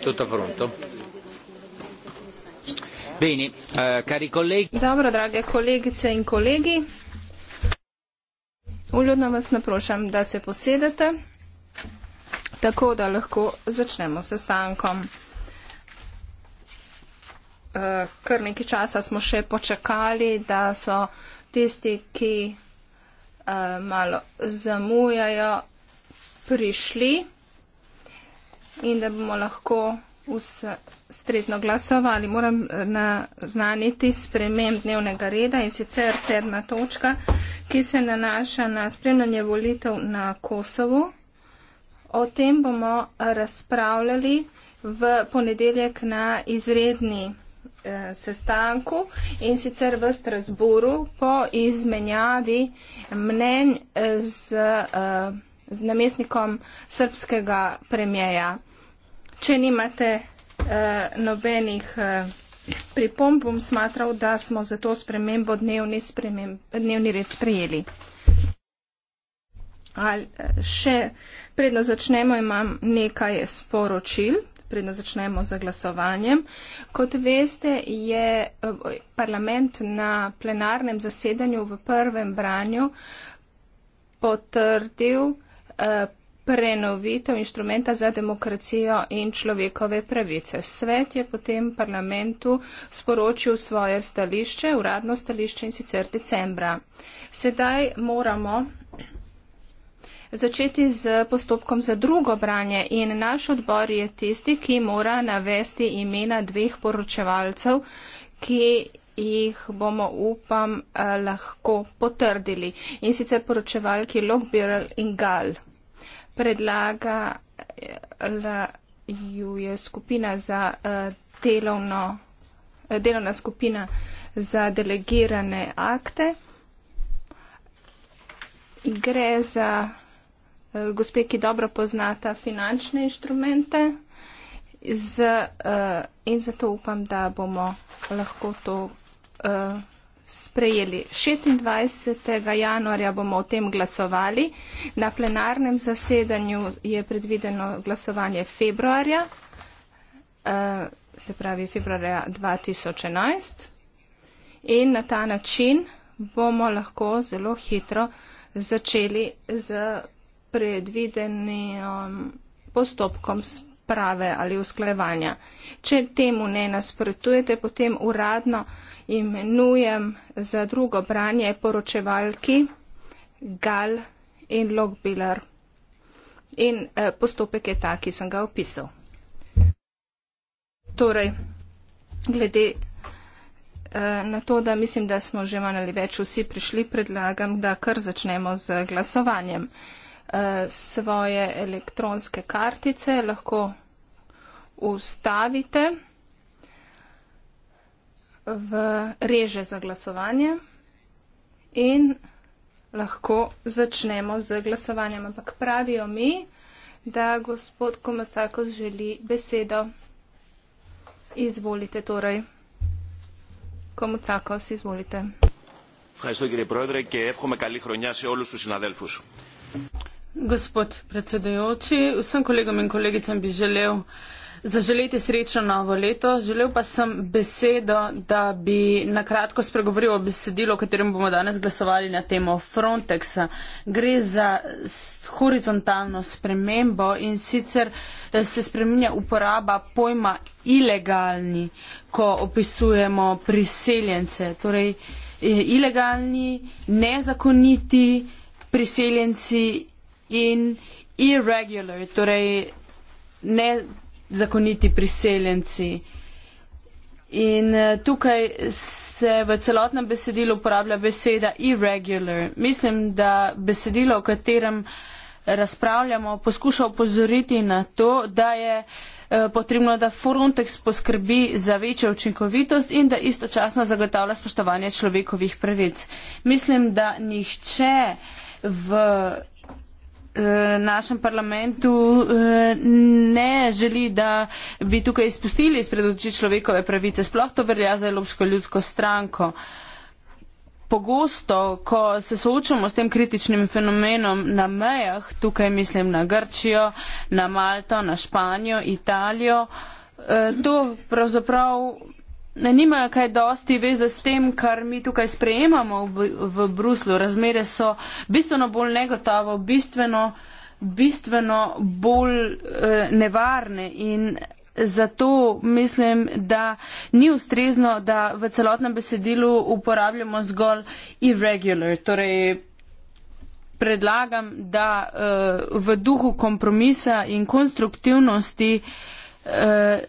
Tutto pronto. Bene, eh, cari colleghi. Dobro, drage kolegice in kolegi. Uljudno vas naprošam, da se posedete, tako da lahko začnemo s sestankom. Eh, kar nekaj časa smo še počakali, da so tisti, ki eh, malo zamujajo, prišli in da bomo lahko ustrezno glasovali. Moram eh, naznaniti sprememb dnevnega reda in sicer sedma točka, ki se nanaša na spremljanje volitev na Kosovu. O tem bomo razpravljali v ponedeljek na izredni eh, sestanku in sicer v Strasburu po izmenjavi mnenj z, eh, z namestnikom srpskega premjeja. Če nimate eh, nobenih eh, pripomb, bom smatral, da smo za to spremembo dnevni, spremem, dnevni red sprejeli. Al, eh, še predno začnemo, imam nekaj sporočil, predno začnemo z glasovanjem. Kot veste, je eh, parlament na plenarnem zasedanju v prvem branju potrdil eh, prenovitev inštrumenta za demokracijo in človekove pravice. Svet je potem parlamentu sporočil svoje stališče, uradno stališče in sicer decembra. Sedaj moramo začeti z postopkom za drugo branje in naš odbor je tisti, ki mora navesti imena dveh poročevalcev, ki jih bomo, upam, eh, lahko potrdili. In sicer poročevalki Lokbirl in Gal predlaga ju je skupina za eh, delovno, eh, delovna skupina za delegirane akte. Gre za eh, gospe, ki dobro poznata finančne inštrumente z, in zato upam, da bomo lahko to. 呃。Uh sprejeli. 26. januarja bomo o tem glasovali. Na plenarnem zasedanju je predvideno glasovanje februarja, eh, se pravi februarja 2011. In na ta način bomo lahko zelo hitro začeli z predvidenim postopkom sprave ali usklajevanja. Če temu ne nasprotujete, potem uradno imenujem za drugo branje poročevalki Gal in Lokbiler. In eh, postopek je ta, ki sem ga opisal. Torej, glede eh, na to, da mislim, da smo že manj ali več vsi prišli, predlagam, da kar začnemo z glasovanjem. Eh, svoje elektronske kartice lahko ustavite v reže za glasovanje in lahko začnemo z glasovanjem. Ampak pravijo mi, da gospod Komacakov želi besedo. Izvolite torej. Komacakov, izvolite. Gospod predsedujoči, vsem kolegom in kolegicam bi želel zaželeti srečno novo leto. Želel pa sem besedo, da bi nakratko spregovoril o besedilu, o katerem bomo danes glasovali na temo Frontexa. Gre za horizontalno spremembo in sicer eh, se spreminja uporaba pojma ilegalni, ko opisujemo priseljence. Torej, eh, ilegalni, nezakoniti priseljenci in irregular, torej ne, zakoniti priseljenci. In eh, tukaj se v celotnem besedilu uporablja beseda irregular. Mislim, da besedilo, o katerem eh, razpravljamo, poskuša opozoriti na to, da je eh, potrebno, da Frontex poskrbi za večjo učinkovitost in da istočasno zagotavlja spoštovanje človekovih pravic. Mislim, da nihče v Eh, našem parlamentu eh, ne želi, da bi tukaj izpustili izpred oči človekove pravice. Sploh to verja za Evropsko ljudsko stranko. Pogosto, ko se soočamo s tem kritičnim fenomenom na mejah, tukaj mislim na Grčijo, na Malto, na Španijo, Italijo, eh, to pravzaprav ne, nimajo kaj dosti veze s tem, kar mi tukaj sprejemamo v, v Bruslu. Razmere so bistveno bolj negotovo, bistveno, bistveno bolj eh, nevarne in zato mislim, da ni ustrezno, da v celotnem besedilu uporabljamo zgolj irregular. Torej predlagam, da eh, v duhu kompromisa in konstruktivnosti eh,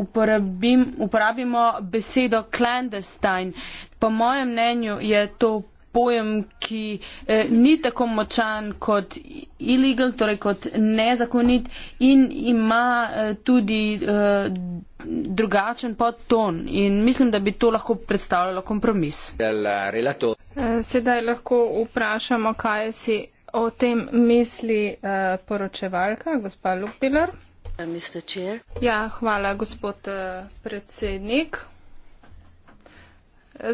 uporabim, uporabimo besedo clandestine. Po mojem mnenju je to pojem, ki eh, ni tako močan kot illegal, torej kot nezakonit in ima eh, tudi eh, drugačen podton in mislim, da bi to lahko predstavljalo kompromis. Eh, eh, sedaj lahko vprašamo, kaj si o tem misli eh, poročevalka, gospa Lukpilar. Ja, hvala, gospod eh, predsednik.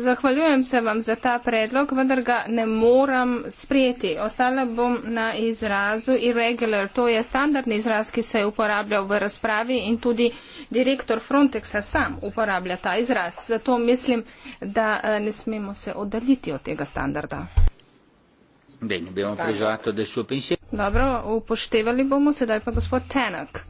Zahvaljujem se vam za ta predlog, vendar ga ne moram sprejeti. Ostala bom na izrazu irregular. To je standardni izraz, ki se je uporabljal v razpravi in tudi direktor Frontexa sam uporablja ta izraz. Zato mislim, da eh, ne smemo se oddaliti od tega standarda. Dobro, upoštevali bomo sedaj pa gospod Tenak.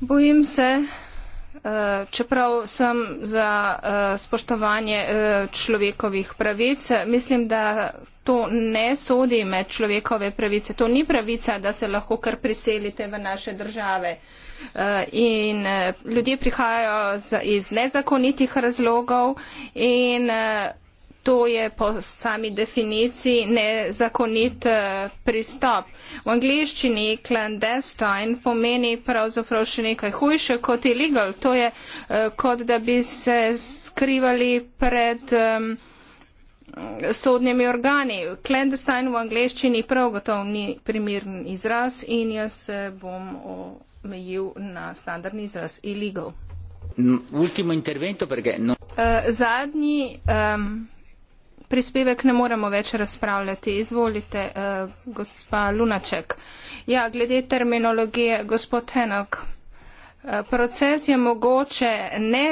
Bojim se, eh, čeprav sem za eh, spoštovanje eh, človekovih pravic, mislim, da to ne sodi med človekove pravice. To ni pravica, da se lahko kar priselite v naše države. In ljudje prihajajo iz nezakonitih razlogov in to je po sami definiciji nezakonit eh, pristop. V angliščini clandestine pomeni pravzaprav še nekaj hujše kot illegal. To je eh, kot da bi se skrivali pred um, sodnimi organi. Clandestine v angliščini prav gotov ni primirn izraz in jaz se eh, bom omejil na standardni izraz illegal. Ultimo intervento, perché? No. Uh, zadnji um, prispevek ne moremo več razpravljati. Izvolite, uh, gospa Lunaček. Ja, glede terminologije, gospod Henok, uh, proces je mogoče ne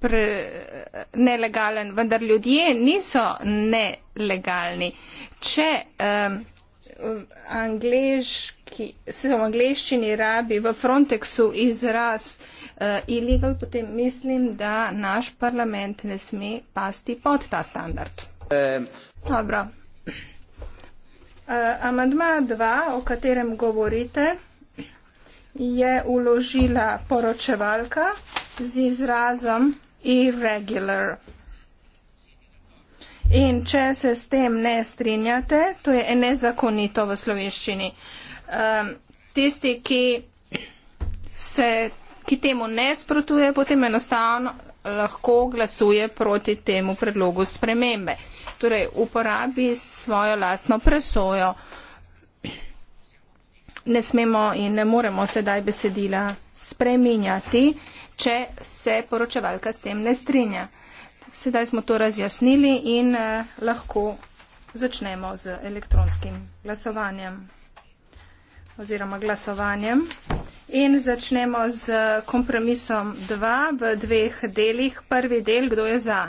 pre, nelegalen, vendar ljudje niso nelegalni. Če, uh, angliški, se v angliščini rabi v Frontexu izraz uh, illegal, potem mislim, da naš parlament ne sme pasti pod ta standard. Um. Dobro. Uh, amandma 2, o katerem govorite, je uložila poročevalka z izrazom irregular. In če se s tem ne strinjate, to je nezakonito v slovenščini. Um, tisti, ki, se, ki temu ne sprotuje, potem enostavno lahko glasuje proti temu predlogu spremembe. Torej, uporabi svojo lastno presojo. Ne smemo in ne moremo sedaj besedila spreminjati, če se poročevalka s tem ne strinja. Sedaj smo to razjasnili in eh, lahko začnemo z elektronskim glasovanjem oziroma glasovanjem. In začnemo z kompromisom 2 v dveh delih. Prvi del, kdo je za?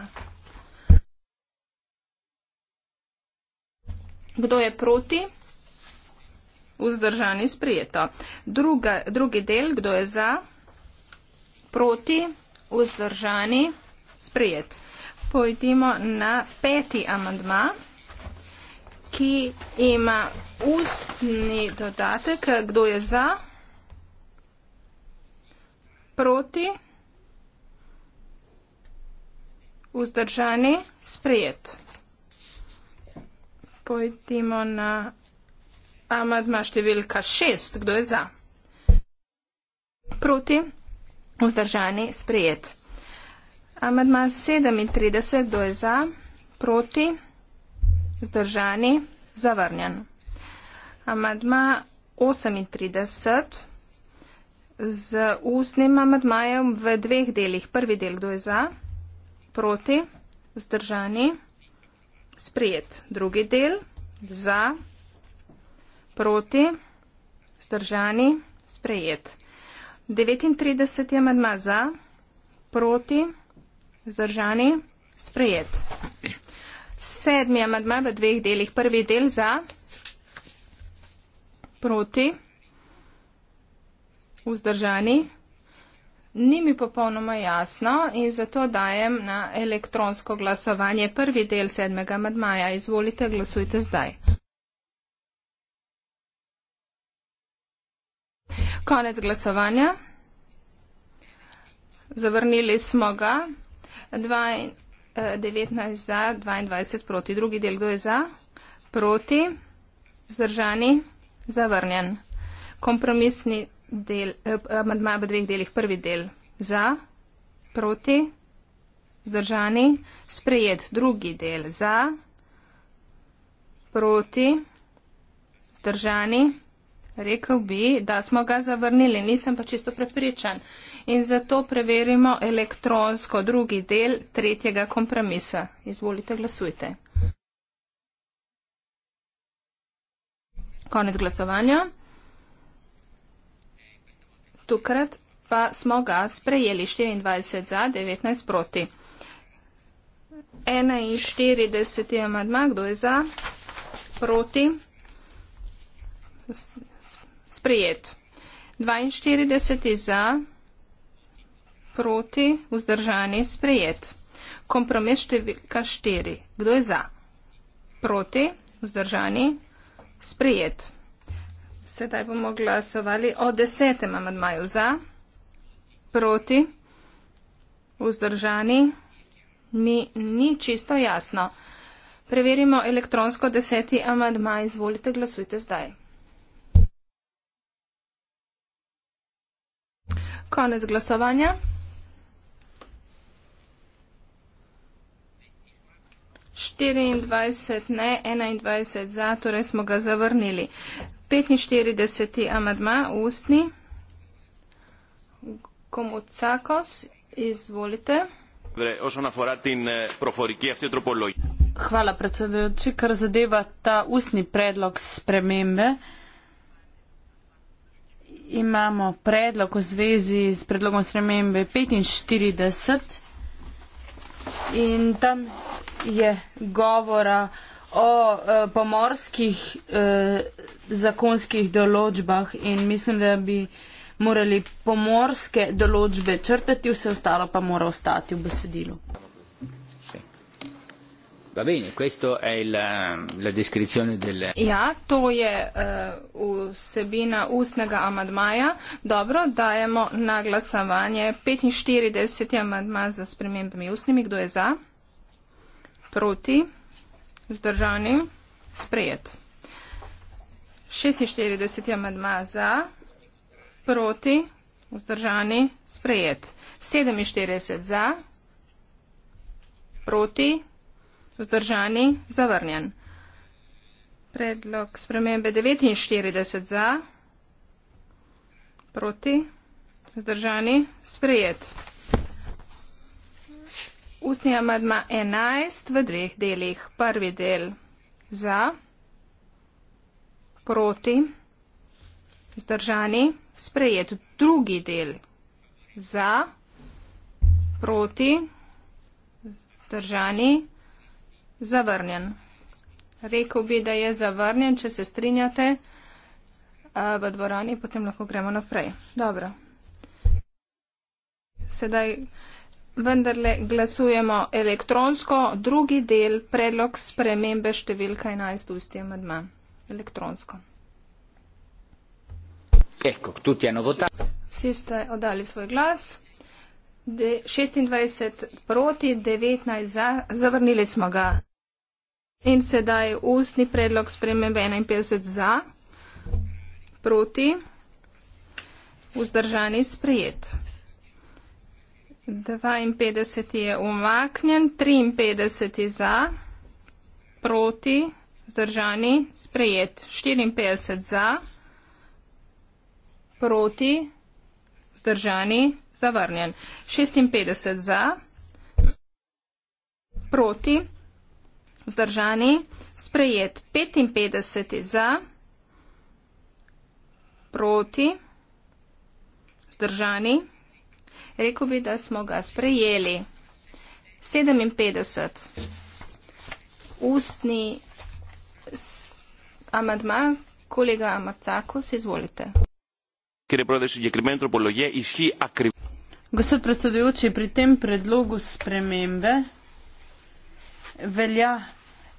Kdo je proti? Vzdržani sprijeto. Druga, drugi del, kdo je za? Proti? Vzdržani sprijeto pojdimo na peti amandma, ki ima ustni dodatek, kdo je za, proti, vzdržani, sprejet. Pojdimo na amandma številka šest, kdo je za, proti, vzdržani, sprejet. Amadma 37, kdo je za, proti, zdržani, zavrnjen. Amadma 38, z usnim amadmajem v dveh delih. Prvi del, kdo je za, proti, zdržani, sprijet. Drugi del, za, proti, zdržani, sprijet. 39 je amadma za, proti, zdržani. Zdržani? Sprejet. Sedmi amadma v dveh delih. Prvi del za, proti, vzdržani. Ni mi popolnoma jasno in zato dajem na elektronsko glasovanje prvi del sedmega amadmaja. Izvolite, glasujte zdaj. Konec glasovanja. Zavrnili smo ga. 19 za, 22 proti. Drugi del, kdo je za? Proti. Vzdržani. Zavrnjen. Kompromisni del, amadma eh, v dveh delih. Prvi del za, proti. Vzdržani. Sprejet. Drugi del za, proti. Vzdržani. Rekl bi, da smo ga zavrnili. Nisem pa čisto prepričan in zato preverimo elektronsko drugi del tretjega kompromisa. Izvolite, glasujte. Konec glasovanja. Tukrat pa smo ga sprejeli 24 za, 19 proti. 41. amadma, kdo je za? Proti. Sprejet. 42 za proti, vzdržani, sprejet. Kompromis številka štiri. Kdo je za? Proti, vzdržani, sprejet. Sedaj bomo glasovali o desetem amadmaju za, proti, vzdržani, mi ni čisto jasno. Preverimo elektronsko deseti amadmaj, izvolite, glasujte zdaj. Konec glasovanja. 24 ne, 21 za, torej smo ga zavrnili. 45. amadma, ustni. Komucakos, izvolite. Eh, Hvala, predsedujoči, kar zadeva ta ustni predlog spremembe. Imamo predlog v zvezi s predlogom spremembe 45 in tam je govora o uh, pomorskih uh, zakonskih določbah in mislim, da bi morali pomorske določbe črtati, vse ostalo pa mora ostati v besedilu. Va bene, questa è la, ehm, la descrizione del... Ja, to je uh, vsebina usnega amadmaja. Dobro, dajemo na glasovanje 45. amadma za spremembami usnimi. Kdo je za? Proti? Vzdržani? Sprejet. 46. amadma za? Proti? Vzdržani? Sprejet. 47 za? Proti? Vzdržani, zavrnjen. Predlog spremembe 49 za, proti, vzdržani, sprejet. Ustni amadma 11 v dveh delih. Prvi del za, proti, vzdržani, sprejet. Drugi del za, proti, vzdržani, sprejet zavrnjen. Rekl bi, da je zavrnjen, če se strinjate v dvorani, potem lahko gremo naprej. Dobro. Sedaj vendarle glasujemo elektronsko, drugi del, predlog spremembe številka 11 ustje medma. Elektronsko. Ecco, tutti hanno votato. Vsi ste oddali svoj glas. De, 26 proti, 19 za, zavrnili smo ga. In sedaj ustni predlog spremembe 51 za, proti, vzdržani sprejet. 52 je umaknjen, 53 je za, proti, vzdržani sprejet. 54 za, proti, vzdržani zavrnjen. 56 za, proti vzdržani, sprejet 55 za, proti, vzdržani. Rekl bi, da smo ga sprejeli. 57. Ustni amadma kolega Amacakos, izvolite. Gospod predsedujoči, pri tem predlogu spremembe velja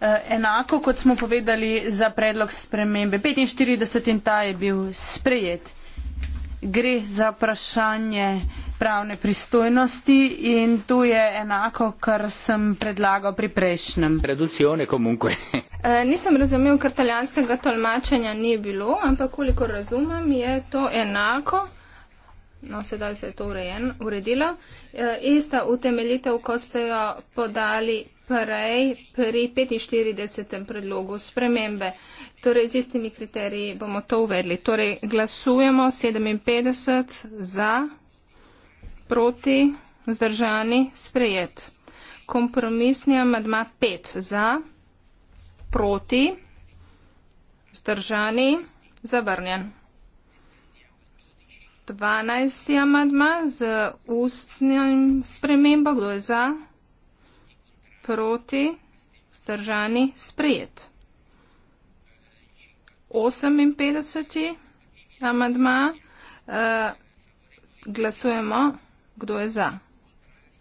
Eh, enako, kot smo povedali za predlog spremembe 45 in ta je bil sprejet. Gre za vprašanje pravne pristojnosti in tu je enako, kar sem predlagal pri prejšnjem. Reducione komunque. E, eh, nisem razumel, ker italijanskega tolmačenja ni bilo, ampak koliko razumem, je to enako. No, sedaj se je to urejen, uredilo. E, ista utemeljitev, kot ste jo podali prej pri 45. predlogu spremembe. Torej, z istimi kriteriji bomo to uvedli. Torej, glasujemo 57 za, proti, vzdržani, sprejet. Kompromisni amadma 5 za, proti, vzdržani, zavrnjen. 12. amadma z ustnim spremembo, kdo je za? proti, vzdržani, sprejet. 58. amadma. Eh, glasujemo, kdo je za.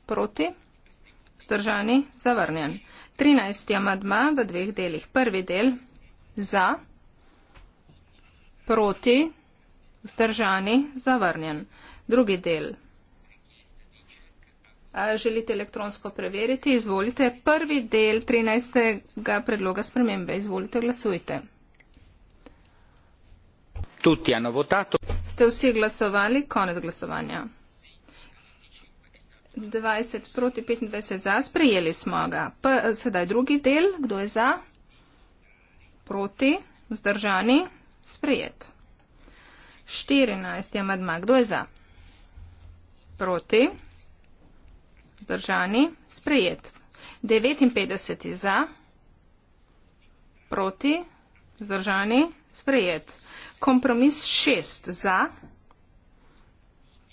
Proti, vzdržani, zavrnjen. 13. amadma v dveh delih. Prvi del za, proti, vzdržani, zavrnjen. Drugi del. Želite elektronsko preveriti? Izvolite. Prvi del 13. predloga spremembe. Izvolite, glasujte. Tutti hanno votato. Ste vsi glasovali? Konec glasovanja. 20 proti 25 za, sprejeli smo ga. P, sedaj drugi del, kdo je za? Proti, vzdržani, sprejet. 14. amadma, kdo je za? Proti, vzdržani. Sprejet. 59 za, proti, vzdržani. Sprejet. Kompromis 6 za,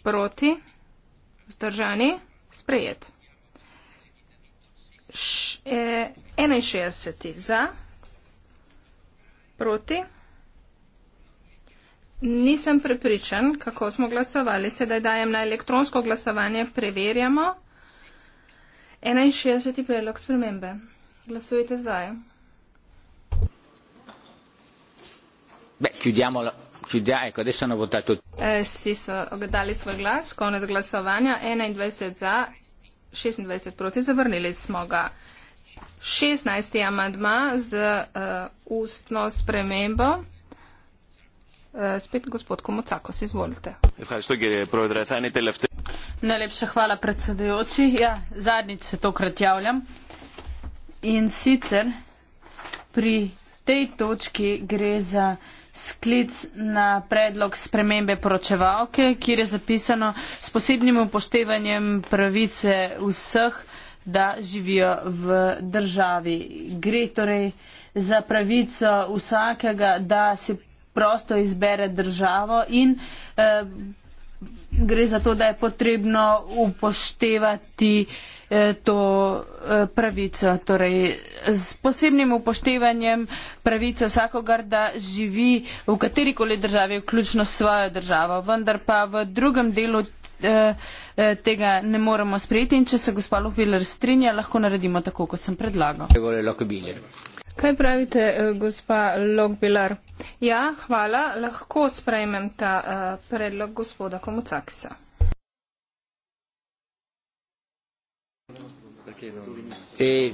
proti, vzdržani. Sprejet. 61 e, za, proti. Nisem prepričan, kako smo glasovali. Sedaj dajem na elektronsko glasovanje, preverjamo. 61. predlog spremembe. Glasujte zdaj. Beh, chiudiamo, chiudia, ecco, adesso hanno votato tutti. Eh, sì, so, ho dali svoj glas, konec glasovanja, 21 za, 26 proti, zavrnili smo ga. 16. amandma z uh, ustno spremembo. Eh, spet gospod Komocakos, izvolite. Najlepša hvala predsedujoči. Ja, zadnjič se tokrat javljam. In sicer pri tej točki gre za sklic na predlog spremembe poročevalke, kjer je zapisano s posebnim upoštevanjem pravice vseh, da živijo v državi. Gre torej za pravico vsakega, da se prosto izbere državo in eh, gre za to, da je potrebno upoštevati eh, to eh, pravico, torej s posebnim upoštevanjem pravice vsakogar, da živi v katerikoli državi, vključno s svojo državo, vendar pa v drugem delu tega ne moremo sprejeti in če se gospod Lohbiler strinja, lahko naredimo tako, kot sem predlagal. Kaj pravite, eh, gospa Logbilar? Ja, hvala. Lahko sprejmem ta uh, predlog gospoda Komucaksa. E,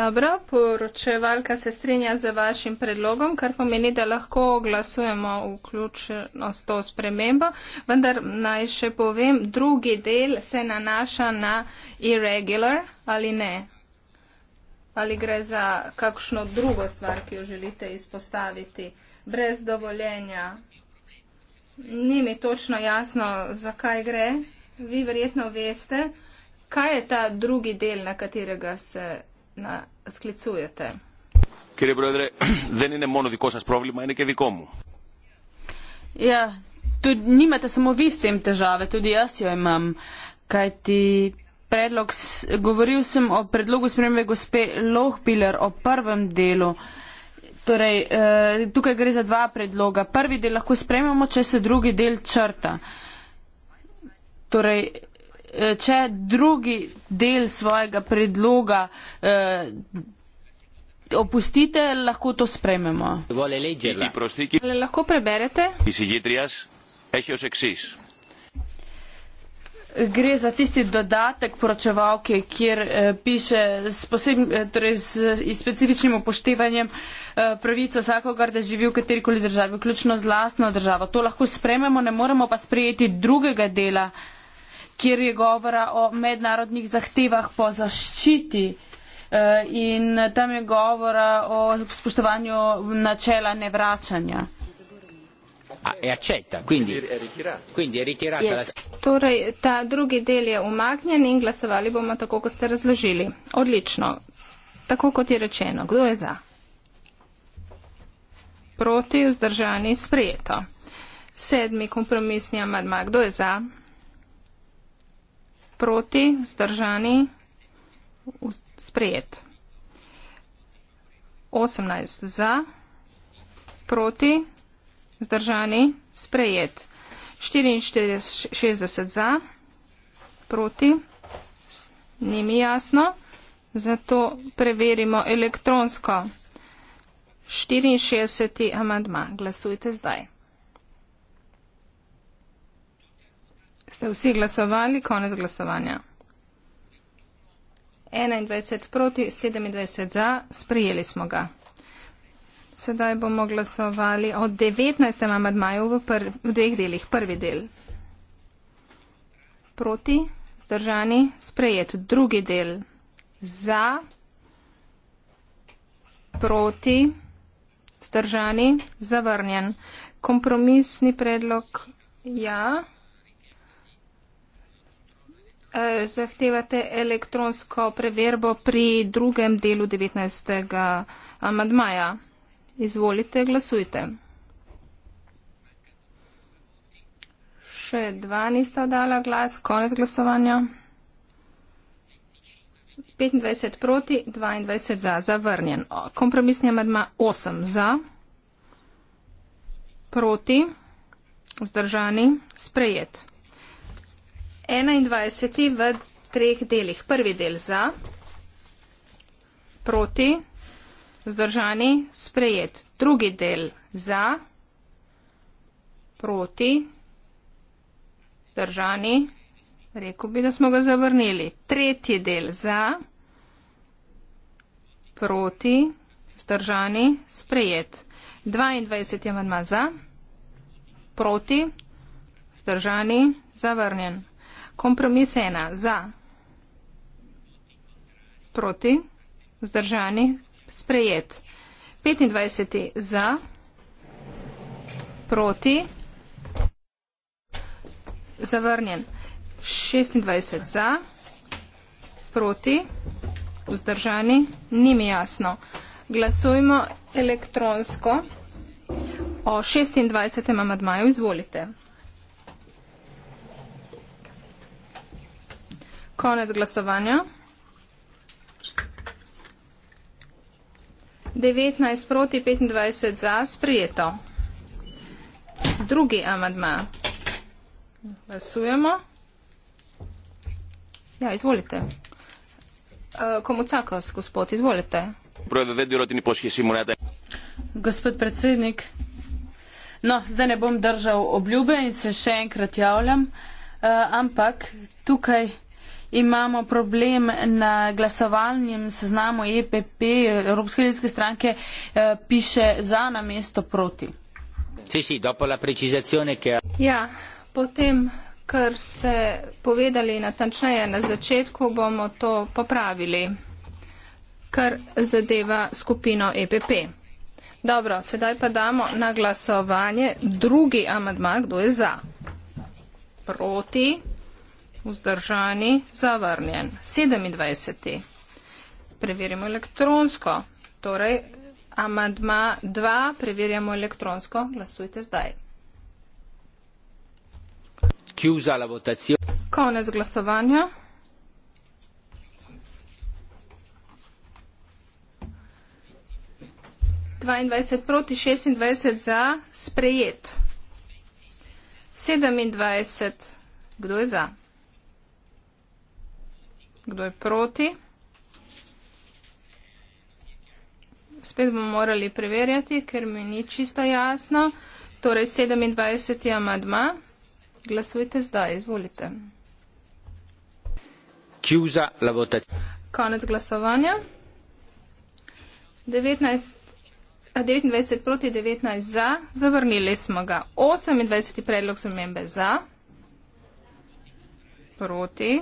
Dobro, poročevalka se strinja z vašim predlogom, kar pomeni, da lahko glasujemo vključno s to spremembo, vendar naj še povem, drugi del se nanaša na irregular ali ne ali gre za kakšno drugo stvar, ki jo želite izpostaviti, brez dovoljenja. Ni mi točno jasno, zakaj gre. Vi verjetno veste, kaj je ta drugi del, na katerega se na, sklicujete. Kjer je brodre, da ni ne monodiko se sprovili, ima nekaj vikomu. Ja, tudi nimate samo vi s tem težave, tudi jaz jo imam. Kaj ti predlog, govoril sem o predlogu spremembe gospe Lohbiller o prvem delu. Torej, eh, tukaj gre za dva predloga. Prvi del lahko spremamo, če se drugi del črta. Torej, eh, če drugi del svojega predloga eh, opustite, lahko to spremamo. Lahko preberete? Gre za tisti dodatek poročevalke, kjer eh, piše s, posebn, eh, torej s, s specifičnim upoštevanjem eh, pravico vsakogar, da živi v katerikoli državi, vključno z lastno državo. To lahko sprememo, ne moremo pa sprejeti drugega dela, kjer je govora o mednarodnih zahtevah po zaščiti eh, in tam je govora o spoštovanju načela nevračanja e accetta, quindi, quindi è ritirata yes. la... Torej, ta drugi del je umaknjen in glasovali bomo tako, kot ste razložili. Odlično. Tako, kot je rečeno. Kdo je za? Proti, vzdržani, sprejeto. Sedmi kompromisni amadma. Kdo je za? Proti, vzdržani, sprejet. Osemnajst za, proti, Zdržani? Sprejet. 64 za, proti, ni mi jasno, zato preverimo elektronsko. 64. amandma. Glasujte zdaj. Ste vsi glasovali? Konec glasovanja. 21 proti, 27 za, sprejeli smo ga. Sedaj bomo glasovali o 19. amadmaju v, v dveh delih. Prvi del. Proti, zdržani, sprejet. Drugi del. Za, proti, zdržani, zavrnjen. Kompromisni predlog. Ja. E, zahtevate elektronsko preverbo pri drugem delu 19. amadmaja. Izvolite, glasujte. Še dva nista dala glas, konec glasovanja. 25 proti, 22 za, zavrnjen. Kompromisni amadma 8 za, proti, vzdržani, sprejet. 21 v treh delih. Prvi del za, proti, vzdržani. Zdržani, sprejet. Drugi del za, proti, zdržani, rekel bi, da smo ga zavrnili. Tretji del za, proti, zdržani, sprejet. 22. amandma za, proti, zdržani, zavrnjen. Kompromis ena za, proti, zdržani, sprejet. 25 za, proti, zavrnjen. 26 za, proti, vzdržani, ni mi jasno. Glasujmo elektronsko o 26. amadmaju, izvolite. Konec glasovanja. 19 proti 25 za sprijeto. Drugi amadma. Glasujemo. Ja, izvolite. E, Komucakos, gospod, izvolite. Gospod predsednik, no, zdaj ne bom držal obljube in se še enkrat javljam, e, ampak tukaj imamo problem na glasovalnem seznamu EPP, Evropske ljudske stranke eh, piše za namesto proti. Si, si, precizacione... Ja, potem, kar ste povedali natančneje na začetku, bomo to popravili, kar zadeva skupino EPP. Dobro, sedaj pa damo na glasovanje drugi amadma, kdo je za. Proti vzdržani, zavrnjen. 27. Preverimo elektronsko. Torej, amadma 2, preverjamo elektronsko. Glasujte zdaj. Konec glasovanja. dvaindvajset proti šestindvajset za sprejet sedemindvajset kdo je za Kdo je proti? Spet bomo morali preverjati, ker mi ni čisto jasno. Torej, 27. amadma. Glasujte zdaj, izvolite. Konec glasovanja. 19, 29 proti 19 za, zavrnili smo ga. 28. predlog spremembe za, proti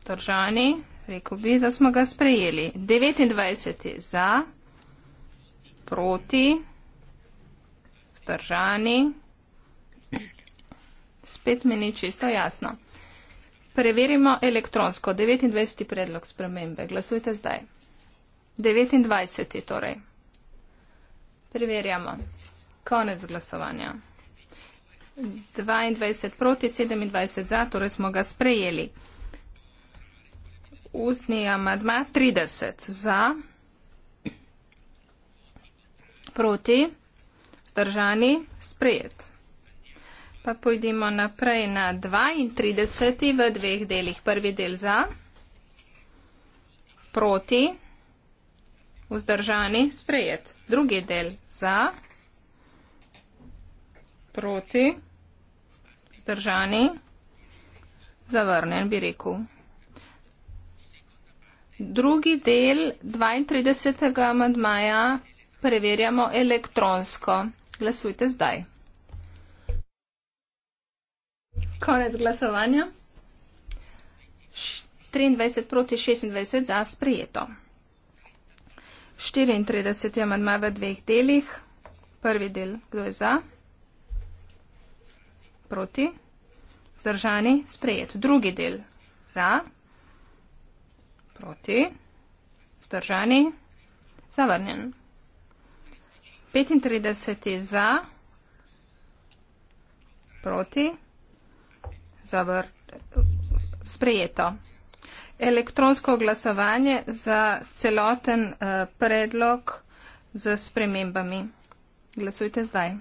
vzdržani, rekel bi, da smo ga sprejeli. 29 je za, proti, vzdržani, spet mi ni čisto jasno. Preverimo elektronsko, 29. predlog spremembe, glasujte zdaj. 29. torej. Preverjamo. Konec glasovanja. 22 proti 27 za, torej smo ga sprejeli ustni amadma 30 za, proti, zdržani, sprejet. Pa pojdimo naprej na 32 v dveh delih. Prvi del za, proti, vzdržani, sprejet. Drugi del za, proti, vzdržani, zavrnen, bi rekel. Drugi del 32. amadmaja preverjamo elektronsko. Glasujte zdaj. Konec glasovanja. 23 proti 26 za sprejeto. 34. amadmaj v dveh delih. Prvi del, kdo je za? Proti. Zdržani, sprejet. Drugi del, za, Proti. Vzdržani. Zavrnjen. 35 je za. Proti. Zavr... Sprejeto. Elektronsko glasovanje za celoten uh, predlog z spremembami. Glasujte zdaj.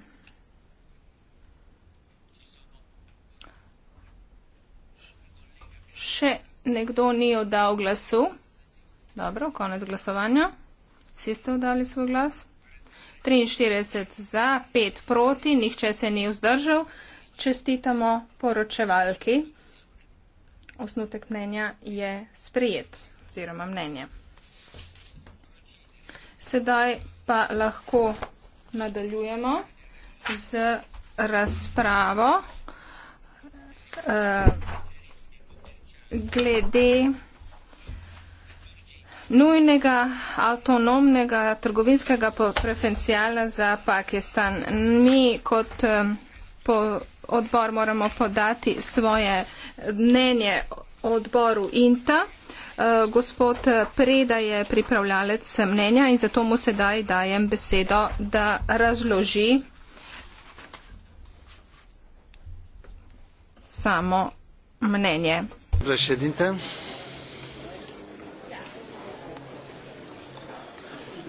Še nekdo ni oddal glasu. Dobro, konec glasovanja. Vsi ste oddali svoj glas. 43 za, 5 proti, nihče se ni vzdržal. Čestitamo poročevalki. Osnutek mnenja je sprijet, oziroma mnenje. Sedaj pa lahko nadaljujemo z razpravo. Uh, glede nujnega avtonomnega trgovinskega preferencijala za Pakistan. Mi kot eh, po odbor moramo podati svoje mnenje odboru INTA. Eh, gospod Preda je pripravljalec mnenja in zato mu sedaj dajem besedo, da razloži samo mnenje președinte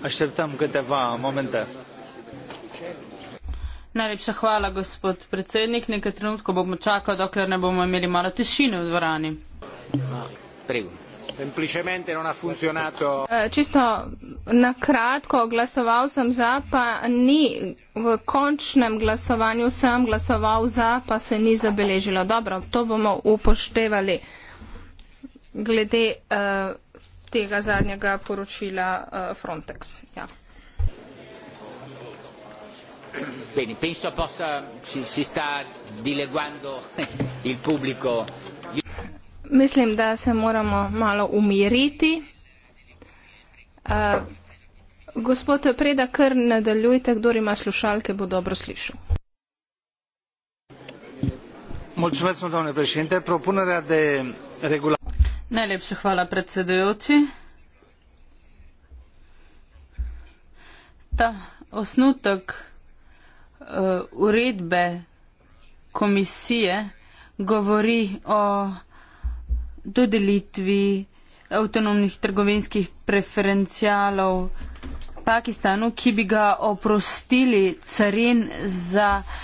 așteptam câteva momente Najlepša hvala, gospod predsednik. Nekaj trenutkov bomo čakali, dokler ne bomo imeli malo tišine v dvorani. No, non ha e, Čisto na kratko, glasoval sem za, pa ni v končnem glasovanju sem glasoval za, pa se ni zabeležilo. Dobro, to bomo upoštevali glede uh, tega zadnjega poročila uh, Frontex. Ja. Bene, penso possa, si, si sta dileguando il pubblico. Mislim, da se moramo malo umiriti. Uh, gospod Preda, kar nadaljujte, kdo ima slušalke, bo dobro slišal. Mulțumesc, domnule președinte. Propunerea de regulare. Najlepša hvala, predsedujoči. Ta osnutek uh, uredbe komisije govori o dodelitvi avtonomnih trgovinskih preferencialov Pakistanu, ki bi ga oprostili carin za uh,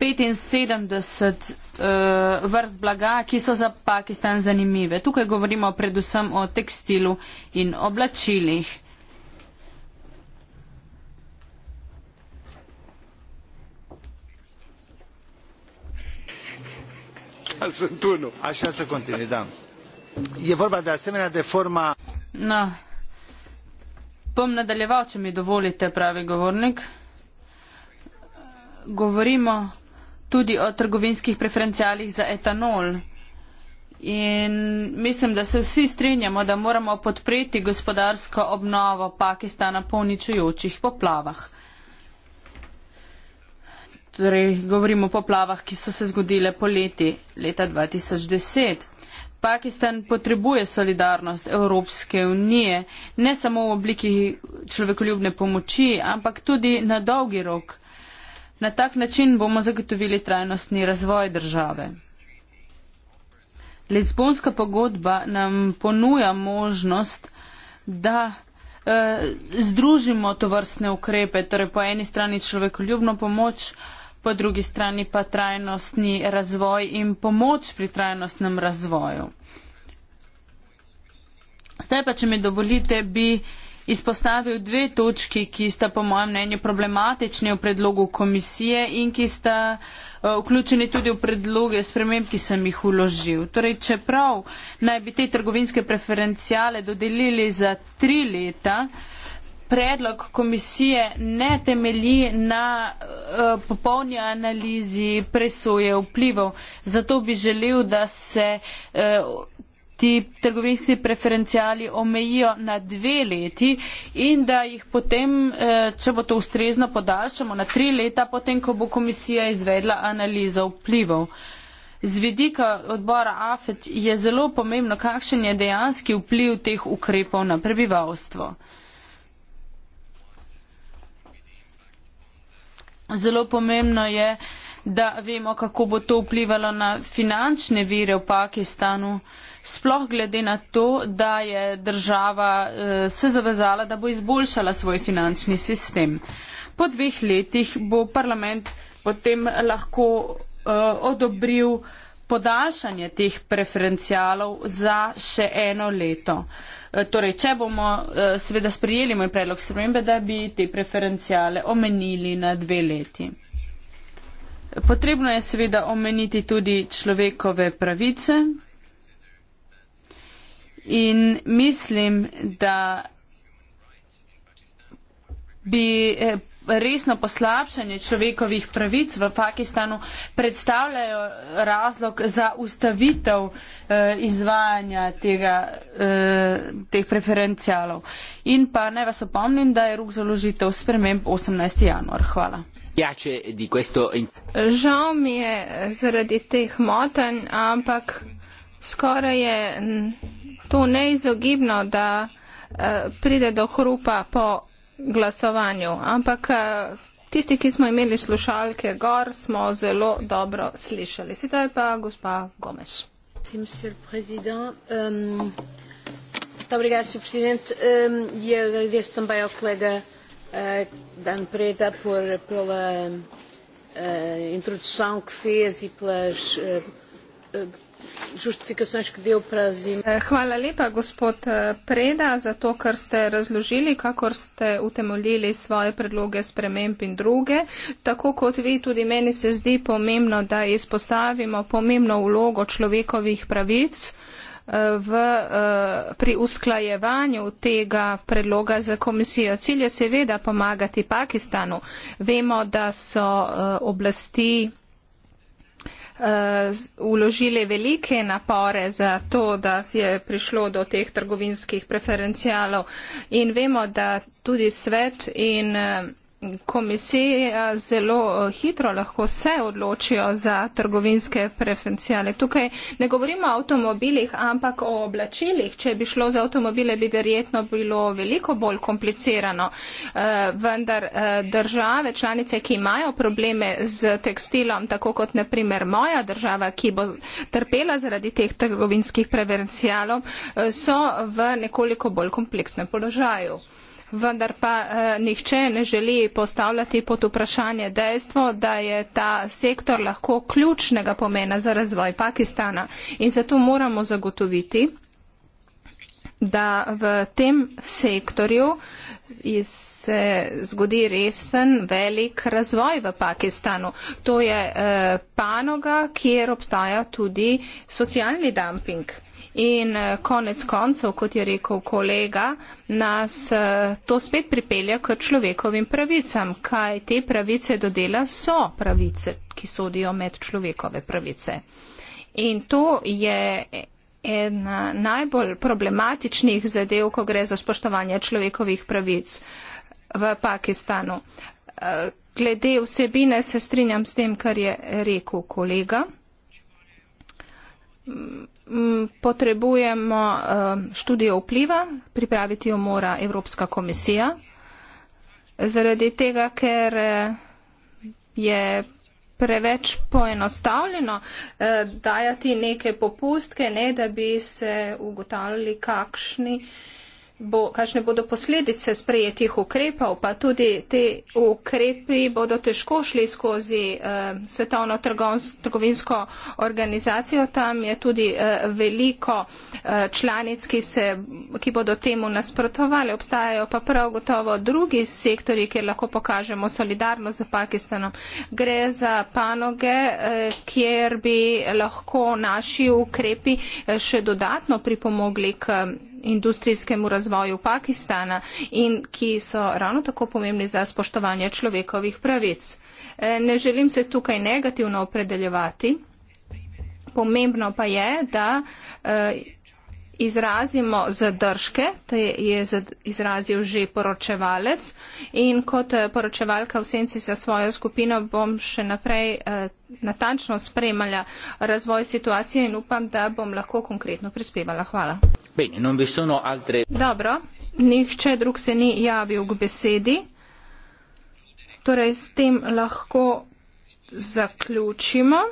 75 uh, eh, vrst blaga, ki so za Pakistan zanimive. Tukaj govorimo predvsem o tekstilu in oblačilih. No. Bom nadaljeval, če mi dovolite, pravi govornik. Govorimo tudi o trgovinskih preferencialih za etanol. In mislim, da se vsi strinjamo, da moramo podpreti gospodarsko obnovo Pakistana po uničujočih poplavah. Torej, govorimo o poplavah, ki so se zgodile poleti leta 2010. Pakistan potrebuje solidarnost Evropske unije, ne samo v obliki človekoljubne pomoči, ampak tudi na dolgi rok. Na tak način bomo zagotovili trajnostni razvoj države. Lizbonska pogodba nam ponuja možnost, da eh, združimo to vrstne ukrepe, torej po eni strani človekoljubno pomoč, po drugi strani pa trajnostni razvoj in pomoč pri trajnostnem razvoju. Zdaj pa, če mi dovolite, bi eh, izpostavil dve točki, ki sta po mojem mnenju problematični v predlogu komisije in ki sta eh, vključeni tudi v predloge sprememb, ki sem jih uložil. Torej, čeprav naj bi te trgovinske preferencijale dodelili za tri leta, predlog komisije ne temelji na uh, popolni analizi presoje vplivov. Zato bi želel, da se uh, ti trgovinski preferenciali omejijo na dve leti in da jih potem, eh, če bo to ustrezno, podaljšamo na tri leta, potem, ko bo komisija izvedla analizo vplivov. Z vidika odbora AFET je zelo pomembno, kakšen je dejanski vpliv teh ukrepov na prebivalstvo. Zelo pomembno je, da vemo, kako bo to vplivalo na finančne vire v Pakistanu sploh glede na to, da je država uh, se zavezala, da bo izboljšala svoj finančni sistem. Po dveh letih bo parlament potem lahko uh, odobril podaljšanje teh preferencialov za še eno leto. Eh, torej, če bomo seveda sprijeli moj predlog spremembe, da bi te preferenciale omenili na dve leti. Potrebno je seveda omeniti tudi človekove pravice. In mislim, da bi eh, resno poslabšanje človekovih pravic v Pakistanu predstavljajo razlog za ustavitev eh, izvajanja tega, eh, teh preferencialov. In pa naj vas opomnim, da je rok za ložitev sprememb 18. januar. Hvala. Žal mi je zaradi teh moten, ampak skoraj je. Hm, to neizogibno, da eh, pride do hrupa po glasovanju. Ampak eh, tisti, ki smo imeli slušalke gor, smo zelo dobro slišali. Sedaj pa gospa Gomes. Ehm, obrigada, senhor Presidente. Um, e agradeço também ao colega uh, Dan Preda por, pela uh, introdução que fez e pelas uh, uh, justificações que deu para as eh, Hvala lepa, gospod eh, Preda, za to, kar ste razložili, kakor ste utemoljili svoje predloge sprememb in druge. Tako kot vi, tudi meni se zdi pomembno, da izpostavimo pomembno vlogo človekovih pravic eh, v, pri usklajevanju tega predloga za komisijo. Cilj je seveda pomagati Pakistanu. Vemo, da so oblasti uložili eh, velike napore za to, da je prišlo do teh trgovinskih preferencialov. In vemo, da tudi svet in uh, komisija eh, zelo eh, hitro lahko se odločijo za trgovinske preferencijale. Tukaj ne govorimo o avtomobilih, ampak o oblačilih. Če bi šlo za avtomobile, bi verjetno bilo veliko bolj komplicirano. Eh, vendar države, članice, ki imajo probleme z tekstilom, tako kot naprimer moja država, ki bo trpela zaradi teh trgovinskih preferencijalov, so v nekoliko bolj kompleksnem položaju vendar pa eh, nihče ne želi postavljati pod vprašanje dejstvo, da je ta sektor lahko ključnega pomena za razvoj Pakistana in zato moramo zagotoviti, da v tem sektorju se zgodi resen velik razvoj v Pakistanu. To je eh, panoga, kjer obstaja tudi socialni dumping. In eh, konec koncev, kot je rekel kolega, nas eh, to spet pripelja k človekovim pravicam, kaj te pravice do dela so pravice, ki sodijo med človekove pravice. In to je ena najbolj problematičnih zadev, ko gre za spoštovanje človekovih pravic v Pakistanu. Eh, glede vsebine se strinjam s tem, kar je rekel kolega potrebujemo eh, študijo vpliva, pripraviti jo mora Evropska komisija, zaradi tega, ker eh, je preveč poenostavljeno eh, dajati neke popustke, ne da bi se ugotavljali, kakšni bo, kakšne bodo posledice sprejetih ukrepov, pa tudi te ukrepi bodo težko šli skozi eh, Svetovno trgovinsko organizacijo. Tam je tudi eh, veliko eh, članic, ki, se, ki bodo temu nasprotovali. Obstajajo pa prav gotovo drugi sektori, kjer lahko pokažemo solidarnost z Pakistanom. Gre za panoge, eh, kjer bi lahko naši ukrepi eh, še dodatno pripomogli k. Eh, industrijskemu razvoju Pakistana in ki so ravno tako pomembni za spoštovanje človekovih pravic. E, ne želim se tukaj negativno opredeljevati. Pomembno pa je, da e, izrazimo zadržke, te je izrazil že poročevalec in kot eh, poročevalka v senci za svojo skupino bom še naprej eh, natančno spremljala razvoj situacije in upam, da bom lahko konkretno prispevala. Hvala. Bene, non vi sono altre... Dobro, nihče drug se ni javil k besedi. Torej, s tem lahko zaključimo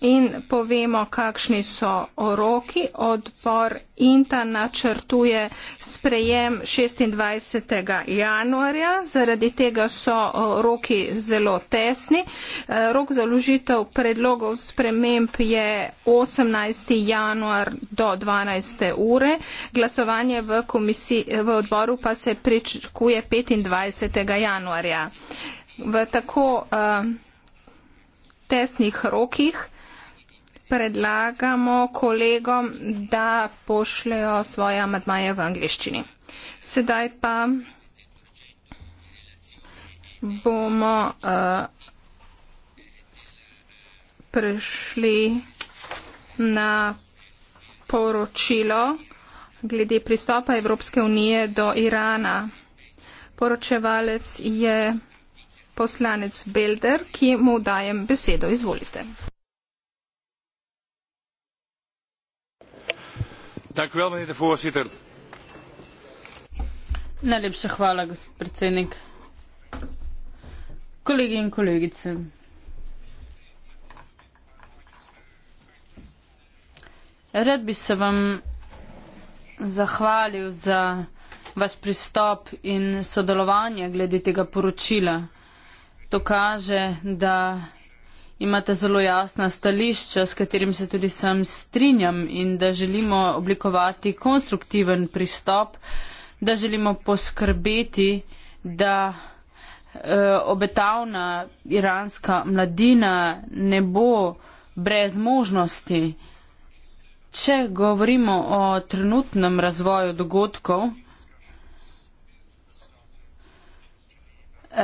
in povemo, kakšni so roki. Odbor INTA načrtuje sprejem 26. januarja, zaradi tega so roki zelo tesni. E, rok za ložitev predlogov sprememb je 18. januar do 12. ure, glasovanje v, komisiji, v odboru pa se pričakuje 25. januarja. V tako uh, tesnih rokih predlagamo kolegom, da pošljajo svoje amadmaje v angliščini. Sedaj pa bomo uh, eh, prišli na poročilo glede pristopa Evropske unije do Irana. Poročevalec je poslanec Belder, ki mu dajem besedo. Izvolite. najlepša hvala gospod predsednik kolegi in kolegice rad bi se vam zahvalil za vaš pristop in sodelovanje glede tega poročila to kaže da imate zelo jasna stališča, s katerim se tudi sam strinjam in da želimo oblikovati konstruktiven pristop, da želimo poskrbeti, da eh, obetavna iranska mladina ne bo brez možnosti. Če govorimo o trenutnem razvoju dogodkov,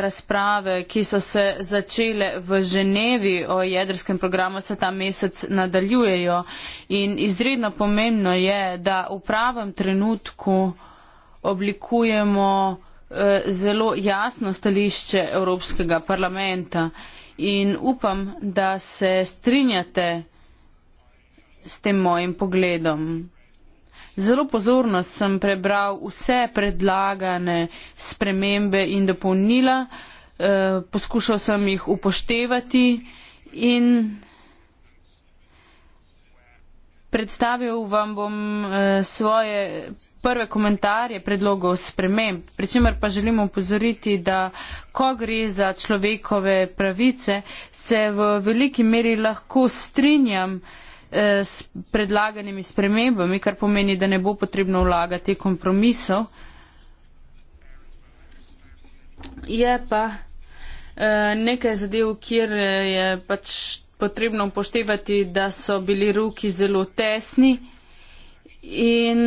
razprave, ki so se začele v Ženevi o jedrskem programu, se ta mesec nadaljujejo. In izredno pomembno je, da v pravem trenutku oblikujemo eh, zelo jasno stališče Evropskega parlamenta. In upam, da se strinjate s tem mojim pogledom. Zelo pozorno sem prebral vse predlagane spremembe in dopolnila, eh, poskušal sem jih upoštevati in predstavil vam bom eh, svoje prve komentarje predlogov sprememb, pri čemer pa želimo upozoriti, da ko gre za človekove pravice, se v veliki meri lahko strinjam uh, Eh, s predlaganimi spremembami, kar pomeni, da ne bo potrebno vlagati kompromisov. Je pa eh, nekaj zadev, kjer eh, je pač potrebno upoštevati, da so bili ruki zelo tesni in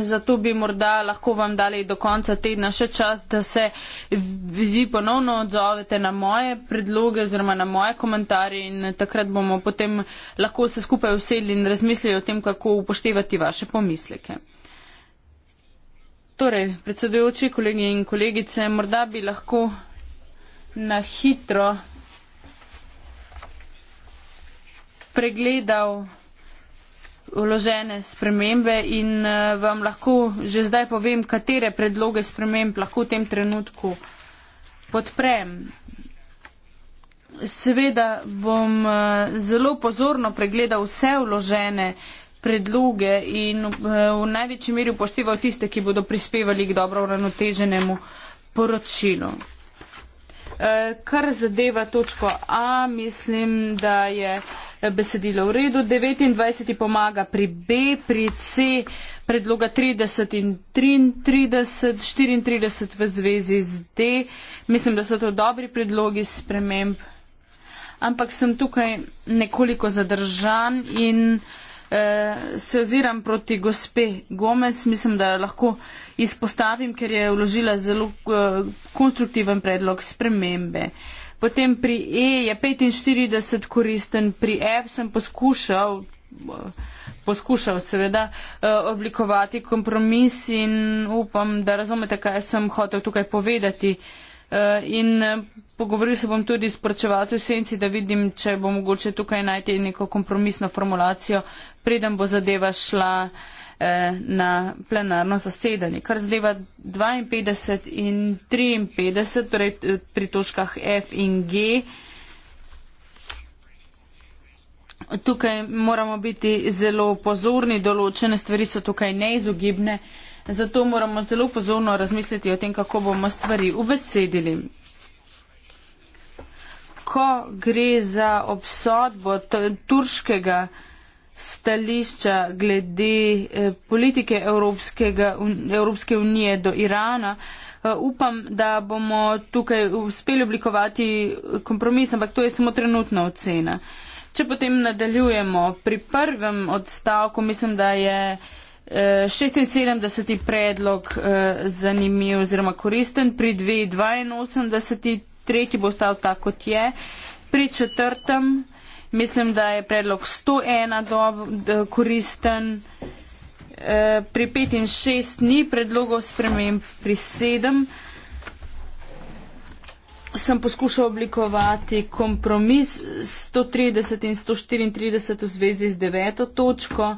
zato bi morda lahko vam dali do konca tedna še čas, da se vi ponovno odzovete na moje predloge oziroma na moje komentarje in takrat bomo potem lahko se skupaj usedli in razmislili o tem, kako upoštevati vaše pomisleke. Torej, predsedujoči kolegi in kolegice, morda bi lahko na hitro pregledal vložene spremembe in eh, vam lahko že zdaj povem, katere predloge sprememb lahko v tem trenutku podprem. Seveda bom eh, zelo pozorno pregledal vse vložene predloge in eh, v največji meri upošteval tiste, ki bodo prispevali k dobro uravnoteženemu poročilu. Kar zadeva točko A, mislim, da je besedilo v redu. 29. pomaga pri B, pri C predloga 30 in 33, 34 v zvezi z D. Mislim, da so to dobri predlogi sprememb, ampak sem tukaj nekoliko zadržan in uh, Eh, se oziram proti gospe Gomez, mislim, da lahko izpostavim, ker je vložila zelo eh, konstruktiven predlog spremembe. Potem pri E je 45 koristen, pri F sem poskušal, poskušal seveda, eh, oblikovati kompromis in upam, da razumete, kaj sem hotel tukaj povedati. Eh, in eh, pogovoril se bom tudi s poročevalcem Senci, da vidim, če bo mogoče tukaj najti neko kompromisno formulacijo, preden bo zadeva šla eh, na plenarno zasedanje. Kar zadeva 52 in 53, torej pri točkah F in G, tukaj moramo biti zelo pozorni, določene stvari so tukaj neizogibne zato moramo zelo pozorno razmisliti o tem, kako bomo stvari ubesedili. Ko gre za obsodbo turškega stališča glede eh, politike Evropskega, Evropske unije do Irana, eh, upam, da bomo tukaj uspeli oblikovati kompromis, ampak to je samo trenutna ocena. Če potem nadaljujemo pri prvem odstavku, mislim, da je. 76. predlog eh, zanimiv oziroma koristen, pri 282. tretji bo ostal tak, kot je, pri četrtem mislim, da je predlog 101 dob, koristen, eh, pri 5 in 6 ni predlogov sprememb, pri 7 sem poskušal oblikovati kompromis 130 in 134 v zvezi z deveto točko.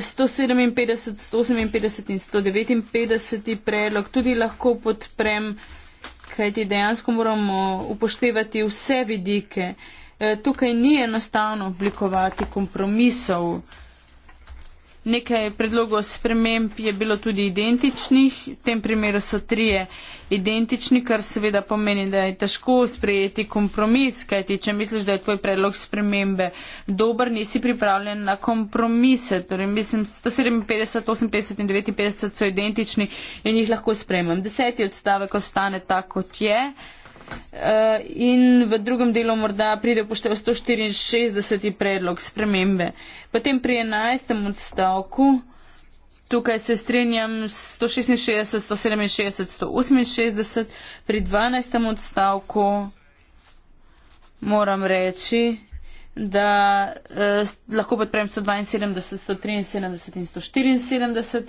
157, 158 in 159 predlog tudi lahko podprem, kajti dejansko moramo upoštevati vse vidike. E, tukaj ni enostavno oblikovati kompromisov. Nekaj predlogov sprememb je bilo tudi identičnih, v tem primeru so trije identični, kar seveda pomeni, da je težko sprejeti kompromis, kajti če misliš, da je tvoj predlog spremembe dober, nisi pripravljen na kompromise. Torej, mislim, 157, 58 in 59 so identični in jih lahko sprejemam. Deseti odstavek ostane tako, kot je. Eh, in v drugem delu morda pride upoštevo 164. predlog spremembe. Potem pri 11. odstavku, tukaj se strinjam 166, 167, 168, pri 12. odstavku moram reči, da eh, lahko podprem 172, 173 in 174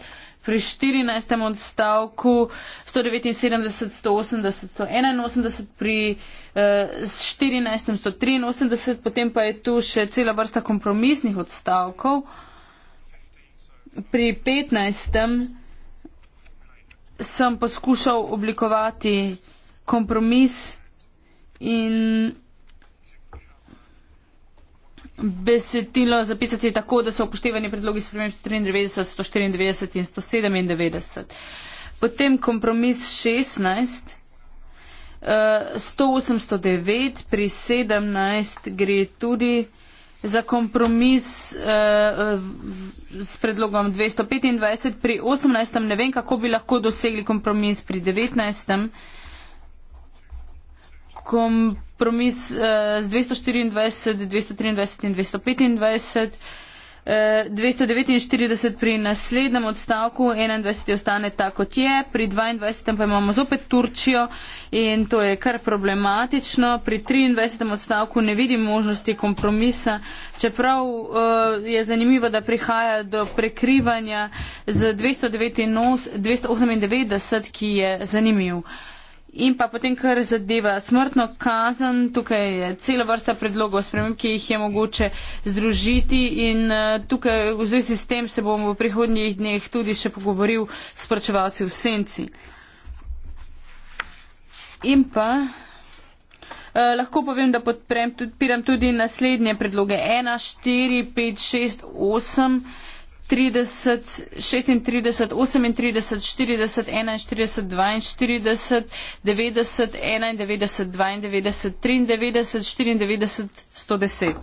pri 14. odstavku, 179, 180, 181, pri eh, 14. 183, potem pa je tu še cela vrsta kompromisnih odstavkov. Pri 15. sem poskušal oblikovati kompromis in besedilo zapisati tako, da so upoštevani predlogi sprememb 193, 194 in 197. Potem kompromis 16, 1809 eh, pri 17 gre tudi za kompromis uh, eh, s predlogom 225, pri 18. ne vem, kako bi lahko dosegli kompromis pri 19. Kom kompromis eh, z 224, 223 in 225. 249 eh, pri naslednjem odstavku, 21 ostane tako, kot je, pri 22 pa imamo zopet Turčijo in to je kar problematično. Pri 23 odstavku ne vidim možnosti kompromisa, čeprav eh, je zanimivo, da prihaja do prekrivanja z 298, 298 ki je zanimiv. In pa potem, kar zadeva smrtno kazen, tukaj je cela vrsta predlogov sprememb, ki jih je mogoče združiti in eh, tukaj v zvezi s tem se bom v prihodnjih dneh tudi še pogovoril s pračevalci v senci. In pa eh, lahko povem, da podprem, tudi, piram tudi naslednje predloge 1, 4, 5, 6, 8. 30, 36, 38, 40, 41, 42, 90, 91, 92, 93, 94, 110.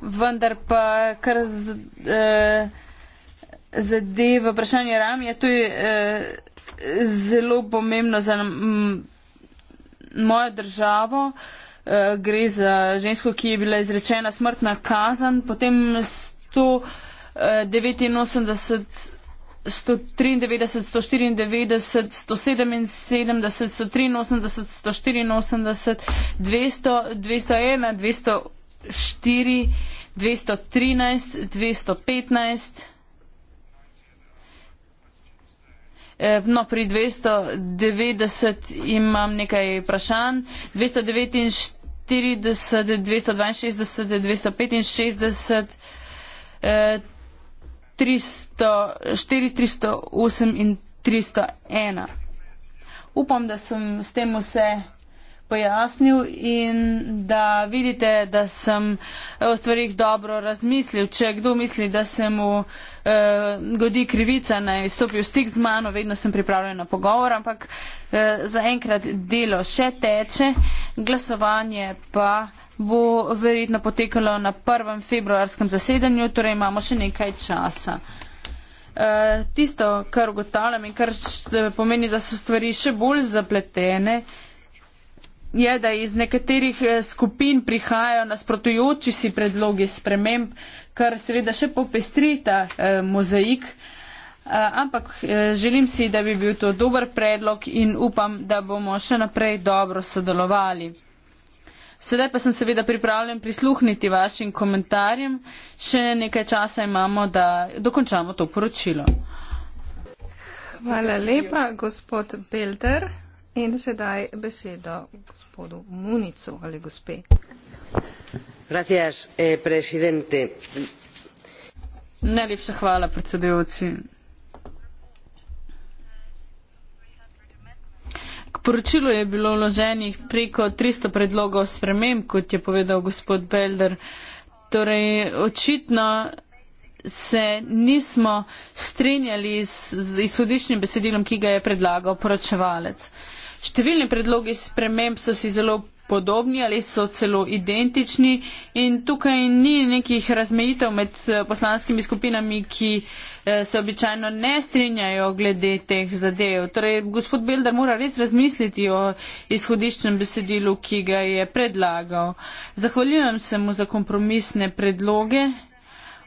Vendar pa kar z, eh, zadeva vprašanje RAM, je to eh, zelo pomembno za m, m, mojo državo. Eh, Eh, gre za žensko, ki je bila izrečena smrtna kazan, potem 189, 193, 194, 177, 183, 184, 200, 201, 204, 213, 215. No, pri 290 imam nekaj vprašanj. 249. 240, 262, 265, 300, 4, 308 in 301. Upam, da sem s tem vse pojasnil in da vidite, da sem eh, o stvarih dobro razmislil. Če kdo misli, da se mu eh, godi krivica, naj stopi v stik z mano, vedno sem pripravljen na pogovor, ampak eh, zaenkrat delo še teče, glasovanje pa bo verjetno potekalo na prvem februarskem zasedanju, torej imamo še nekaj časa. Eh, tisto, kar ugotavljam in kar pomeni, da so stvari še bolj zapletene, je, da iz nekaterih eh, skupin prihajajo nasprotujoči si predlogi sprememb, kar seveda še popestri ta eh, mozaik. Eh, ampak eh, želim si, da bi bil to dober predlog in upam, da bomo še naprej dobro sodelovali. Sedaj pa sem seveda pripravljen prisluhniti vašim komentarjem. Še nekaj časa imamo, da dokončamo to poročilo. Hvala lepa, gospod Belder. In sedaj besedo gospodu Municu ali gospe. Gracias, eh, presidente. Najlepša hvala, predsedujoči. K poročilu je bilo vloženih preko 300 predlogov sprememb, kot je povedal gospod Belder. Torej, očitno se nismo strenjali z izhodiščnim besedilom, ki ga je predlagal poročevalec. Številni predlogi sprememb so si zelo podobni ali so celo identični in tukaj ni nekih razmejitev med eh, poslanskimi skupinami, ki eh, se običajno ne strinjajo glede teh zadev. Torej, gospod Bildar mora res razmisliti o izhodiščnem besedilu, ki ga je predlagal. Zahvaljujem se mu za kompromisne predloge.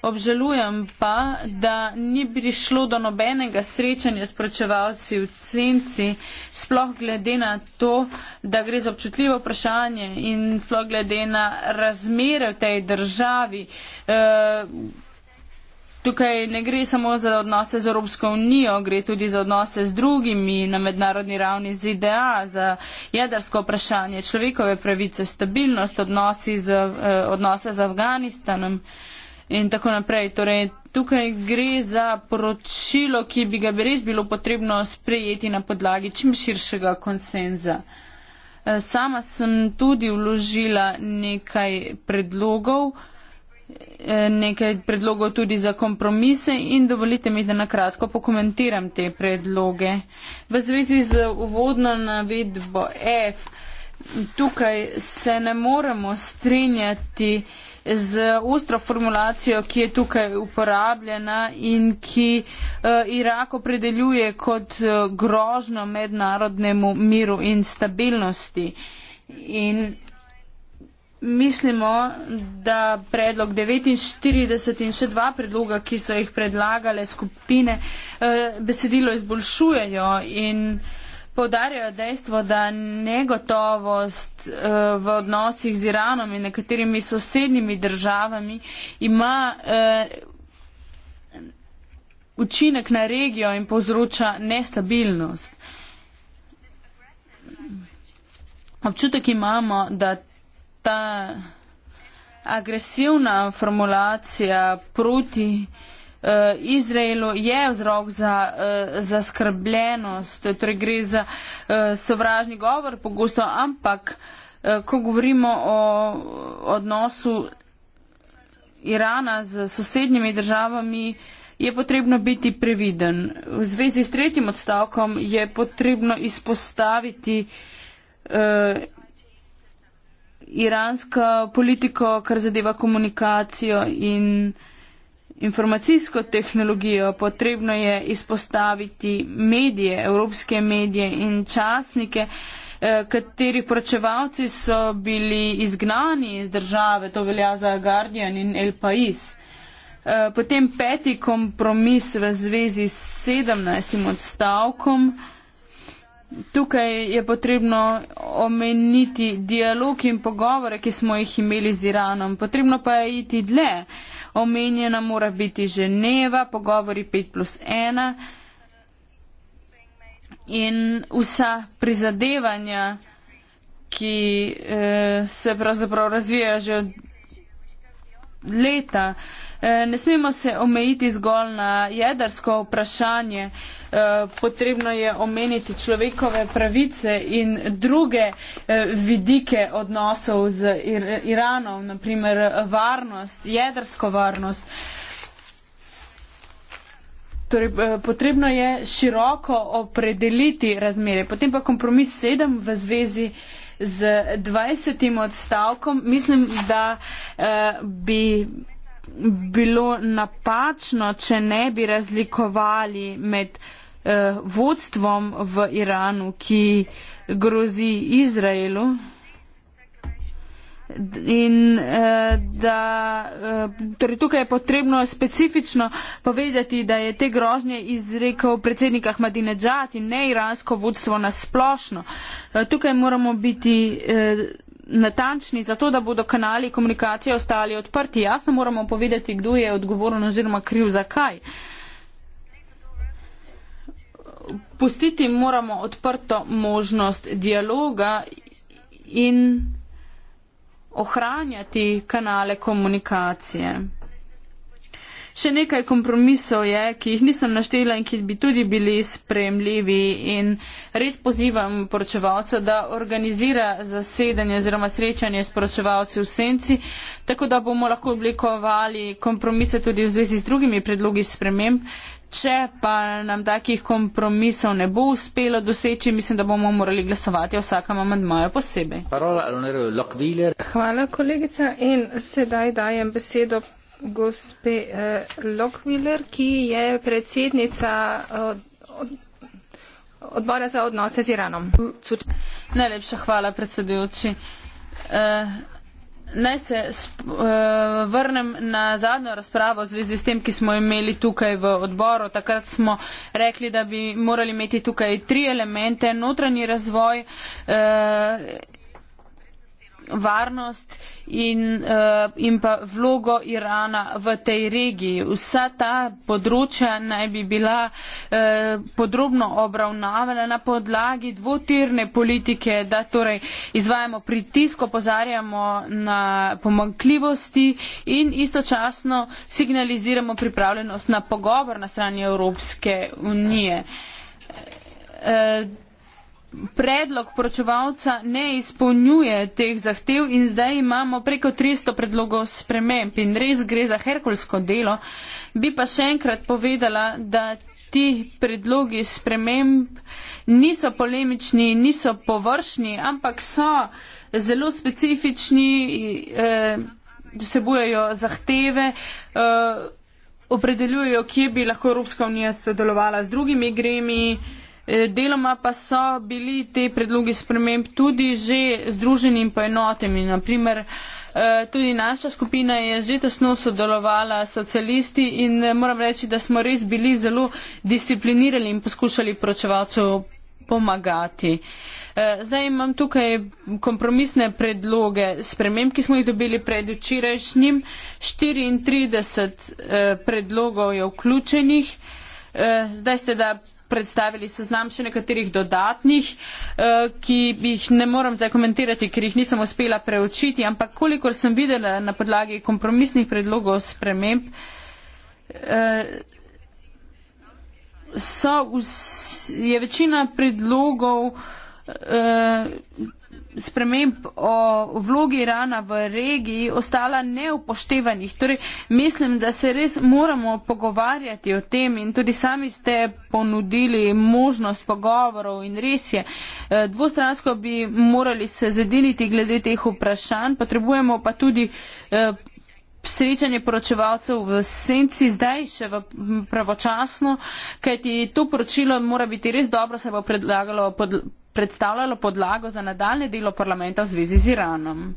Obžalujem pa, da ni prišlo do nobenega srečanja s pročevalci v Cenci, sploh glede na to, da gre za občutljivo vprašanje in sploh glede na razmere v tej državi. E, tukaj ne gre samo za odnose z Evropsko unijo, gre tudi za odnose z drugimi na mednarodni ravni ZDA, za jedrsko vprašanje, človekove pravice, stabilnost, odnosi z, eh, odnose z Afganistanom. Eh, in tako naprej. Torej, tukaj gre za poročilo, ki bi ga bi res bilo potrebno sprejeti na podlagi čim širšega konsenza. Eh, sama sem tudi vložila nekaj predlogov, eh, nekaj predlogov tudi za kompromise in dovolite mi, da nakratko pokomentiram te predloge. V zvezi z uvodno navedbo F tukaj se ne moremo strinjati z ostro formulacijo, ki je tukaj uporabljena in ki uh, Irak opredeljuje kot uh, eh, grožno mednarodnemu miru in stabilnosti. In mislimo, da predlog 49 in še dva predloga, ki so jih predlagale skupine, uh, besedilo izboljšujejo in uh, Poudarjajo dejstvo, da negotovost eh, v odnosih z Iranom in nekaterimi sosednjimi državami ima eh, učinek na regijo in povzroča nestabilnost. Občutek imamo, da ta agresivna formulacija proti uh, Eh, Izraelu je vzrok za eh, zaskrbljenost, torej gre za eh, sovražni govor pogosto, ampak ko govorimo o odnosu Irana z sosednjimi državami, je potrebno biti previden. V zvezi s tretjim odstavkom je potrebno izpostaviti iransko politiko, kar zadeva komunikacijo in informacijsko tehnologijo, potrebno je izpostaviti medije, evropske medije in časnike, eh, katerih poročevalci so bili izgnani iz države, to velja za Guardian in El Pais. Eh, potem peti kompromis v zvezi s sedemnajstim odstavkom. Tukaj je potrebno omeniti dialog in pogovore, ki smo jih imeli z Iranom. Potrebno pa je iti dlje. Omenjena mora biti Ženeva, pogovori 5 plus 1 in vsa prizadevanja, ki eh, se pravzaprav razvijajo že od leta. E, ne smemo se omejiti zgolj na jedrsko vprašanje, e, potrebno je omeniti človekove pravice in druge e, vidike odnosov z Iranom, naprimer varnost, jedrsko varnost. Torej, potrebno je široko opredeliti razmere, potem pa kompromis sedem v zvezi eh, z 20. odstavkom. Mislim, da eh, bi bilo napačno, če ne bi razlikovali med eh, vodstvom v Iranu, ki grozi Izraelu in eh, da eh, torej tukaj je potrebno specifično povedati, da je te grožnje izrekel predsednik Ahmadinejad in ne iransko vodstvo na splošno. Eh, tukaj moramo biti natančni, zato da bodo kanali komunikacije ostali odprti. Jasno moramo povedati, kdo je odgovoren oziroma kriv zakaj. Pustiti moramo odprto možnost dialoga in ohranjati kanale komunikacije. Še nekaj kompromisov je, ki jih nisem naštela in ki bi tudi bili spremljivi in res pozivam poročevalca, da organizira zasedanje oziroma srečanje s poročevalci v senci, tako da bomo lahko oblikovali kompromise tudi v zvezi z drugimi predlogi sprememb, Če pa nam takih kompromisov ne bo uspelo doseči, mislim, da bomo morali glasovati o vsakem amandmaju posebej. Hvala, kolegica. In sedaj dajem besedo gospe eh, Lokviler, ki je predsednica eh, odbora za odnose z Iranom. Najlepša hvala, predsedujoči. Eh, Naj se sp, uh, vrnem na zadnjo razpravo v zvezi s tem, ki smo imeli tukaj v odboru. Takrat smo rekli, da bi morali imeti tukaj tri elemente. Notranji razvoj, uh, varnost in, eh, in pa vlogo Irana v tej regiji. Vsa ta področja naj bi bila eh, podrobno obravnavana na podlagi dvotirne politike, da torej izvajamo pritisk, opozarjamo na pomankljivosti in istočasno signaliziramo pripravljenost na pogovor na strani Evropske unije. Eh, predlog poročevalca ne izpolnjuje teh zahtev in zdaj imamo preko 300 predlogov sprememb in res gre za herkulsko delo. Bi pa še enkrat povedala, da ti predlogi sprememb niso polemični, niso površni, ampak so zelo specifični, eh, vsebujejo zahteve. Eh, opredeljujejo, kje bi lahko Evropska unija sodelovala z drugimi gremiji. Eh, deloma pa so bili te predlogi sprememb tudi že združeni in pa enotemi. Naprimer, eh, tudi naša skupina je že tesno sodelovala s socialisti in eh, moram reči, da smo res bili zelo disciplinirali in poskušali pročevalcev pomagati. Zdaj imam tukaj kompromisne predloge sprememb, ki smo jih dobili pred včerajšnjim. 34 predlogov je vključenih. Zdaj ste da predstavili seznam še nekaterih dodatnih, eh, ki jih ne moram zdaj komentirati, ker jih nisem uspela preučiti, ampak kolikor sem videla na podlagi kompromisnih predlogov sprememb, eh, so, je večina predlogov eh, sprememb o vlogi Irana v regiji ostala neupoštevanih. Torej, mislim, da se res moramo pogovarjati o tem in tudi sami ste ponudili možnost pogovorov in res je. Eh, dvostransko bi morali se zediniti glede teh vprašanj, potrebujemo pa tudi eh, srečanje poročevalcev v senci zdaj še v pravočasno, kajti to poročilo mora biti res dobro, se bo predlagalo pod, predstavljalo podlago za nadaljne delo parlamenta v zvezi z Iranom.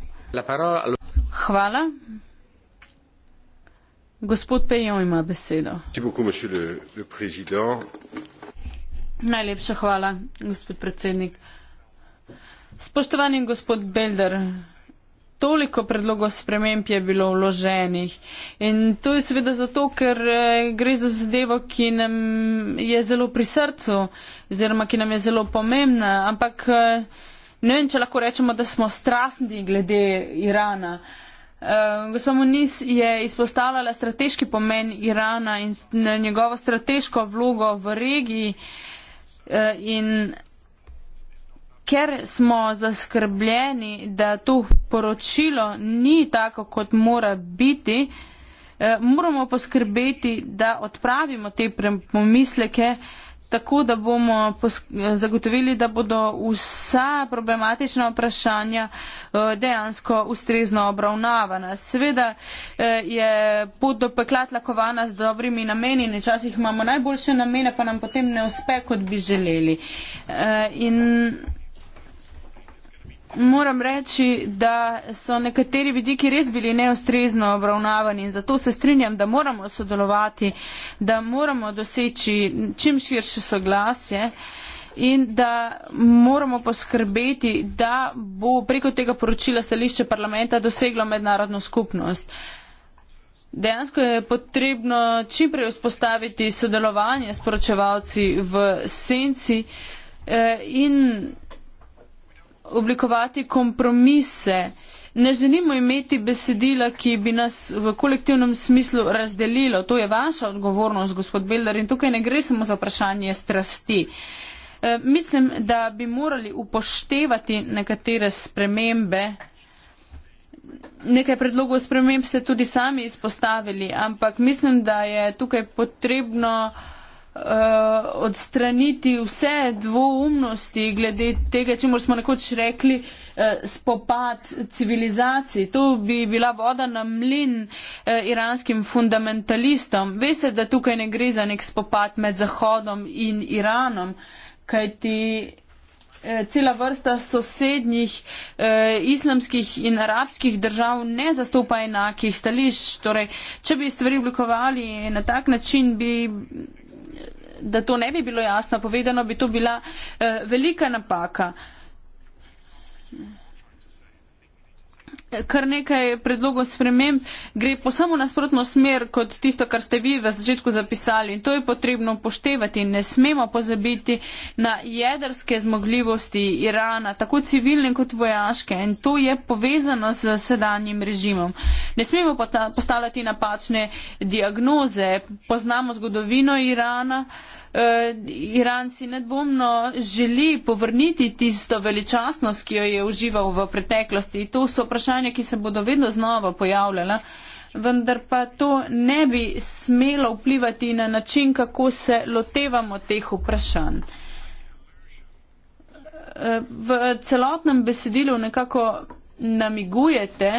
Hvala. Gospod Pejon ima besedo. Najlepša hvala, gospod predsednik. Spoštovani gospod Belder, toliko predlogov sprememb je bilo vloženih. In to je seveda zato, ker eh, gre za zadevo, ki nam je zelo pri srcu oziroma ki nam je zelo pomembna. Ampak eh, ne vem, če lahko rečemo, da smo strastni glede Irana. Eh, gospa Moniz je izpostavljala strateški pomen Irana in njegovo strateško vlogo v regiji. In ker smo zaskrbljeni, da to poročilo ni tako, kot mora biti, eh, moramo poskrbeti, da odpravimo te pomisleke, tako da bomo zagotovili, da bodo vsa problematična vprašanja eh, dejansko ustrezno obravnavana. Sveda eh, je pot do pekla tlakovana z dobrimi nameni in včasih imamo najboljše namene, pa nam potem ne uspe, kot bi želeli. In Moram reči, da so nekateri vidiki res bili neustrezno obravnavani in zato se strinjam, da moramo sodelovati, da moramo doseči čim širše soglasje in da moramo poskrbeti, da bo preko tega poročila stališče parlamenta doseglo mednarodno skupnost. Dejansko je potrebno čim prej vzpostaviti sodelovanje s poročevalci v senci eh, in oblikovati kompromise. Ne želimo imeti besedila, ki bi nas v kolektivnem smislu razdelilo. To je vaša odgovornost, gospod Bilder, in tukaj ne gre samo za vprašanje strasti. E, mislim, da bi morali upoštevati nekatere spremembe. Nekaj predlogov sprememb ste tudi sami izpostavili, ampak mislim, da je tukaj potrebno. Eh, odstraniti vse dvoumnosti glede tega, čemu smo nekoč rekli eh, spopad civilizacij. To bi bila voda na mlin eh, iranskim fundamentalistom. Veste, da tukaj ne gre za nek spopad med Zahodom in Iranom, kajti cela vrsta sosednjih islamskih in arabskih držav ne zastopa enakih stališč. Torej, če bi stvari oblikovali na tak način, bi da to ne bi bilo jasno povedano, bi to bila uh, velika napaka kar nekaj predlogov sprememb gre po samo nasprotno smer kot tisto, kar ste vi v začetku zapisali in to je potrebno poštevati. Ne smemo pozabiti na jedrske zmogljivosti Irana, tako civilne kot vojaške in to je povezano z sedanjim režimom. Ne smemo postavljati napačne diagnoze, poznamo zgodovino Irana uh, Iran si nedvomno želi povrniti tisto veličastnost, ki jo je užival v preteklosti. To so vprašanja, ki se bodo vedno znova pojavljala, vendar pa to ne bi smelo vplivati na način, kako se lotevamo teh vprašanj. Eh, v celotnem besedilu nekako namigujete,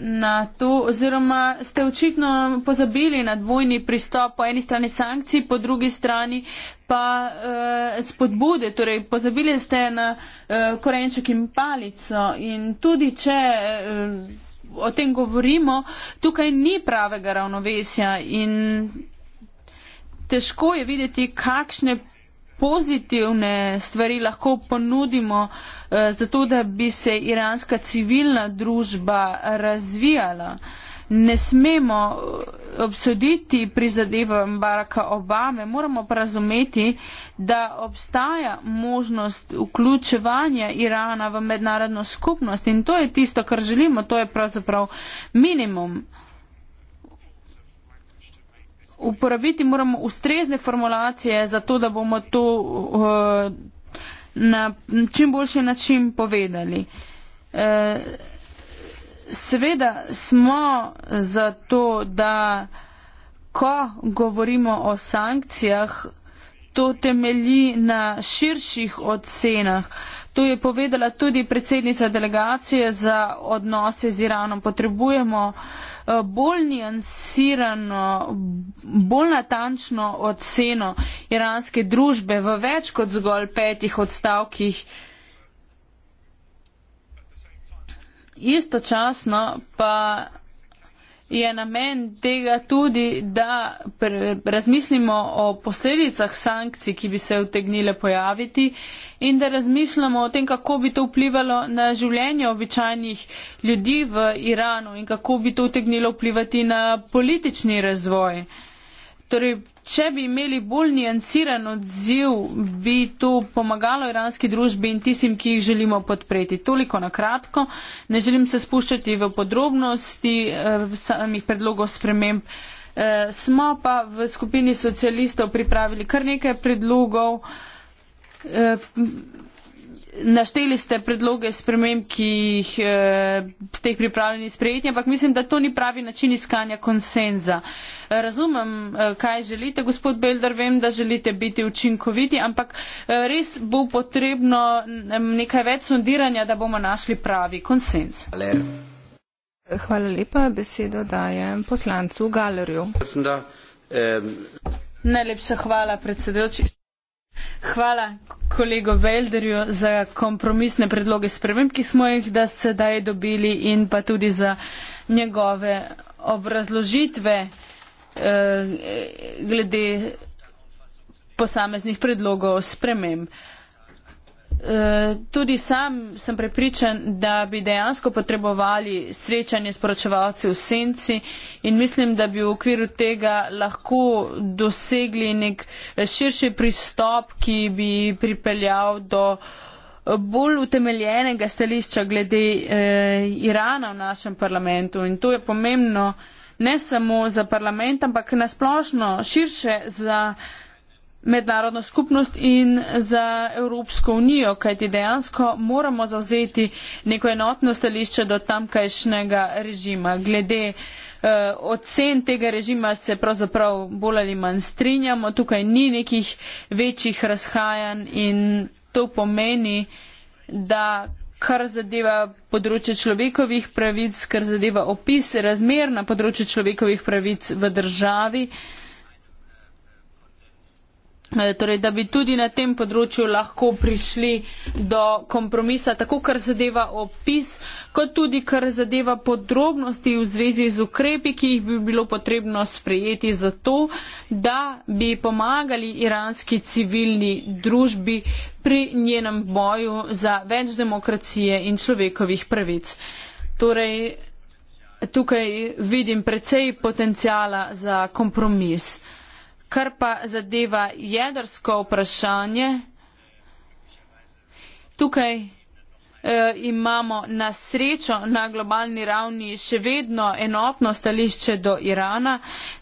na to, oziroma ste očitno pozabili na dvojni pristop, po eni strani sankcij, po drugi strani pa eh, spodbude, torej pozabili ste na eh, korenček in palico in tudi če. Eh, O tem govorimo, tukaj ni pravega ravnovesja in težko je videti, kakšne pozitivne stvari lahko ponudimo, eh, zato da bi se iranska civilna družba razvijala. Ne smemo eh, obsoditi prizadevanj Baracka Obame, moramo pa razumeti, da obstaja možnost vključevanja Irana v mednarodno skupnost in to je tisto, kar želimo, to je pravzaprav minimum uporabiti moramo ustrezne formulacije za to, da bomo to uh, na čim boljši način povedali. Uh, seveda smo za to, da ko govorimo o sankcijah, to temelji na širših ocenah. Uh, To je povedala tudi predsednica delegacije za odnose z Iranom. Potrebujemo eh, bolj nijansirano, bolj natančno oceno iranske družbe v več kot zgolj petih odstavkih. Istočasno pa je namen tega tudi, da razmislimo o posledicah sankcij, ki bi se utegnile pojaviti in da razmislimo o tem, kako bi to vplivalo na življenje običajnih ljudi v Iranu in kako bi to utegnilo vplivati na politični razvoj. Torej, če bi imeli bolj nijanciran odziv, bi to pomagalo iranski družbi in tistim, ki jih želimo podpreti. Toliko na kratko. Ne želim se spuščati v podrobnosti eh, samih predlogov sprememb. Eh, smo pa v skupini socialistov pripravili kar nekaj predlogov. Eh, Našteli ste predloge sprememb, ki jih e, ste jih pripravljeni sprejeti, ampak mislim, da to ni pravi način iskanja konsenza. Eh, razumem, e, kaj želite, gospod Belder, vem, da želite biti učinkoviti, ampak e, res bo potrebno mm, nekaj več sondiranja, da bomo našli pravi konsens. Hvala lepa, besedo dajem poslancu Galerju. Najlepša hvala, predsedujoči. Hvala kolego Velderju za kompromisne predloge sprememb, ki smo jih da sedaj dobili in pa tudi za njegove obrazložitve eh, glede posameznih predlogov sprememb. Eh, tudi sam sem prepričan, da bi dejansko potrebovali srečanje s poročevalci v senci in mislim, da bi v okviru tega lahko dosegli nek širši pristop, ki bi pripeljal do bolj utemeljenega stališča glede eh, Irana v našem parlamentu. In to je pomembno ne samo za parlament, ampak nasplošno širše za mednarodno skupnost in za Evropsko unijo, kajti dejansko moramo zavzeti neko enotno stališče do tamkajšnjega režima. Glede eh, ocen tega režima se pravzaprav bolj ali manj strinjamo, tukaj ni nekih večjih razhajanj in to pomeni, da kar zadeva področje človekovih pravic, kar zadeva opis razmer na področju človekovih pravic v državi, eh, Eh, torej, da bi tudi na tem področju lahko prišli do kompromisa, tako kar zadeva opis, kot tudi kar zadeva podrobnosti v zvezi z ukrepi, ki jih bi bilo potrebno sprejeti za to, da bi pomagali iranski civilni družbi pri njenem boju za več demokracije in človekovih pravic. Torej, tukaj vidim precej potencijala za kompromis. Kar pa zadeva jedrsko vprašanje, tukaj eh, imamo na srečo na globalni ravni še vedno enotno stališče do Irana.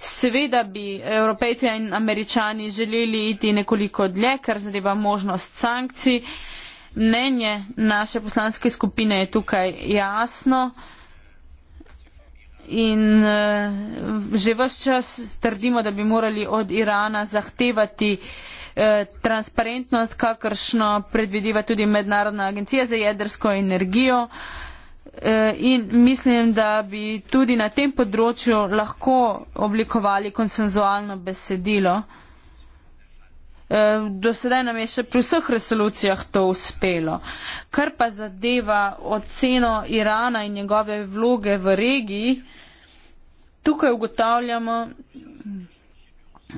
Seveda bi evropejci in američani želeli iti nekoliko dlje, kar zadeva možnost sankcij. Mnenje naše poslanske skupine je tukaj jasno in uh, že vse čas trdimo, da bi morali od Irana zahtevati eh, transparentnost, kakršno predvideva tudi Mednarodna agencija za jedrsko energijo. Eh, in mislim, da bi tudi na tem področju lahko oblikovali konsenzualno besedilo. Do sedaj nam je še pri vseh resolucijah to uspelo. Kar pa zadeva oceno Irana in njegove vloge v regiji, tukaj ugotavljamo,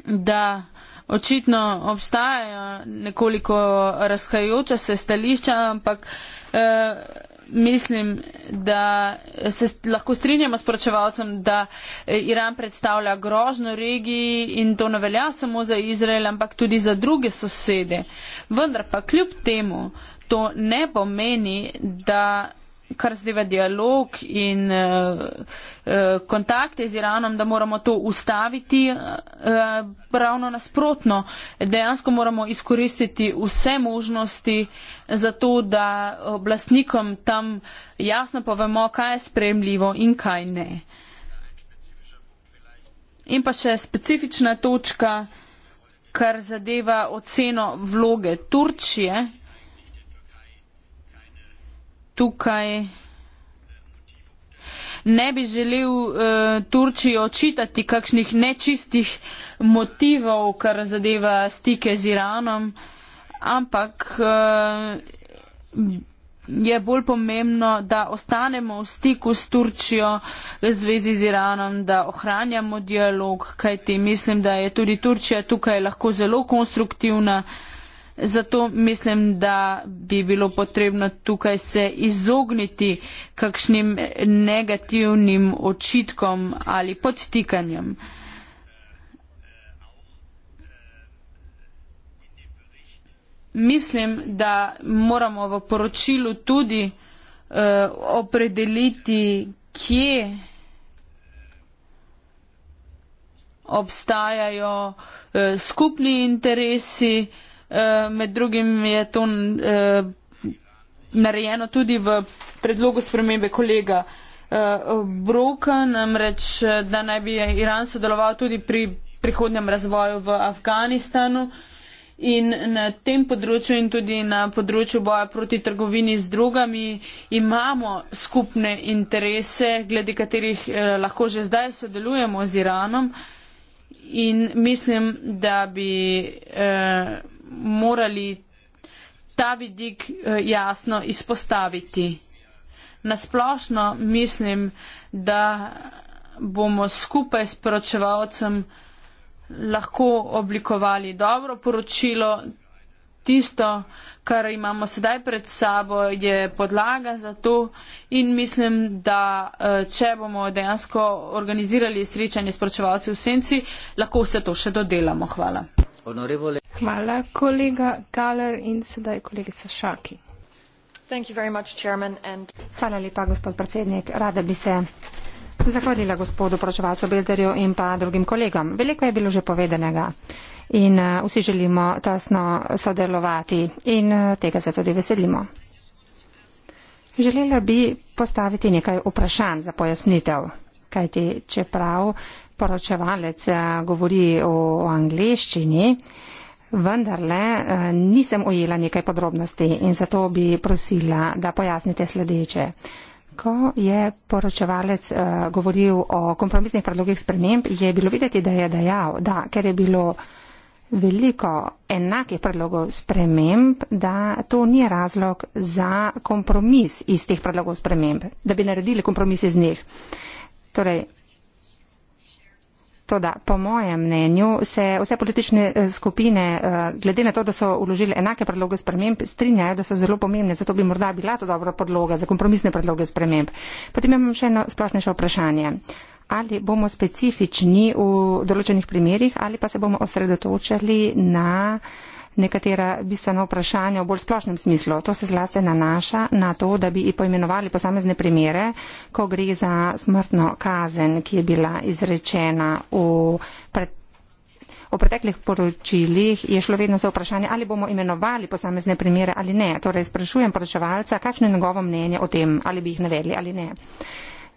da očitno obstajajo nekoliko razhajajoča se stališča, ampak eh, mislim, da se lahko strinjamo s poročevalcem, da eh, Iran predstavlja grožno regiji in to ne velja samo za Izrael, ampak tudi za druge sosede. Vendar pa kljub temu to ne pomeni, da kar zdeva dialog in uh, kontakte z Iranom, da moramo to ustaviti uh, eh, pravno nasprotno. Dejansko moramo izkoristiti vse možnosti za to, da oblastnikom tam jasno povemo, kaj je spremljivo in kaj ne. In pa še specifična točka, kar zadeva oceno vloge Turčije tukaj ne bi želel uh, eh, Turčiji očitati kakšnih nečistih motivov, kar zadeva stike z Iranom, ampak uh, je bolj pomembno, da ostanemo v stiku s Turčijo v zvezi z Iranom, da ohranjamo dialog, kajti mislim, da je tudi Turčija tukaj lahko zelo konstruktivna. Uh, Zato mislim, da bi bilo potrebno tukaj se izogniti kakšnim negativnim očitkom ali podtikanjem. Mislim, da moramo v poročilu tudi uh, opredeliti, kje obstajajo uh, skupni interesi, uh, Eh, med drugim je to eh, narejeno tudi v predlogu spremembe kolega eh, Broka, namreč, da naj bi Iran sodeloval tudi pri prihodnjem razvoju v Afganistanu in na tem področju in tudi na področju boja proti trgovini z drugami imamo skupne interese, glede katerih lahko že zdaj sodelujemo z Iranom in mislim, da bi. Eh, morali ta vidik eh, jasno izpostaviti. Nasplošno mislim, da bomo skupaj s poročevalcem lahko oblikovali dobro poročilo. Tisto, kar imamo sedaj pred sabo, je podlaga za to in mislim, da eh, če bomo dejansko organizirali srečanje s poročevalci v senci, lahko vse to še dodelamo. Hvala. Hvala, kolega Taler in sedaj kolegica Šaki. Hvala lepa, gospod predsednik. Rada bi se zahvalila gospodu Pročevalcu Bilderju in pa drugim kolegom. Veliko je bilo že povedanega in eh, vsi želimo tasno sodelovati in eh, tega se tudi veselimo. Želela bi postaviti nekaj vprašanj za pojasnitev, kajti čeprav poročevalec eh, govori o angleščini, vendarle eh, nisem ujela nekaj podrobnosti in zato bi prosila, da pojasnite sledeče. Ko je poročevalec eh, govoril o kompromisnih predlogih sprememb, je bilo videti, da je dejal, da ker je bilo veliko enakih predlogov sprememb, da to ni razlog za kompromis iz teh predlogov sprememb, da bi naredili kompromis iz njih. Torej, to, da po mojem mnenju se vse politične eh, skupine, eh, glede na to, da so uložili enake predloge sprememb, strinjajo, da so zelo pomembne, zato bi morda bila to dobra podloga za kompromisne predloge sprememb. Potem imam še eno splošnejše vprašanje. Ali bomo specifični v določenih primerjih ali pa se bomo osredotočali na nekatera bistvena vprašanja v bolj splošnem smislu. To se zlasti nanaša na to, da bi poimenovali posamezne primere, ko gre za smrtno kazen, ki je bila izrečena v pred. O preteklih poročilih je šlo vedno za vprašanje, ali bomo imenovali posamezne primere ali ne. Torej, sprašujem poročevalca, kakšno je njegovo mnenje o tem, ali bi jih navedli ali ne.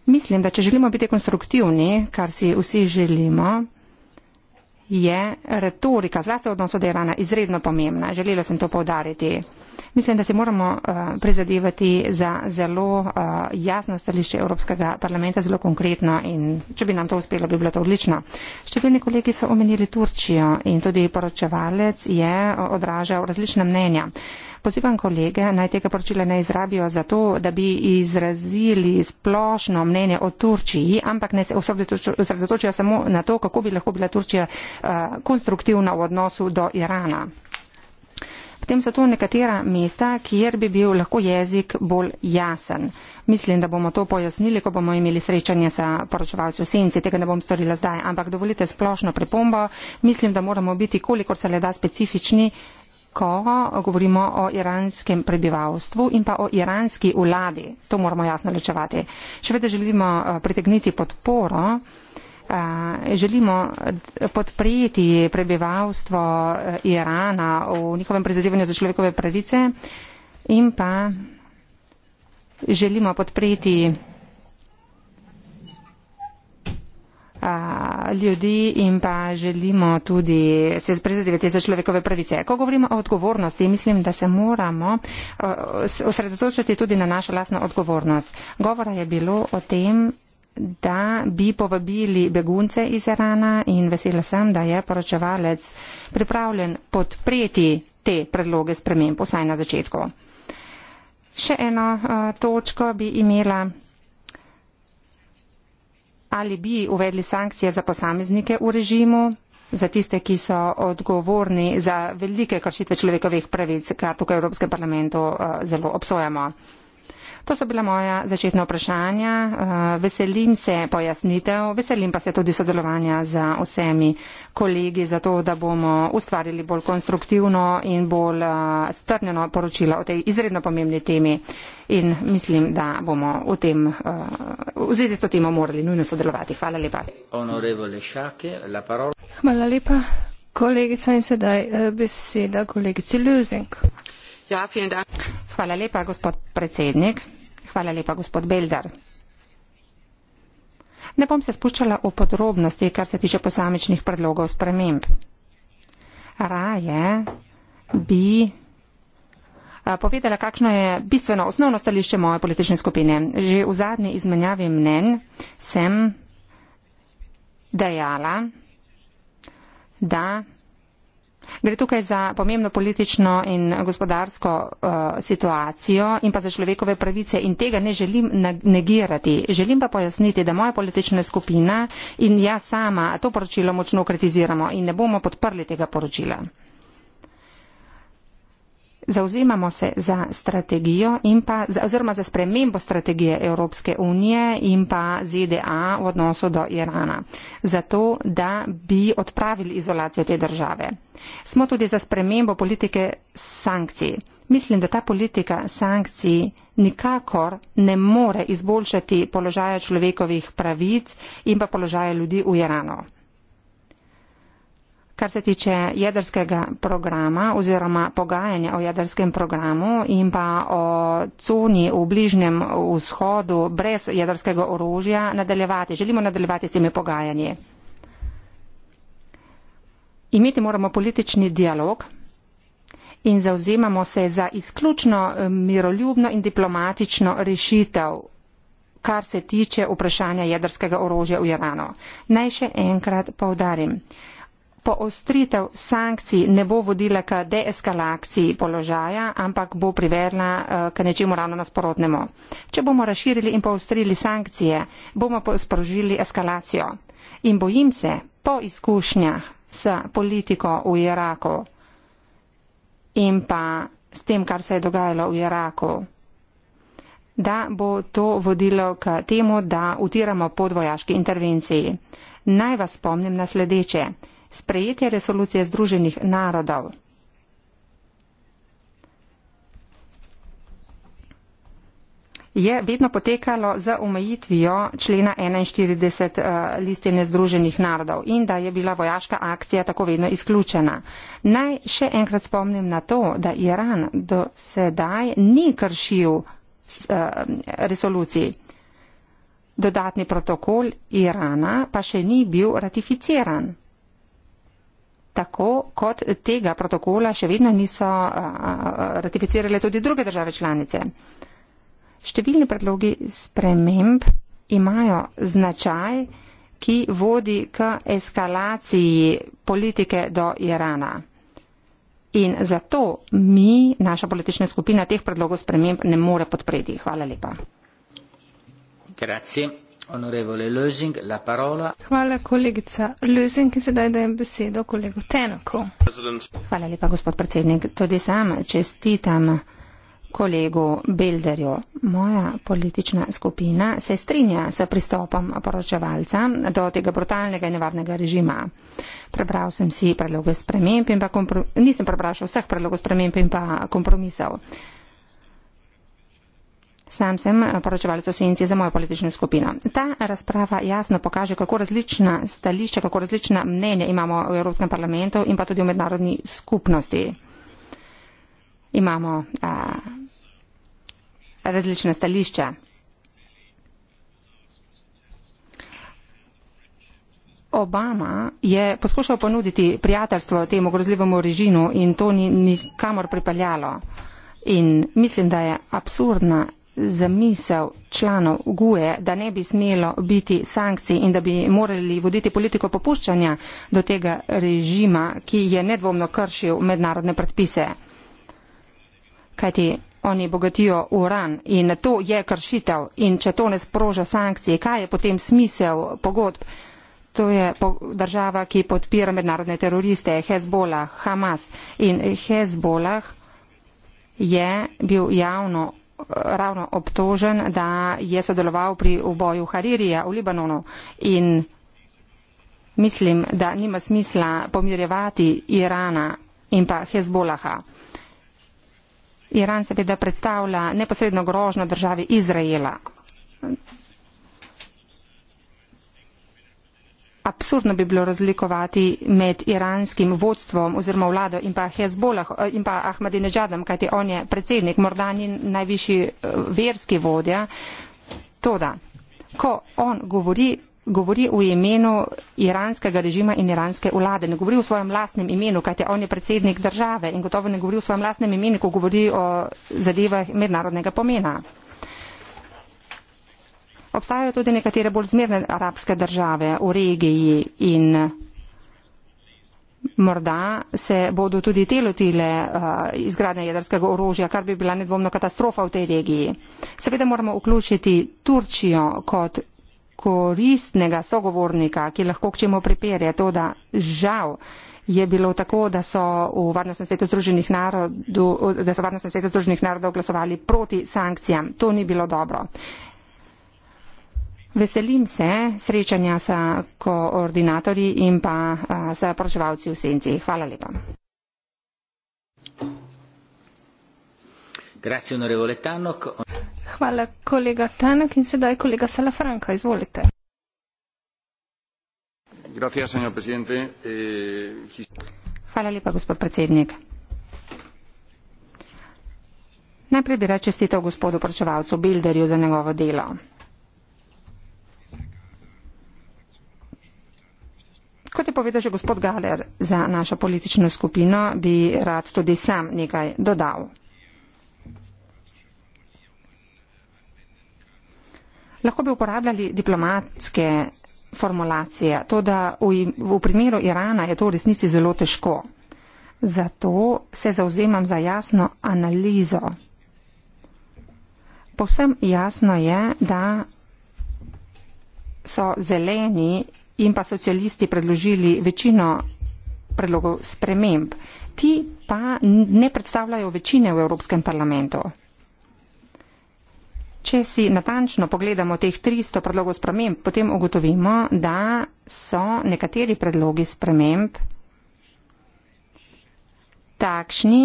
Mislim, da če želimo biti konstruktivni, kar si vsi želimo, je retorika, zlasti v odnosu do Irana, izredno pomembna. Želela sem to povdariti. Mislim, da si moramo uh, prizadevati za zelo uh, jasno stališče Evropskega parlamenta, zelo konkretno in če bi nam to uspelo, bi bilo to odlično. Številni kolegi so omenili Turčijo in tudi poročevalec je eh, odražal različna mnenja. Uh, pozivam kolege, naj tega poročila ne izrabijo zato, da bi izrazili splošno mnenje o Turčiji, ampak ne se osredotočijo samo na to, kako bi lahko bila Turčija eh, konstruktivna v odnosu do Irana. Potem so to nekatera mesta, kjer bi bil lahko jezik bolj jasen. Mislim, da bomo to pojasnili, ko bomo imeli srečanje sa poročevalci v senci. Tega ne bom storila zdaj, ampak dovolite splošno pripombo. Mislim, da moramo biti, kolikor se le da specifični, ko govorimo o iranskem prebivalstvu in pa o iranski vladi. To moramo jasno ločevati. Še vedno želimo eh, pritegniti podporo, eh, želimo eh, podpreti prebivalstvo Irana v njihovem prizadevanju za človekove pravice in pa želimo podpreti ljudi in pa želimo tudi se prizadevati za človekove pravice. Ko govorimo o odgovornosti, mislim, da se moramo osredotočiti tudi na našo lasno odgovornost. Govora je bilo o tem, da bi povabili begunce iz Irana in vesela sem, da je poročevalec pripravljen podpreti te predloge sprememb, vsaj na začetku. Še eno uh, točko bi imela ali bi uvedli sankcije za posameznike v režimu, za tiste, ki so odgovorni za velike kršitve človekovih pravic, kar tukaj v Evropskem parlamentu eh, zelo obsojamo. To so bila moja začetna vprašanja. Eh, veselim se pojasnitev, veselim pa se tudi sodelovanja z vsemi kolegi, zato da bomo ustvarili bolj konstruktivno in bolj eh, strnjeno poročilo o tej izredno pomembni temi. In mislim, da bomo v, tem, eh, v zvezi s to temo morali nujno sodelovati. Hvala lepa. Hvala lepa. Kolegica in sedaj beseda kolegici Ljuzink. Ja, Hvala lepa, gospod predsednik. Hvala lepa, gospod Beldar. Ne bom se spuščala v podrobnosti, kar se tiče posamičnih predlogov sprememb. Raje bi eh, povedala, kakšno je bistveno osnovno stališče moje politične skupine. Že v zadnji izmenjavi mnen sem dejala, da Gre tukaj za pomembno politično in gospodarsko uh, situacijo in pa za človekove pravice in tega ne želim negirati. Želim pa pojasniti, da moja politična skupina in jaz sama to poročilo močno kritiziramo in ne bomo podprli tega poročila. Zauzemamo se za strategijo in pa oziroma za spremembo strategije Evropske unije in pa ZDA v odnosu do Irana, zato da bi odpravili izolacijo te države. Smo tudi za spremembo politike sankcij. Mislim, da ta politika sankcij nikakor ne more izboljšati položaja človekovih pravic in pa položaja ljudi v Iranu. Kar se tiče jedrskega programa oziroma pogajanja o jedrskem programu in pa o cuni v bližnjem vzhodu brez jedrskega orožja, nadaljevati. želimo nadaljevati s temi pogajanji. Imeti moramo politični dialog in zauzemamo se za izključno eh, miroljubno in diplomatično rešitev, kar se tiče vprašanja jedrskega orožja v Iranu. Naj še enkrat povdarim poostritev sankcij ne bo vodila k deeskalaciji položaja, ampak bo privedla eh, k nečemu ravno nasprotnemu. Če bomo razširili in poostrili sankcije, bomo sprožili eskalacijo. In bojim se, po izkušnjah s politiko v Iraku in pa s tem, kar se je dogajalo v Iraku, da bo to vodilo k temu, da utiramo podvojaški intervenciji. Naj vas spomnim na sledeče sprejetje resolucije Združenih narodov. je vedno potekalo z omejitvijo člena 41 eh, listine Združenih narodov in da je bila vojaška akcija tako vedno izključena. Naj še enkrat spomnim na to, da Iran do sedaj ni kršil eh, resoluciji. Dodatni protokol Irana pa še ni bil ratificiran tako kot tega protokola še vedno niso ratificirale tudi druge države članice. Številni predlogi sprememb imajo značaj, ki vodi k eskalaciji politike do Irana. In zato mi, naša politična skupina, teh predlogov sprememb ne more podpreti. Hvala lepa. Grazie. Lösing, Hvala, kolegica Lözing, ki sedaj dajem besedo kolegu Tenoku. Hvala lepa, gospod predsednik. Tudi sam čestitam kolegu Bilderju. Moja politična skupina se strinja s pristopom poročevalca do tega brutalnega in nevarnega režima. Prebral sem si predloge sprememb in pa kompromisov. Nisem prebral še vseh predlogov sprememb in pa kompromisov. Sam sem poročevalec osenci za mojo politično skupino. Ta razprava jasno pokaže, kako različna stališča, kako različna mnenja imamo v Evropskem parlamentu in pa tudi v mednarodni skupnosti. Imamo a, različna stališča. Obama je poskušal ponuditi prijateljstvo temu grozljivemu režimu in to ni nikamor pripeljalo. In mislim, da je absurdna zamisel članov GUE, da ne bi smelo biti sankcij in da bi morali voditi politiko popuščanja do tega režima, ki je nedvomno kršil mednarodne predpise. Kajti oni bogatijo uran in to je kršitev in če to ne sproža sankcije, kaj je potem smisel pogodb? To je država, ki podpira mednarodne teroriste, Hezbollah, Hamas in Hezbollah je bil javno ravno obtožen, da je sodeloval pri uboju Haririja v Libanonu in mislim, da nima smisla pomirjevati Irana in pa Hezbolaha. Iran seveda predstavlja neposredno grožno državi Izraela. absurdno bi bilo razlikovati med iranskim vodstvom oziroma vlado in pa Hezbolah eh, in pa Ahmadinejadom, kajti on je predsednik, morda ni najvišji eh, verski vodja. Toda, ko on govori, govori v imenu iranskega režima in iranske vlade, ne govori v svojem lastnem imenu, kajti on je predsednik države in gotovo ne govori v svojem lastnem imenu, ko govori o zadevah mednarodnega pomena. Obstajajo tudi nekatere bolj zmerne arabske države v regiji in morda se bodo tudi te lotile uh, izgradnje jedrskega orožja, kar bi bila nedvomno katastrofa v tej regiji. Seveda moramo vključiti Turčijo kot koristnega sogovornika, ki lahko k čemu pripere to, da žal je bilo tako, da so v Varnostnem svetu Združenih narodov, da so v Varnostnem svetu Združenih narodov glasovali proti sankcijam. To ni bilo dobro. Veselim se srečanja s koordinatorji in pa s poročevalci v senci. Hvala lepa. Hvala kolega Tanak in sedaj kolega Salafranka, izvolite. Eh, Hvala lepa, gospod predsednik. Najprej bi rad čestitev gospodu poročevalcu Bilderju za njegovo delo. Kot je povedal že gospod Galer, za našo politično skupino bi rad tudi sam nekaj dodal. Lahko bi uporabljali diplomatske formulacije, to da v, v primeru Irana je to v resnici zelo težko. Zato se zauzemam za jasno analizo. Povsem jasno je, da so zeleni in pa socialisti predložili večino predlogov sprememb. Ti pa ne predstavljajo večine v Evropskem parlamentu. Če si natančno pogledamo teh 300 predlogov sprememb, potem ugotovimo, da so nekateri predlogi sprememb takšni,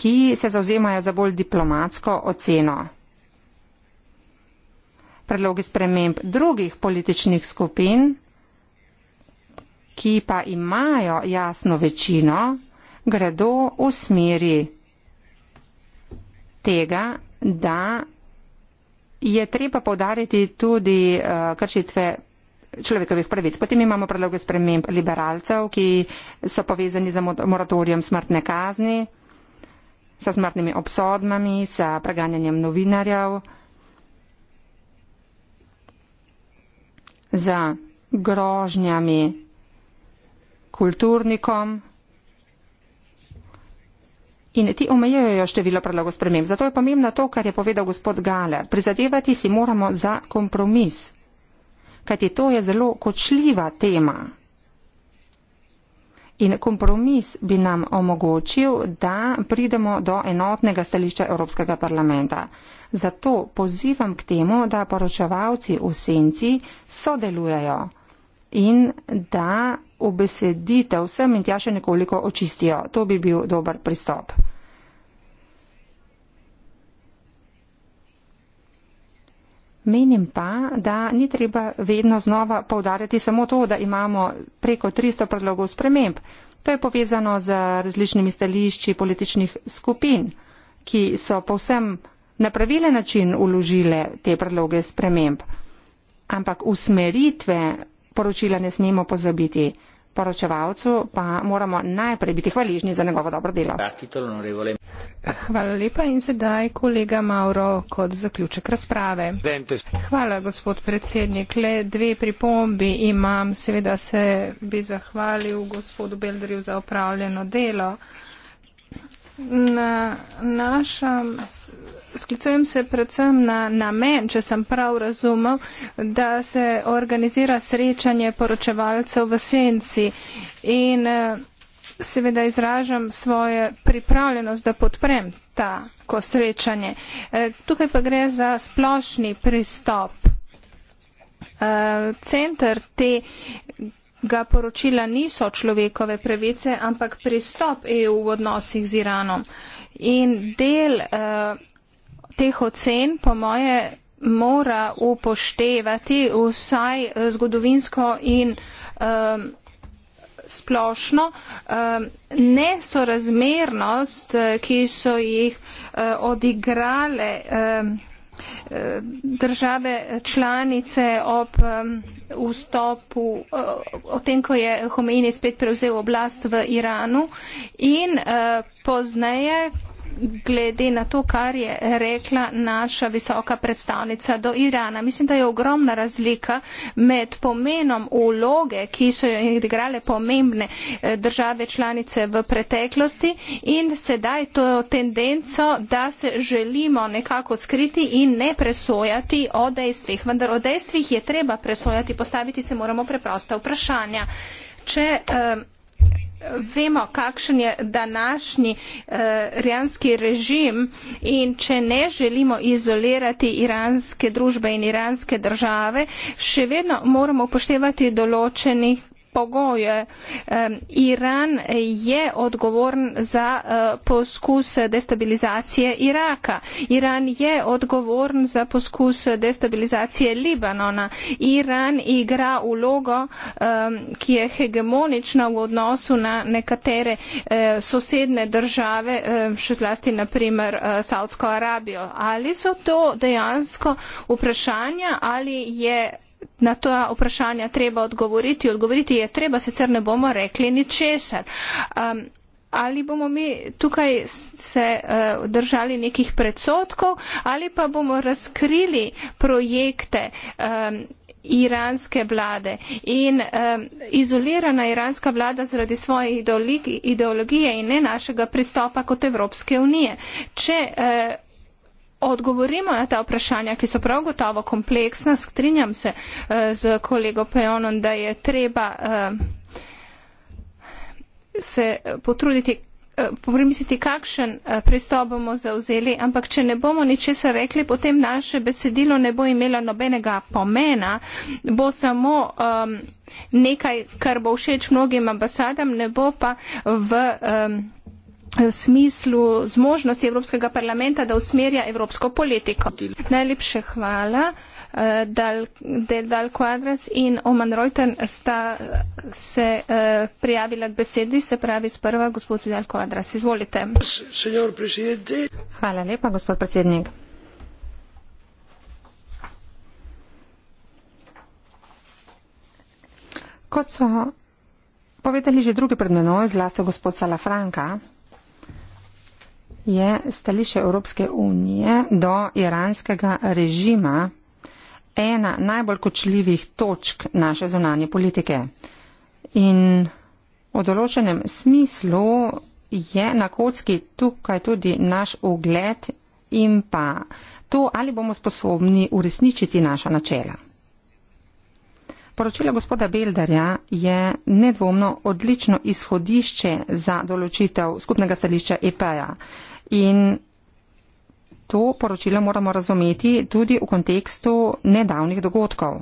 ki se zauzemajo za bolj diplomatsko oceno. Predlogi sprememb drugih političnih skupin ki pa imajo jasno večino, gredo v smeri tega, da je treba povdariti tudi uh, kršitve človekovih pravic. Potem imamo predloge sprememb liberalcev, ki so povezani z moratorijem smrtne kazni, sa smrtnimi obsodbami, sa preganjanjem novinarjev, za grožnjami kulturnikom in ti omejujejo število predlogov sprememb. Zato je pomembno to, kar je povedal gospod Galer. Prizadevati si moramo za kompromis, kajti to je zelo kočljiva tema. In kompromis bi nam omogočil, da pridemo do enotnega stališča Evropskega parlamenta. Zato pozivam k temu, da poročevalci v senci sodelujajo in da obesedite vsem in tja še nekoliko očistijo. To bi bil dober pristop. Menim pa, da ni treba vedno znova povdarjati samo to, da imamo preko 300 predlogov sprememb. To je povezano z različnimi stališči političnih skupin, ki so povsem na pravilen način uložile te predloge sprememb. Ampak usmeritve poročila ne smemo pozabiti. Poročevalcu pa moramo najprej biti hvaližni za njegovo dobro delo. Hvala lepa in sedaj kolega Mauro kot zaključek razprave. Hvala, gospod predsednik. Le dve pripombi imam. Seveda se bi zahvalil gospodu Beldriju za opravljeno delo. Na našem sklicujem se predvsem na namen, če sem prav razumel, da se organizira srečanje poročevalcev v senci in eh, seveda izražam svojo pripravljenost, da podprem tako srečanje. Eh, tukaj pa gre za splošni pristop. Eh, Centr tega poročila niso človekove pravice, ampak pristop EU v odnosih z Iranom. In del uh, teh ocen, po moje, mora upoštevati vsaj eh, zgodovinsko in um, splošno um, nesorazmernost, eh, ki so jih uh, odigrale um, države članice ob um, vstopu, o tem, ko je Homeini spet prevzel oblast v Iranu in uh, pozneje, glede na to, kar je rekla naša visoka predstavnica do Irana. Mislim, da je ogromna razlika med pomenom uloge, ki so jo igrale pomembne eh, države članice v preteklosti in sedaj to tendenco, da se želimo nekako skriti in ne presojati o dejstvih. Vendar o dejstvih je treba presojati, postaviti se moramo preprosta vprašanja. Če, um, vemo, kakšen je današnji eh, iranski uh, režim in če ne želimo izolirati iranske družbe in iranske države, še vedno moramo upoštevati določenih pogoje. Iran je odgovoren za e, poskus destabilizacije Iraka. Iran je odgovoren za poskus destabilizacije Libanona. Iran igra ulogo, ki je hegemonična v odnosu na nekatere e, sosedne države, e, še zlasti naprimer Saudsko Arabijo. Ali so to dejansko vprašanja ali je na ta vprašanja treba odgovoriti. Odgovoriti je treba, sicer ne bomo rekli ničesar. Um, ali bomo mi tukaj se uh, držali nekih predsotkov ali pa bomo razkrili projekte um, iranske vlade in um, izolirana iranska vlada zaradi svoje ideologi ideologije in ne našega pristopa kot Evropske unije. Če uh, odgovorimo na ta vprašanja, ki so prav gotovo kompleksna. Strinjam se eh, z kolego Pejonom, da je treba eh, se potruditi. Eh, pomisliti, kakšen pristop bomo zauzeli, ampak če ne bomo ničesar rekli, potem naše besedilo ne bo imelo nobenega pomena, bo samo um, nekaj, kar bo všeč mnogim ambasadam, ne bo pa v. Um, Eh, smislu zmožnosti Evropskega parlamenta, da usmerja evropsko politiko. Najlepše hvala. Eh, del, del, del Quadras in Oman Reuter sta eh, se uh, prijavila k besedi, se pravi s prva gospod Del Quadras. Izvolite. Hvala lepa, gospod predsednik. Kot so povedali že drugi pred menoj, zlasti gospod Salafranka, je stališče Evropske unije do iranskega režima ena najbolj kočljivih točk naše zunanje politike. In v določenem smislu je na kocki tukaj tudi naš ugled in pa to, ali bomo sposobni uresničiti naša načela. Poročilo gospoda Beldarja je nedvomno odlično izhodišče za določitev skupnega stališča EPA-ja. In to poročilo moramo razumeti tudi v kontekstu nedavnih dogodkov.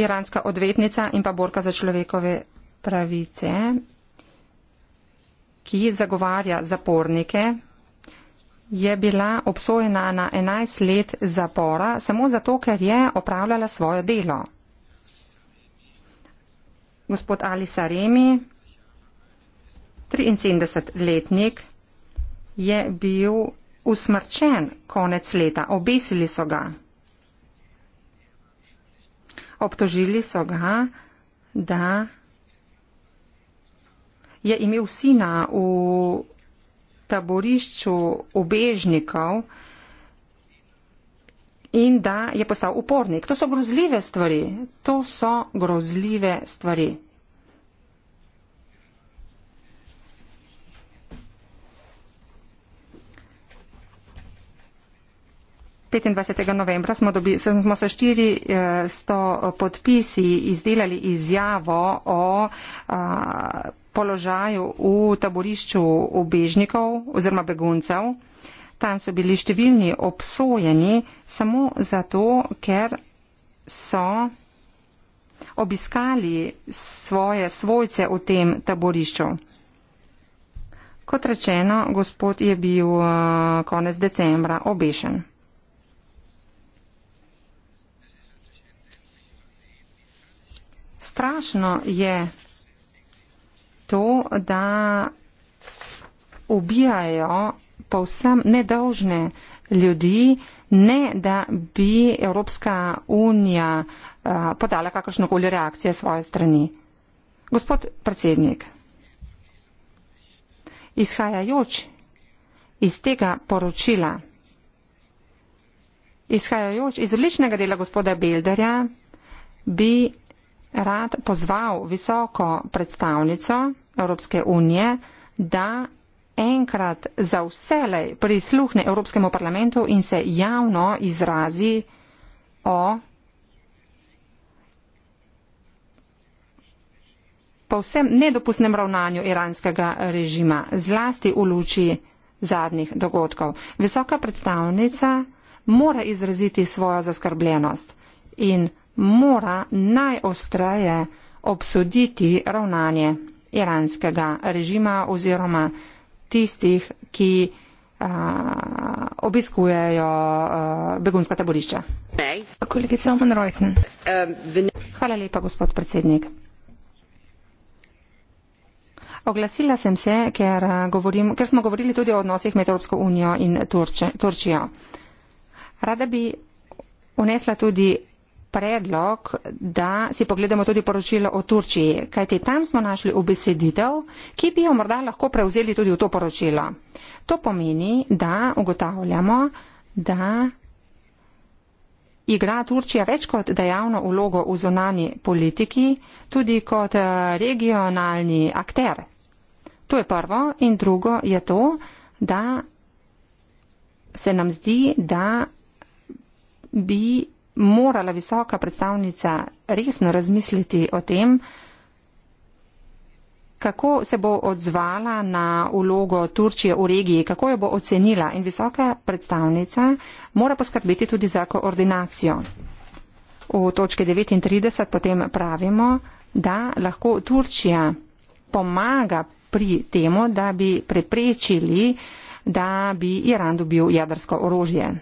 Iranska odvetnica in pa borka za človekove pravice, ki zagovarja zapornike, je bila obsojena na 11 let zapora samo zato, ker je opravljala svoje delo. Gospod Ali Saremi, 73-letnik, je bil usmrčen konec leta. Obesili so ga. Obtožili so ga, da je imel sina v taborišču obežnikov, in da je postal upornik. To so grozljive stvari. To so grozljive stvari. novembra smo, dobi, smo se 400 eh, podpisi izdelali izjavo o a, položaju v taborišču ubežnikov oziroma beguncev. A, Tam so bili številni obsojeni samo zato, ker so obiskali svoje svojce v tem taborišču. Kot rečeno, gospod je bil eh, konec decembra obešen. Strašno je to, da ubijajo povsem nedolžne ljudi, ne da bi Evropska unija eh, podala kakršno koli reakcijo svoje strani. Gospod predsednik, izhajajoč iz tega poročila, izhajajoč iz odličnega dela gospoda Bilderja, bi rad pozval visoko predstavnico Evropske unije, da enkrat za vselej prisluhne Evropskemu parlamentu in se javno izrazi o povsem nedopustnem ravnanju iranskega režima, zlasti v luči zadnjih dogodkov. Visoka predstavnica mora izraziti svojo zaskrbljenost in mora najostreje obsoditi ravnanje iranskega režima oziroma tistih, ki a, obiskujejo a, begunska taborišča. Hvala lepa, gospod predsednik. Oglasila sem se, ker, govorim, ker smo govorili tudi o odnosih med Evropsko unijo in Turčijo. Rada bi unesla tudi predlog, da si pogledamo tudi poročilo o Turčiji, kajti tam smo našli obesedidev, ki bi jo morda lahko prevzeli tudi v to poročilo. To pomeni, da ugotavljamo, da igra Turčija več kot dejavno ulogo v zonani politiki, tudi kot eh, regionalni akter. To je prvo in drugo je to, da se nam zdi, da bi morala visoka predstavnica resno razmisliti o tem, kako se bo odzvala na ulogo Turčije v regiji, kako jo bo ocenila. In visoka predstavnica mora poskrbeti tudi za koordinacijo. V točki 39 potem pravimo, da lahko Turčija pomaga pri temu, da bi preprečili, da bi Iran dobil jedrsko orožje.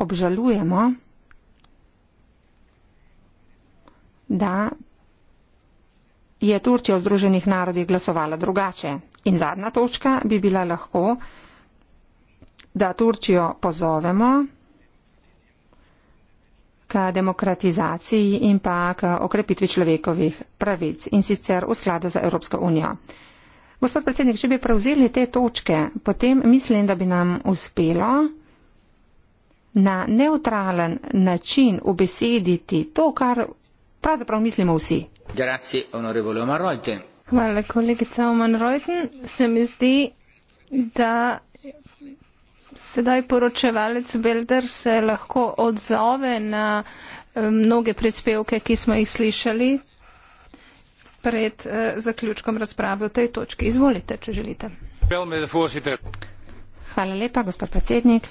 obžalujemo, da je Turčija v Združenih narodih glasovala drugače. In zadnja točka bi bila lahko, da Turčijo pozovemo k demokratizaciji in pa k okrepitvi človekovih pravic in sicer v skladu za Evropsko unijo. Gospod predsednik, če bi prevzeli te točke, potem mislim, da bi nam uspelo na neutralen način ubesediti to, kar pravzaprav mislimo vsi. Hvala, kolegica Oman Reuten. Se mi zdi, da sedaj poročevalec Belder se lahko odzove na eh, mnoge prispevke, ki smo jih slišali pred eh, zaključkom razprave v tej točki. Izvolite, če želite. Hvala lepa, gospod predsednik.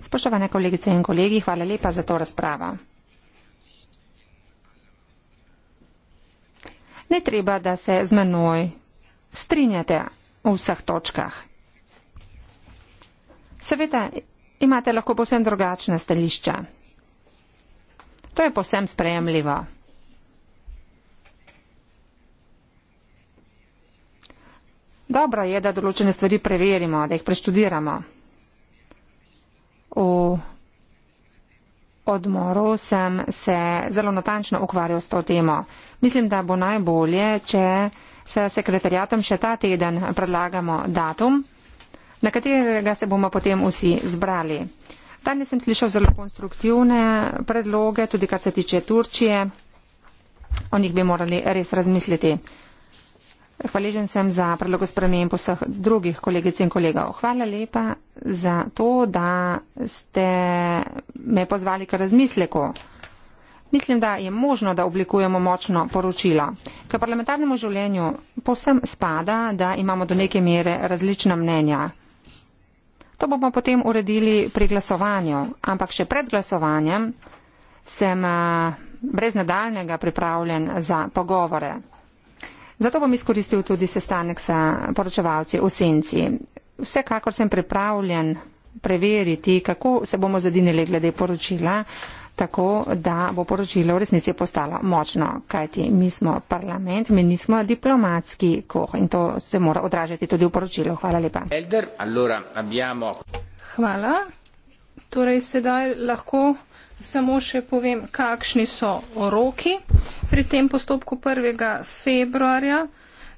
Spoštovane kolegice in kolegi, hvala lepa za to razpravo. Ne treba, da se z menoj strinjate v vseh točkah. Seveda imate lahko posem drugačna stališča. To je posem sprejemljivo. Dobro je, da določene stvari preverimo, da jih preštudiramo v odmoru sem se zelo natančno ukvarjal s to temo. Mislim, da bo najbolje, če s sekretarjatom še ta teden predlagamo datum, na katerega se bomo potem vsi zbrali. Danes sem slišal zelo konstruktivne predloge, tudi kar se tiče Turčije. O njih bi morali res razmisliti. Hvaležen sem za predlog spremenb vseh drugih kolegic in kolegov. Hvala lepa za to, da ste me pozvali k razmisleku. Mislim, da je možno, da oblikujemo močno poročilo. K parlamentarnemu življenju posem spada, da imamo do neke mere različna mnenja. To bomo potem uredili pri glasovanju, ampak še pred glasovanjem sem eh, brez nadaljnega pripravljen za pogovore. Zato bom izkoristil tudi sestanek sa poročevalci v senci. Vsekakor sem pripravljen preveriti, kako se bomo zadinili glede poročila, tako da bo poročilo v resnici postalo močno, kajti mi smo parlament, mi nismo diplomatski koh in to se mora odražati tudi v poročilu. Hvala lepa. Elder, allora, abbiamo... Hvala. Torej, sedaj lahko samo še povem, kakšni so roki. Pri tem postopku 1. februarja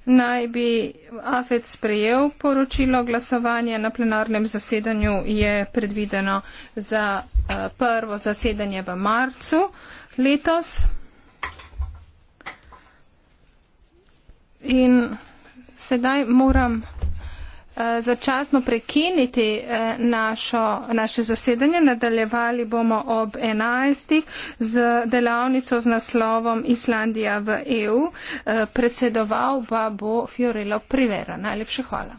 naj bi AFED sprejel poročilo, glasovanje na plenarnem zasedanju je predvideno za eh, prvo zasedanje v marcu letos. In sedaj moram Eh, začasno prekiniti eh, našo, naše zasedanje. Nadaljevali bomo ob 11. z delavnico z naslovom Islandija v EU. Eh, predsedoval pa bo Fiorello Privera. Najlepše hvala.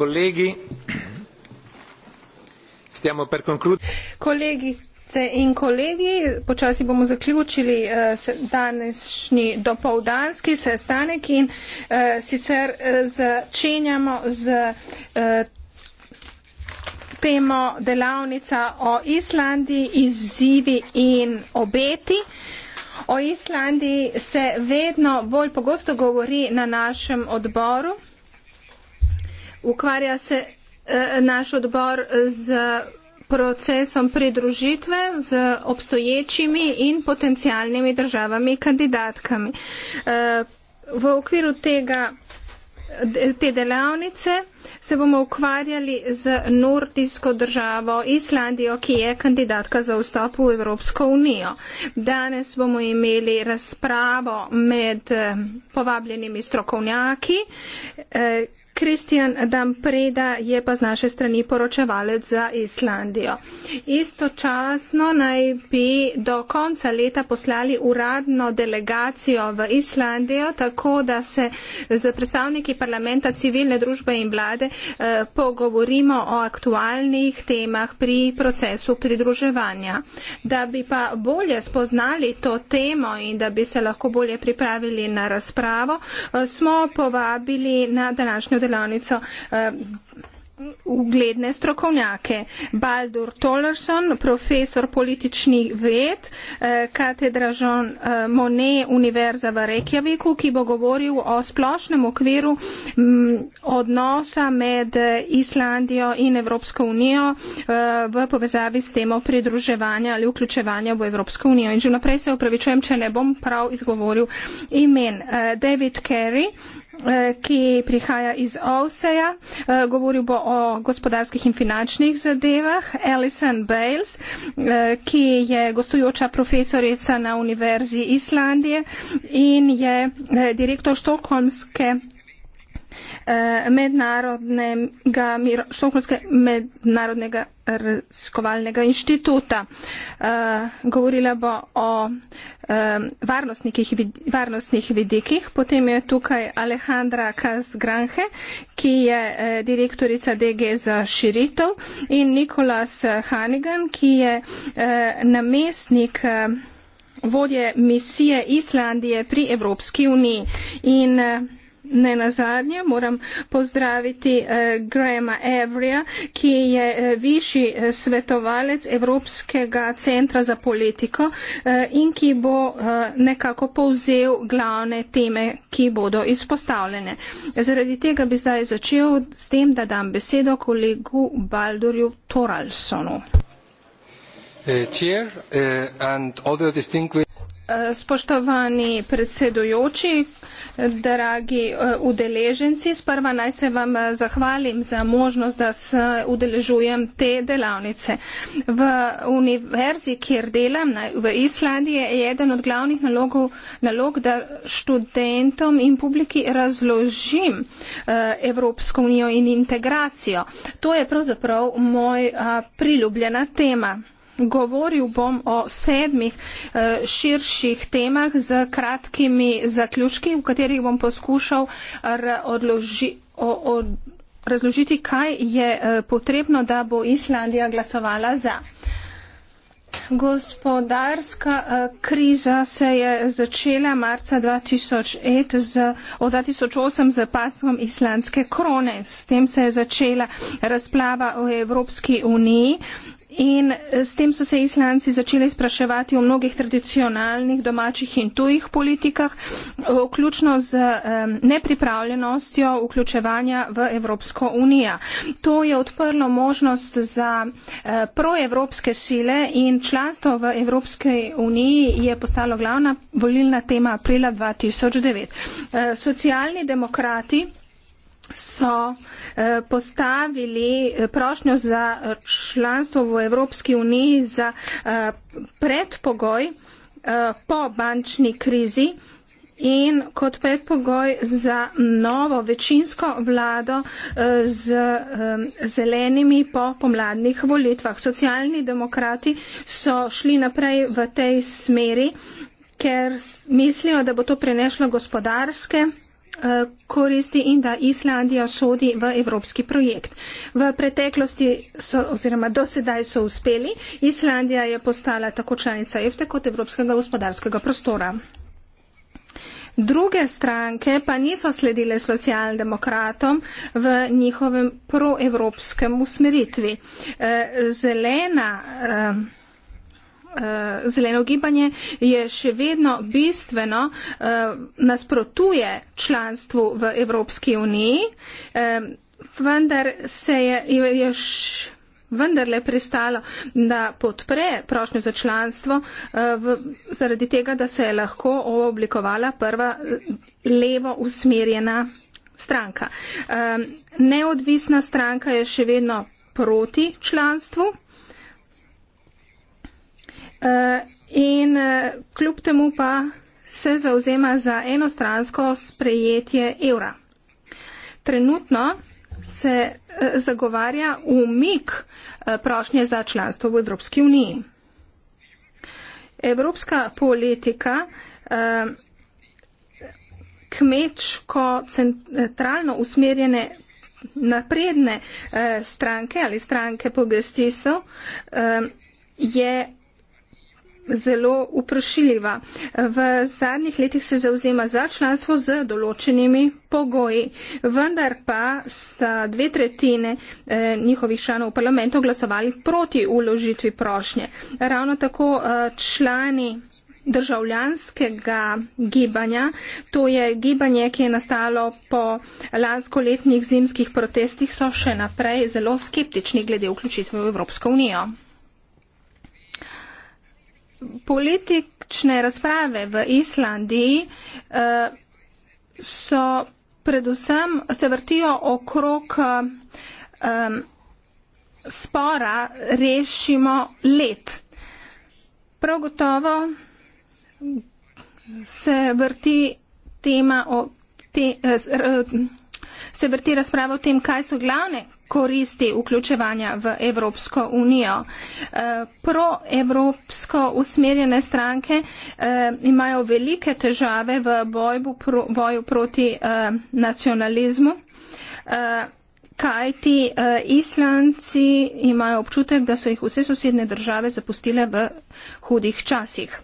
colleghi stiamo per concludere colleghi in colleghi, počasi bomo zaključili eh, današnji dopoldanski sestanek in eh, sicer eh, začenjamo z eh, temo delavnica o Islandiji, izzivi in obeti. O Islandiji se vedno bolj pogosto govori na našem odboru ukvarja se eh, naš odbor z procesom pridružitve z obstoječimi in potencijalnimi državami kandidatkami. Eh, v okviru tega, te delavnice se bomo ukvarjali z nordijsko državo Islandijo, ki je kandidatka za vstop v Evropsko unijo. Danes bomo imeli razpravo med eh, povabljenimi strokovnjaki, Kristjan Dampreda je pa z naše strani poročevalec za Islandijo. Istočasno naj bi do konca leta poslali uradno delegacijo v Islandijo, tako da se z predstavniki parlamenta civilne družbe in vlade eh, pogovorimo o aktualnih temah pri procesu pridruževanja. Da bi pa bolje spoznali to temo in da bi se lahko bolje pripravili na razpravo, eh, smo povabili na današnjo delavnico. Eh, ugledne strokovnjake. Baldur Tollerson, profesor političnih ved, eh, katedra Jean eh, Monet Univerza v Reykjaviku, ki bo govoril o splošnem okviru mm, odnosa med Islandijo in Evropsko unijo v povezavi s temo pridruževanja ali vključevanja v Evropsko unijo. In že naprej se upravičujem, če ne bom prav izgovoril imen. David Carey, Eh, ki prihaja iz Ovseja. Eh, govoril bo o gospodarskih in finančnih zadevah. Alison Bales, eh, ki je gostujoča profesorica na Univerzi Islandije in je direktor Štokholmske Eh, mednarodnega, Štokholmske mednarodnega raziskovalnega inštituta. Eh, govorila bo o eh, varnostnih, varnostnih vidikih. Potem je tukaj Alejandra Kazgranhe, ki je direktorica DG za širitev in Nikolas Hanigan, ki je namestnik vodje misije Islandije pri Evropski uniji. In, uh ne nazadnje moram pozdraviti eh, Grahama Avrija, ki je eh, višji eh, svetovalec Evropskega centra za politiko eh, in ki bo eh, nekako povzel glavne teme, ki bodo izpostavljene. Zaradi tega bi zdaj začel s tem, da dam besedo kolegu Baldurju Toralsonu. Uh, chair, uh, Spoštovani predsedujoči, dragi eh, udeleženci, sprva naj se vam eh, zahvalim za možnost, da se udeležujem te delavnice. V univerzi, kjer delam v Islandiji, je eden od glavnih nalogov, nalog, da študentom in publiki razložim eh, Evropsko unijo in integracijo. To je pravzaprav moja priljubljena tema. Govoril bom o sedmih eh, širših temah z kratkimi zaključki, v katerih bom poskušal odloži, o, o, razložiti, kaj je eh, potrebno, da bo Islandija glasovala za. Gospodarska eh, kriza se je začela marca 2008, z, 2008 z pasom islandske krone. S tem se je začela razplava v Evropski uniji. In eh, s tem so se islanci začeli spraševati o mnogih tradicionalnih domačih in tujih politikah, vključno z nepripravljenostjo vključevanja v Evropsko unijo. To je odprlo možnost za eh, proevropske sile in članstvo v Evropske uniji je postalo glavna volilna tema aprila 2009. Eh, socialni demokrati so eh, postavili eh, prošnjo za eh, članstvo v Evropski uniji za predpogoj po bančni krizi in kot predpogoj za novo večinsko vlado z zelenimi po pomladnih volitvah. Socialni demokrati so šli naprej v tej smeri, ker mislijo, da bo to prenešlo gospodarske koristi in da Islandija sodi v evropski projekt. V preteklosti so, oziroma do sedaj so uspeli, Islandija je postala tako članica EFTE kot Evropskega gospodarskega prostora. Druge stranke pa niso sledile socialdemokratom v njihovem proevropskem usmeritvi. Eh, zelena eh, Eh, zeleno gibanje je še vedno bistveno eh, nasprotuje članstvu v Evropski uniji, eh, vendar se je, je vendarle pristalo, da podpre prošnjo za članstvo v, zaradi tega, da se je lahko oblikovala prva levo usmerjena stranka. Neodvisna stranka je še vedno proti članstvu. Eh, in eh, kljub temu pa se zauzema za enostransko sprejetje evra. Trenutno se eh, zagovarja umik prošnje za članstvo v Evropski uniji. Evropska politika kmečko-centralno usmerjene napredne stranke ali stranke pogestisov je zelo uprošiljiva. V zadnjih letih se zauzema za članstvo z določenimi pogoji, vendar pa sta dve tretjine eh, njihovih članov v parlamentu glasovali proti uložitvi prošnje. Ravno tako eh, člani državljanskega gibanja. To je gibanje, ki je nastalo po lanskoletnih zimskih protestih, so še naprej zelo skeptični glede vključitve v Evropsko unijo politične razprave v Islandiji uh, so predvsem se vrtijo okrog um, spora rešimo let. Prav gotovo se vrti tema o te, eh, se vrti razprava o tem, kaj so glavne koristi vključevanja v Evropsko unijo. Eh, proevropsko usmerjene stranke eh, imajo velike težave v boju, boju proti eh, nacionalizmu. Kaj ti uh, islanci imajo občutek, da so jih vse sosedne države zapustile v hudih časih.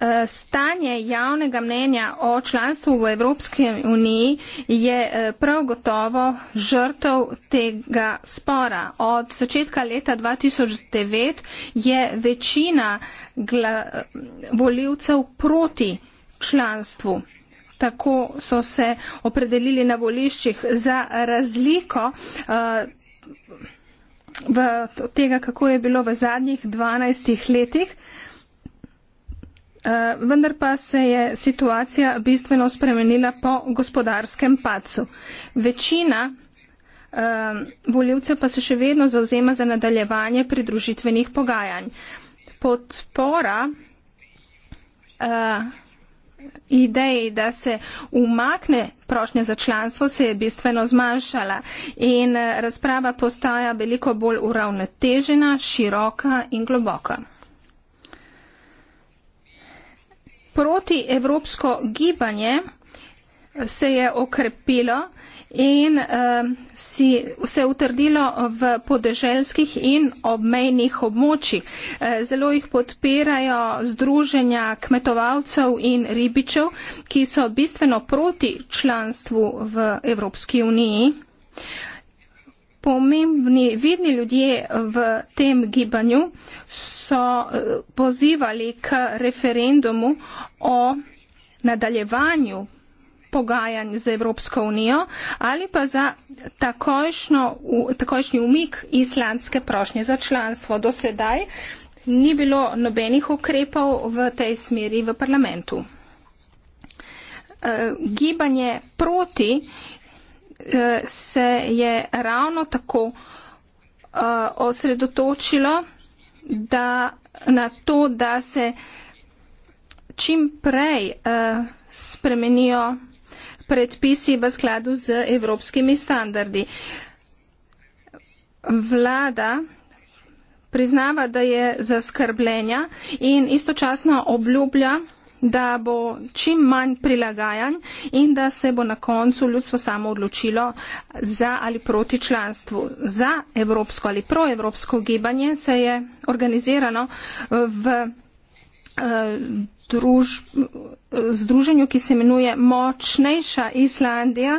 Eh, stanje javnega mnenja o članstvu v Evropske uniji je eh, prav gotovo žrtov tega spora. Od začetka leta 2009 je večina voljivcev proti članstvu. Tako so se opredelili na voliščih za razliko. Uh, V tega, kako je bilo v zadnjih 12 letih. Uh, Eh, vendar pa se je situacija bistveno spremenila po gospodarskem pacu. Večina eh, voljivcev pa se še vedno zauzema za nadaljevanje pridružitvenih pogajanj. Podpora uh, ideji, da se umakne prošnje za članstvo, se je bistveno zmanjšala in razprava postaja veliko bolj uravnotežena, široka in globoka. protievropsko gibanje se je okrepilo in uh, si, se je utrdilo v podeželskih in obmejnih območjih. Uh, zelo jih podpirajo združenja kmetovalcev in ribičev, ki so bistveno proti članstvu v Evropski uniji. Uh, pomembni vidni ljudje v tem gibanju so eh, pozivali k referendumu o nadaljevanju pogajanj z Evropsko unijo ali pa za takojšno, takojšnji umik islandske prošnje za članstvo. Do sedaj ni bilo nobenih ukrepov v tej smeri v parlamentu. Eh, gibanje proti Eh, se je ravno tako uh, osredotočilo da, na to, da se čim prej uh, spremenijo predpisi v skladu z evropskimi standardi. Vlada priznava, da je zaskrbljenja in istočasno obljublja, da bo čim manj prilagajanj in da se bo na koncu ljudstvo samo odločilo za ali proti članstvu. Za evropsko ali proevropsko gibanje se je organizirano eh, v eh, Druž, eh, združenju, ki se imenuje Močnejša Islandija,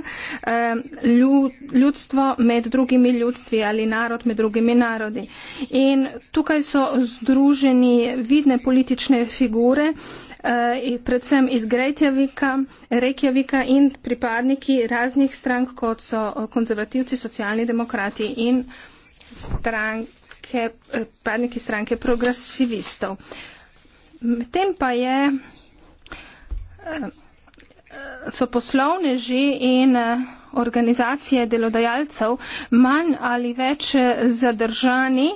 ljudstvo med drugimi ljudstvi ali narod med drugimi narodi. In tukaj so združeni vidne politične figure, eh, predvsem iz Grejtjavika, Rekjavika in pripadniki raznih strank, kot so eh, konzervativci, socialni demokrati in stranke, eh, pripadniki stranke progresivistov. Medtem pa je, eh, so poslovneži in organizacije delodajalcev manj ali več zadržani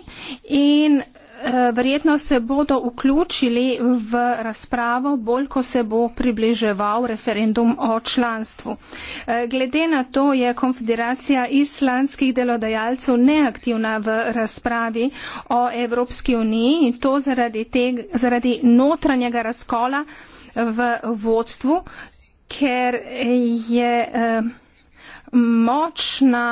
in Eh, verjetno se bodo vključili v razpravo, bolj ko se bo približeval referendum o članstvu. Eh, glede na to je Konfederacija islandskih delodajalcev neaktivna v razpravi o Evropski uniji in to zaradi, te, zaradi notranjega razkola v vodstvu, ker je eh, močna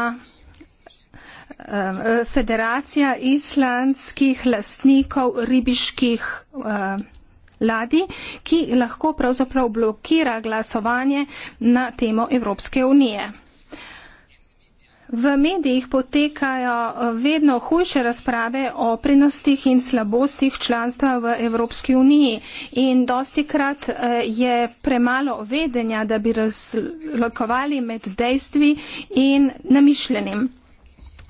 um, federacija islandskih lastnikov ribiških um, ladi, ki lahko pravzaprav blokira glasovanje na temo Evropske unije. V medijih potekajo vedno hujše razprave o prednostih in slabostih članstva v Evropski uniji in dosti krat eh, je premalo vedenja, da bi razlokovali med dejstvi in namišljenim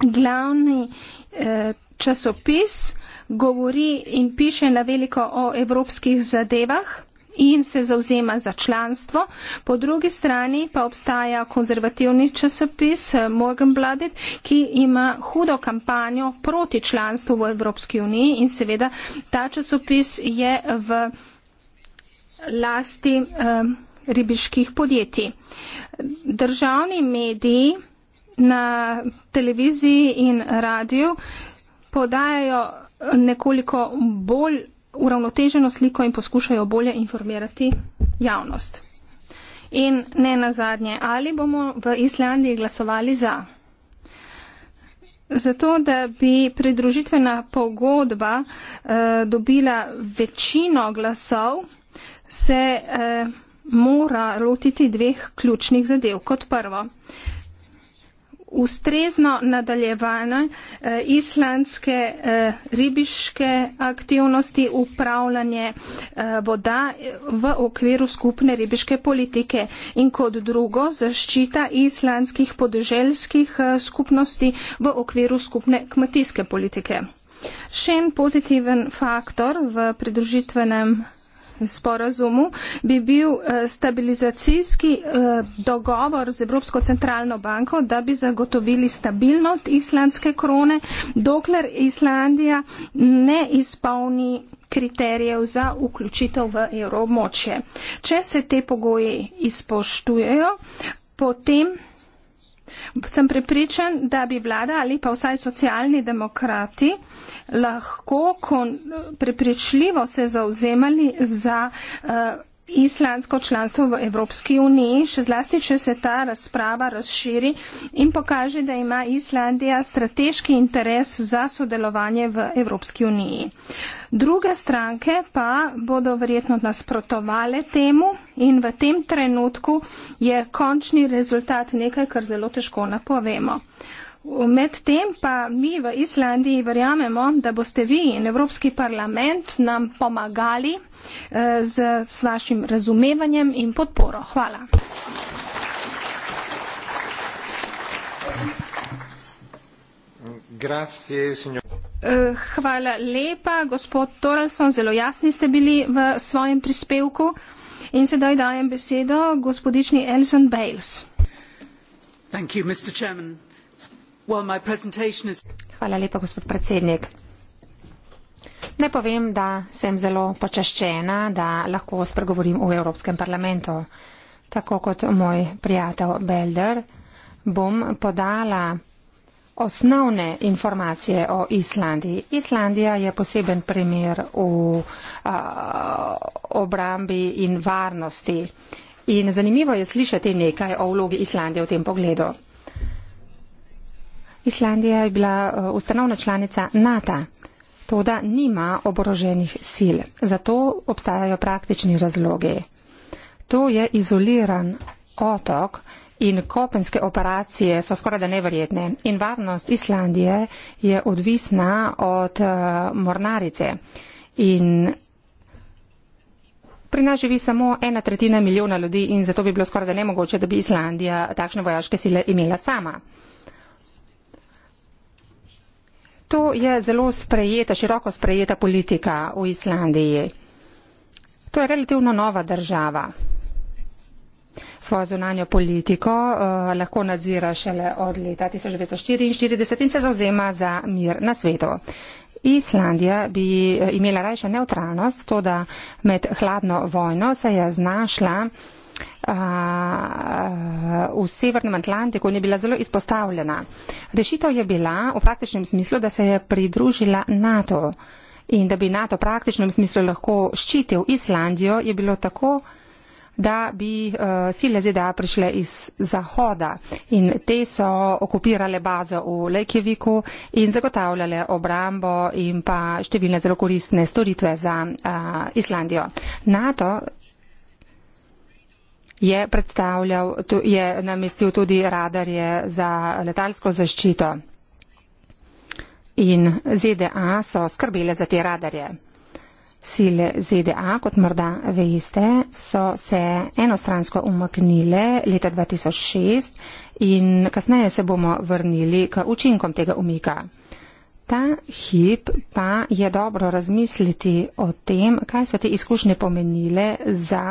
glavni eh, časopis, govori in piše na veliko o evropskih zadevah in se zauzema za članstvo. Po drugi strani pa obstaja konzervativni časopis eh, Morgenbladet, ki ima hudo kampanjo proti članstvu v Evropski uniji in seveda ta časopis je v lasti eh, ribiških podjetij. Državni mediji na televiziji in radiju podajajo nekoliko bolj uravnoteženo sliko in poskušajo bolje informirati javnost. In ne na zadnje, ali bomo v Islandiji glasovali za? Zato, da bi pridružitvena pogodba eh, dobila večino glasov, se eh, mora lotiti dveh ključnih zadev. Kot prvo, eh, ustrezno nadaljevanje eh, islandske eh, ribiške aktivnosti upravljanje eh, voda eh, v okviru skupne ribiške politike in kot drugo zaščita islandskih podeželskih eh, skupnosti v okviru skupne kmetijske politike. Še en pozitiven faktor v pridružitvenem sporazumu bi bil eh, stabilizacijski eh, dogovor z Evropsko centralno banko, da bi zagotovili stabilnost islandske krone, dokler Islandija ne izpolni kriterijev za vključitev v evromočje. Če se te pogoji izpoštujejo, potem Sem prepričan, da bi vlada ali pa vsaj socialni demokrati lahko prepričljivo se zauzemali za uh, islandsko članstvo v Evropski uniji, še zlasti, če se ta razprava razširi in pokaže, da ima Islandija strateški interes za sodelovanje v Evropski uniji. Druge stranke pa bodo verjetno nasprotovale temu in v tem trenutku je končni rezultat nekaj, kar zelo težko napovemo. Medtem pa mi v Islandiji verjamemo, da boste vi in Evropski parlament nam pomagali eh, z, z vašim razumevanjem in podporo. Hvala. Grazie, eh, Hvala lepa, gospod Toralson, zelo jasni ste bili v svojem prispevku. In sedaj dajem besedo gospodični Elson Bales. Thank you, Mr. Chairman. Hvala lepa, gospod predsednik. Naj povem, da sem zelo počaščena, da lahko spregovorim v Evropskem parlamentu. Tako kot moj prijatelj Belder, bom podala osnovne informacije o Islandiji. Islandija je poseben primer v a, obrambi in varnosti. In zanimivo je slišati nekaj o vlogi Islandije v tem pogledu. Islandija je bila eh, ustanovna članica NATO, tudi nima oboroženih sil. Zato obstajajo praktični razlogi. To je izoliran otok in kopenske operacije so skoraj da neverjetne. In varnost Islandije je odvisna od uh, mornarice. In pri nas živi samo ena tretjina milijona ljudi in zato bi bilo skoraj da nemogoče, da bi Islandija takšne vojaške sile imela sama to je zelo sprejeta, široko sprejeta politika v Islandiji. To je relativno nova država. Svojo zunanjo politiko uh, lahko nadzira šele od leta 1944 in se zauzema za mir na svetu. Islandija bi eh, imela rajša neutralnost, to da med hladno vojno se je znašla uh, v Severnem Atlantiku in je bila zelo izpostavljena. Rešitev je bila v praktičnem smislu, da se je pridružila NATO in da bi NATO v praktičnem smislu lahko ščitil Islandijo, je bilo tako, da bi uh, sile ZDA prišle iz Zahoda in te so okupirale bazo v Lekjeviku in zagotavljale obrambo in pa številne zelo koristne storitve za uh, Islandijo. NATO je predstavljal, je namestil tudi radarje za letalsko zaščito in ZDA so skrbele za te radarje. Sile ZDA, kot morda veste, so se enostransko umaknile leta 2006 in kasneje se bomo vrnili k učinkom tega umika ta hip pa je dobro razmisliti o tem, kaj so te izkušnje pomenile za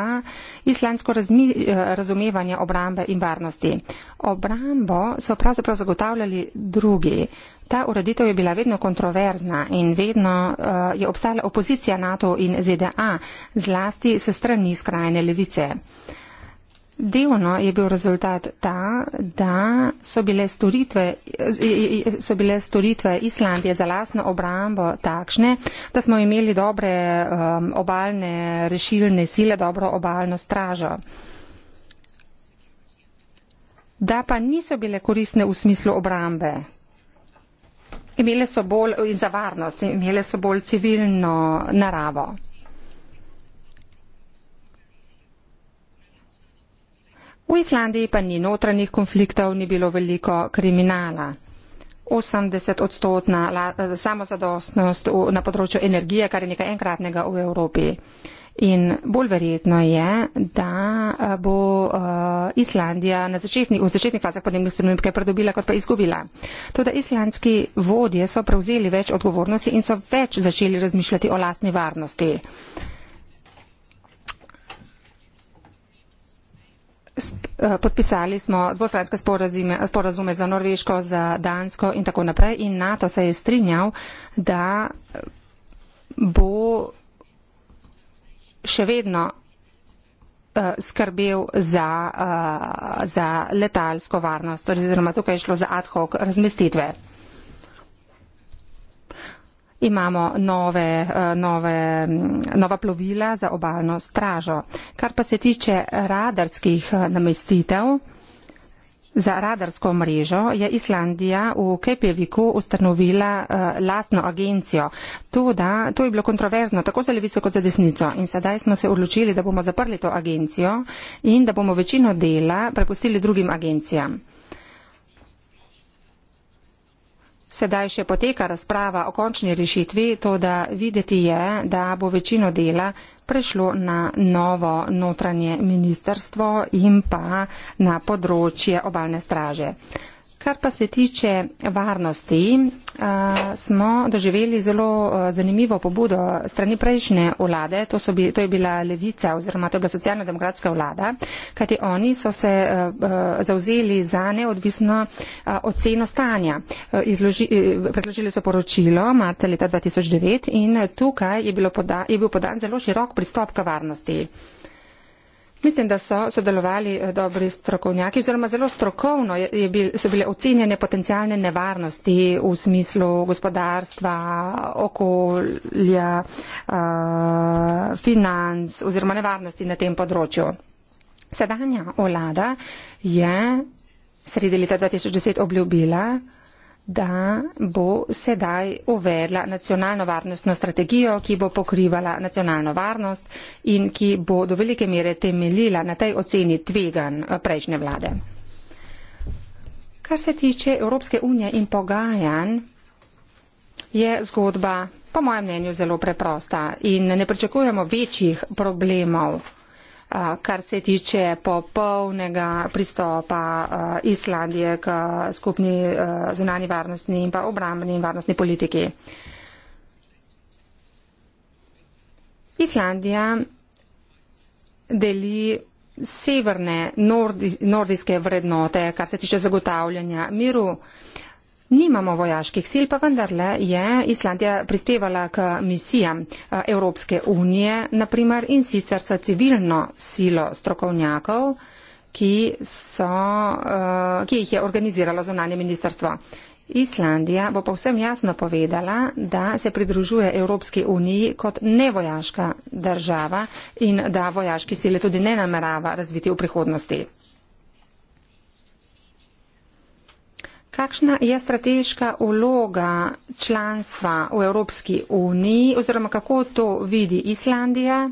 islansko razmi, eh, razumevanje obrambe in varnosti. Obrambo so pravzaprav zagotavljali drugi. Ta ureditev je bila vedno kontroverzna in vedno uh, je obstajala opozicija NATO in ZDA, zlasti se strani skrajne levice. Uh, Delno je bil rezultat ta, da so bile storitve, so bile storitve Islandije za lasno obrambo takšne, da smo imeli dobre um, obaljne rešilne sile, dobro obaljno stražo. Da pa niso bile koristne v smislu obrambe. Imele so bolj, za varnost, imele so bolj civilno naravo. V Islandiji pa ni notranjih konfliktov, ni bilo veliko kriminala. 80 odstotna eh, samozadostnost na področju energije, kar je nekaj enkratnega v Evropi. In bolj verjetno je, da eh, bo eh, Islandija na začetni, v začetnih fazah podnebnih sprememb kaj pridobila, kot pa izgubila. To, da islandski vodje so prevzeli več odgovornosti in so več začeli razmišljati o lastni varnosti. Eh, podpisali smo dvostranske sporazume, sporazume za Norveško, za Dansko in tako naprej in NATO se je strinjal, da bo še vedno eh, skrbel za, eh, za letalsko varnost, oziroma tukaj je šlo za ad hoc razmestitve imamo nove, eh, nove, mm, nova plovila za obalno stražo. Kar pa se tiče radarskih eh, namestitev, Za radarsko mrežo je Islandija v Kepjeviku ustanovila uh, lastno agencijo. To, da, to je bilo kontroverzno tako za levico kot za desnico in sedaj smo se odločili, da bomo zaprli to agencijo in da bomo večino dela prepustili drugim agencijam. Sedaj še poteka razprava o končni rešitvi, to da videti je, da bo večino dela prešlo na novo notranje ministerstvo in pa na področje obalne straže. Kar pa se tiče varnosti, smo doživeli zelo zanimivo pobudo strani prejšnje vlade, to, bi, to je bila levica oziroma to je bila socialno-demokratska vlada, kajti oni so se zauzeli za neodvisno oceno stanja. Izloži, e, predložili so poročilo marca leta 2009 in tukaj je, poda, je bil podan zelo širok pristop k varnosti. Mislim, da so sodelovali eh, dobri strokovnjaki, oziroma zelo strokovno je, je bil, so bile ocenjene potencijalne nevarnosti v smislu gospodarstva, okolja, uh, financ oziroma nevarnosti na tem področju. Sedanja vlada je sredi leta 2010 obljubila, da bo sedaj uvedla nacionalno varnostno strategijo, ki bo pokrivala nacionalno varnost in ki bo do velike mere temeljila na tej oceni tvegan eh, prejšnje vlade. Kar se tiče Evropske unije in pogajanj, je zgodba, po mojem mnenju, zelo preprosta in ne pričakujemo večjih problemov kar se tiče popolnega pristopa Islandije k skupni zunani varnostni in pa obrambni in varnostni politiki. Islandija deli severne nordijske vrednote, kar se tiče zagotavljanja miru. Nimamo vojaških sil, pa vendarle je Islandija prispevala k misijam eh, Evropske unije, naprimer, in sicer s civilno silo strokovnjakov, ki, so, eh, ki jih je organiziralo zunanje ministrstvo. Islandija bo povsem jasno povedala, da se pridružuje Evropski uniji kot nevojaška država in da vojaški sile tudi ne namerava razviti v prihodnosti. Kakšna je strateška vloga članstva v Evropski uniji oziroma kako to vidi Islandija?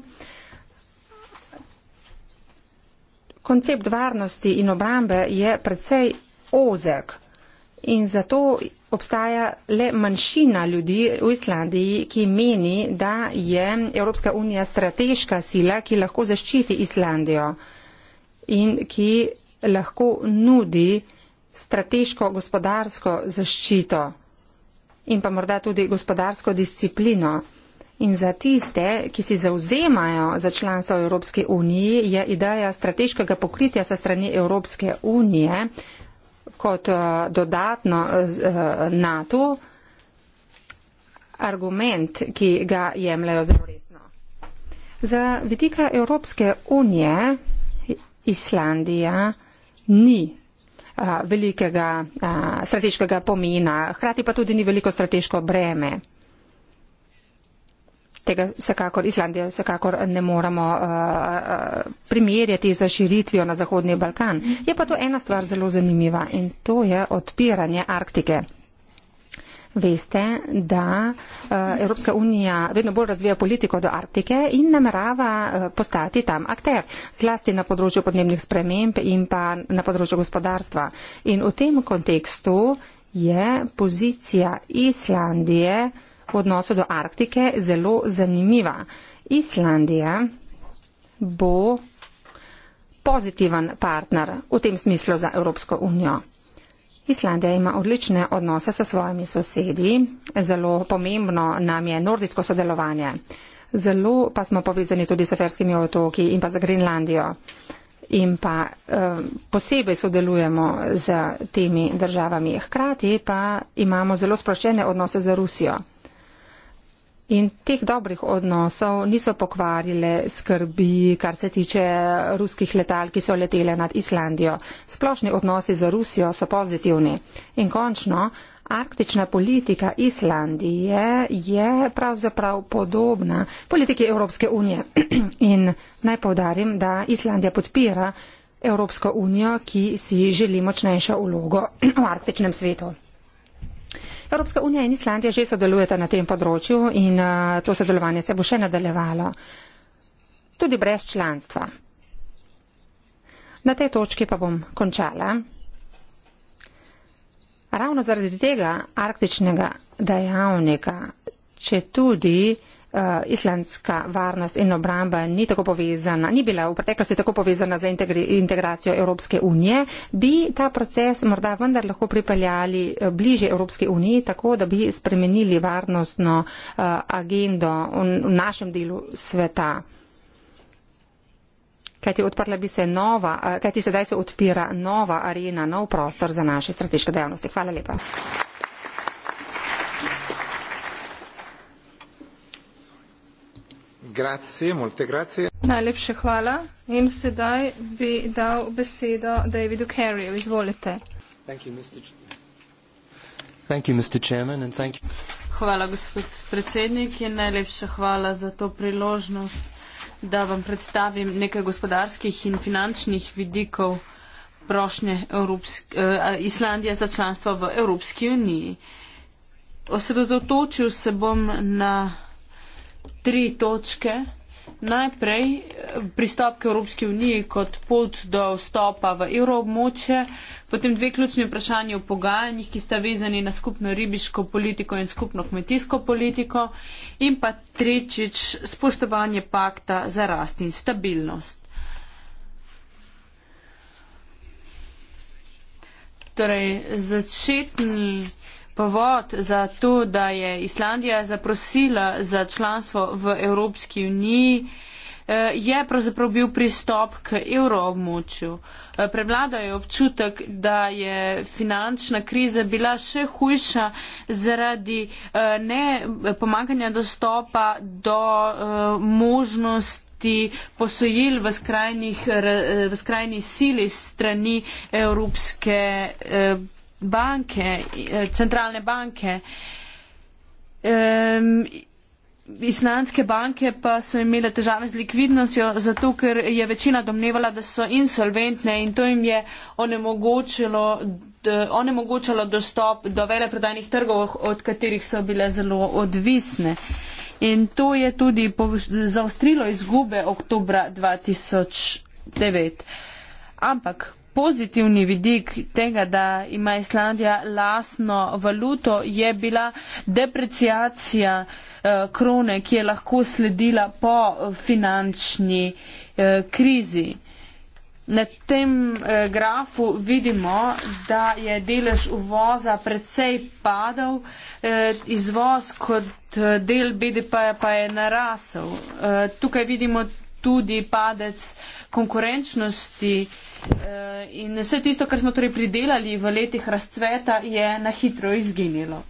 Koncept varnosti in obrambe je precej ozek in zato obstaja le manjšina ljudi v Islandiji, ki meni, da je Evropska unija strateška sila, ki lahko zaščiti Islandijo in ki lahko nudi strateško gospodarsko zaščito in pa morda tudi gospodarsko disciplino. In za tiste, ki si zauzemajo za članstvo v Evropski uniji, je ideja strateškega pokritja sa strani Evropske unije kot eh, dodatno eh, eh, NATO argument, ki ga jemljajo zelo resno. Za vidika Evropske unije Islandija ni velikega strateškega pomena, hkrati pa tudi ni veliko strateško breme. Tega vsekakor Islandijo vsekakor ne moremo uh, primerjati za širitvijo na Zahodni Balkan. Je pa to ena stvar zelo zanimiva in to je odpiranje Arktike veste, da eh, Evropska unija vedno bolj razvija politiko do Arktike in namerava eh, postati tam akter, zlasti na področju podnebnih sprememb in pa na področju gospodarstva. In v tem kontekstu je pozicija Islandije v odnosu do Arktike zelo zanimiva. Islandija bo pozitiven partner v tem smislu za Evropsko unijo. Islandija ima odlične odnose sa svojimi sosedi, zelo pomembno nam je nordijsko sodelovanje. Zelo pa smo povezani tudi s Ferskimi otoki in pa z Grenlandijo. In pa eh, posebej sodelujemo z temi državami. Hkrati pa imamo zelo sproščene odnose z Rusijo. In teh dobrih odnosov niso pokvarile skrbi, kar se tiče ruskih letal, ki so letele nad Islandijo. Splošni odnosi z Rusijo so pozitivni. In končno, arktična politika Islandije je pravzaprav podobna politiki Evropske unije. In naj povdarim, da Islandija podpira Evropsko unijo, ki si želi močnejšo ulogo v arktičnem svetu. Evropska unija in Islandija že sodelujeta na tem področju in eh, to sodelovanje se bo še nadaljevalo. Tudi brez članstva. Na tej točki pa bom končala. Ravno zaradi tega arktičnega dejavnika, če tudi uh, islandska varnost in obramba ni, povezana, ni bila v preteklosti tako povezana z integracijo Evropske unije, bi ta proces morda vendar lahko pripeljali eh, bliže Evropske unije, tako da bi spremenili varnostno uh, agendo v, v našem delu sveta. Kajti, se nova, kajti sedaj se odpira nova arena, nov prostor za naše strateške dejavnosti. Hvala lepa. Grazie, molte grazie. Najlepše hvala. In sedaj bi dal besedo Davidu Carriju. Izvolite. Thank you, Mr. Thank you, Mr. Chairman, and thank you. Hvala, gospod predsednik, in najlepša hvala za to priložnost, da vam predstavim nekaj gospodarskih in finančnih vidikov prošnje Evropsk uh, Islandije za članstvo v Evropski uniji. Osredotočil se bom na tri točke. Najprej eh, pristop k Evropski uniji kot pot do vstopa v evroobmoče, potem dve ključni vprašanje o pogajanjih, ki sta vezani na skupno ribiško politiko in skupno kmetijsko politiko in pa tretjič spoštovanje pakta za rast in stabilnost. Torej, začetni Povod za to, da je Islandija zaprosila za članstvo v Evropski uniji, eh, je pravzaprav bil pristop k evroobmočju. Eh, prevlada je občutek, da je finančna kriza bila še hujša zaradi eh, ne pomankanja dostopa do možnosti posojil v, skrajnih, v skrajni sili strani Evropske banke, centralne banke. Um, Islandske banke pa so imele težave z likvidnostjo, zato ker je večina domnevala, da so insolventne in to jim je onemogočilo, onemogočilo dostop do veleprodajnih trgov, od katerih so bile zelo odvisne. In to je tudi zaustrilo izgube oktobra 2009. Ampak pozitivni vidik tega, da ima Islandija lasno valuto, je bila deprecijacija eh, krone, ki je lahko sledila po finančni eh, krizi. Na tem eh, grafu vidimo, da je delež uvoza precej padal, izvoz kot del BDP pa je narasel. Tukaj vidimo tudi padec konkurenčnosti eh, in vse tisto, kar smo torej pridelali v letih razcveta, je na hitro izginilo.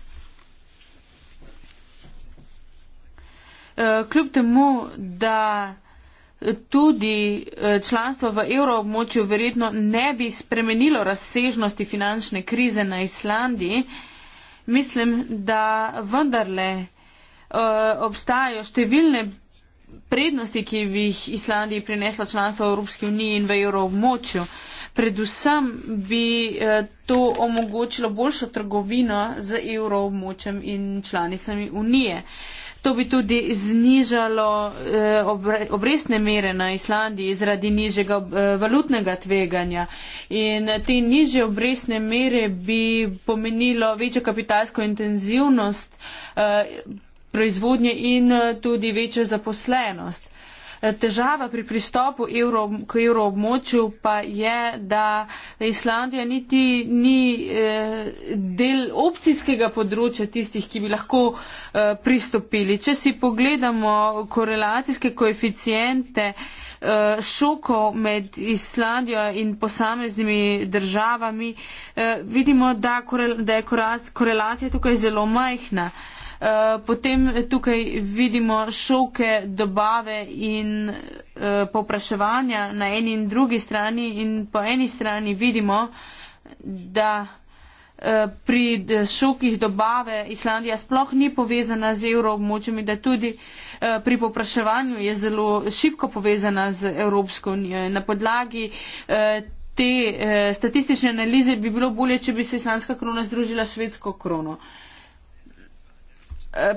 Eh, kljub temu, da tudi eh, članstvo v evroobmočju verjetno ne bi spremenilo razsežnosti finančne krize na Islandiji, mislim, da vendarle obstajajo številne prednosti, ki bi jih Islandiji prinesla članstvo v Evropski uniji in v evroobmočju. Predvsem bi eh, to omogočilo boljšo trgovino z evroobmočjem in članicami unije. To bi tudi znižalo eh, obrestne mere na Islandiji zaradi nižjega eh, valutnega tveganja. In te nižje obrestne mere bi pomenilo večjo kapitalsko intenzivnost proizvodnje in eh, tudi večjo zaposlenost. Eh, težava pri pristopu evro, k evroobmočju pa je, da Islandija niti ni eh, del opcijskega področja tistih, ki bi lahko pristopili. Če si pogledamo korelacijske koeficijente šokov med Islandijo in posameznimi državami, vidimo, da, korel, da je korelacija tukaj zelo majhna. Eh, potem tukaj vidimo šoke dobave in eh, popraševanja na eni in drugi strani in po eni strani vidimo, da eh, pri šokih dobave Islandija sploh ni povezana z evroobmočjem in da tudi pri popraševanju je zelo šipko povezana z Evropsko unijo. Na podlagi te statistične analize bi bilo bolje, če bi se islandska krona združila švedsko krono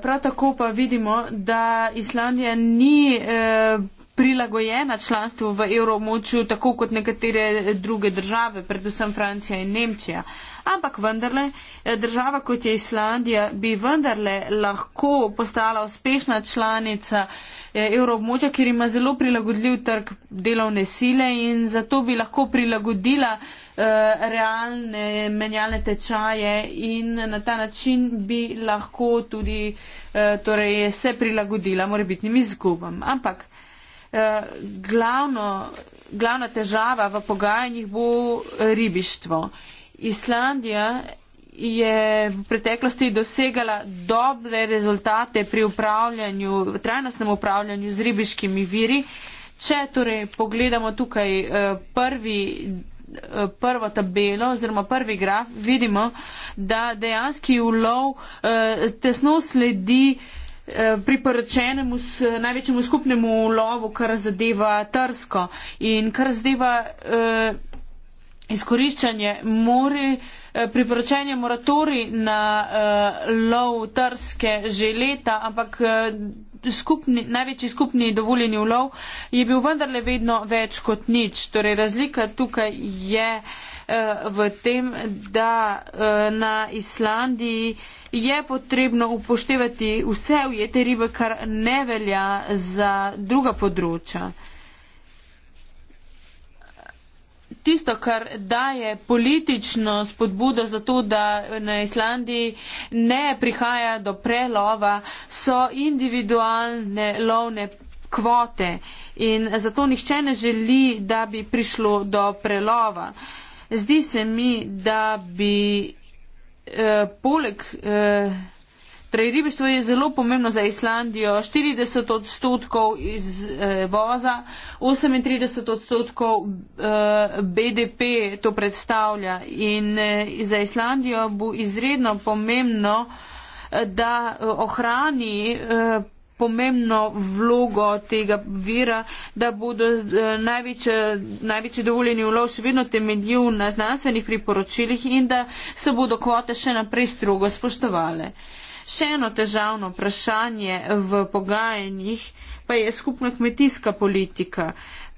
prav tako pa vidimo, da Islandija ni eh, prilagojena članstvu v evromočju, tako kot nekatere druge države, predvsem Francija in Nemčija ampak vendarle eh, država kot je Islandija bi vendarle lahko postala uspešna članica eh, evroobmočja, ker ima zelo prilagodljiv trg delovne sile in zato bi lahko prilagodila eh, realne menjalne tečaje in na ta način bi lahko tudi torej, se prilagodila morebitnim izgubam. Ampak glavno, glavna težava v pogajanjih bo ribištvo. Islandija je v preteklosti dosegala dobre rezultate pri upravljanju, trajnostnem upravljanju z ribiškimi viri. Če torej pogledamo tukaj eh, prvi, eh, prvo tabelo oziroma prvi graf, vidimo, da dejanski ulov eh, tesno sledi priporočenemu največjemu skupnemu ulovu, kar zadeva Trsko in kar zadeva izkoriščanje mori, eh, priporočanje moratori na uh, lov trske že leta, ampak uh, skupni, največji skupni dovoljeni ulov je bil vendarle vedno več kot nič. Torej, razlika tukaj je uh, v tem, da uh, na Islandiji je potrebno upoštevati vse ujete ribe, kar ne velja za druga področja. tisto, kar daje politično spodbudo za to, da na Islandiji ne prihaja do prelova, so individualne lovne kvote in zato nihče ne želi, da bi prišlo do prelova. Zdi se mi, da bi eh, poleg. Eh, Torej, ribištvo je zelo pomembno za Islandijo. 40 odstotkov iz eh, voza, 38 odstotkov eh, BDP to predstavlja. In eh, za Islandijo bo izredno pomembno, eh, da eh, ohrani. Eh, pomembno vlogo tega vira, da bodo eh, največje, največji dovoljeni ulov še vedno temeljil na znanstvenih priporočilih in da se bodo kvote še naprej strogo spoštovale. Uh, Še eno težavno vprašanje v pogajanjih pa je skupna kmetijska politika,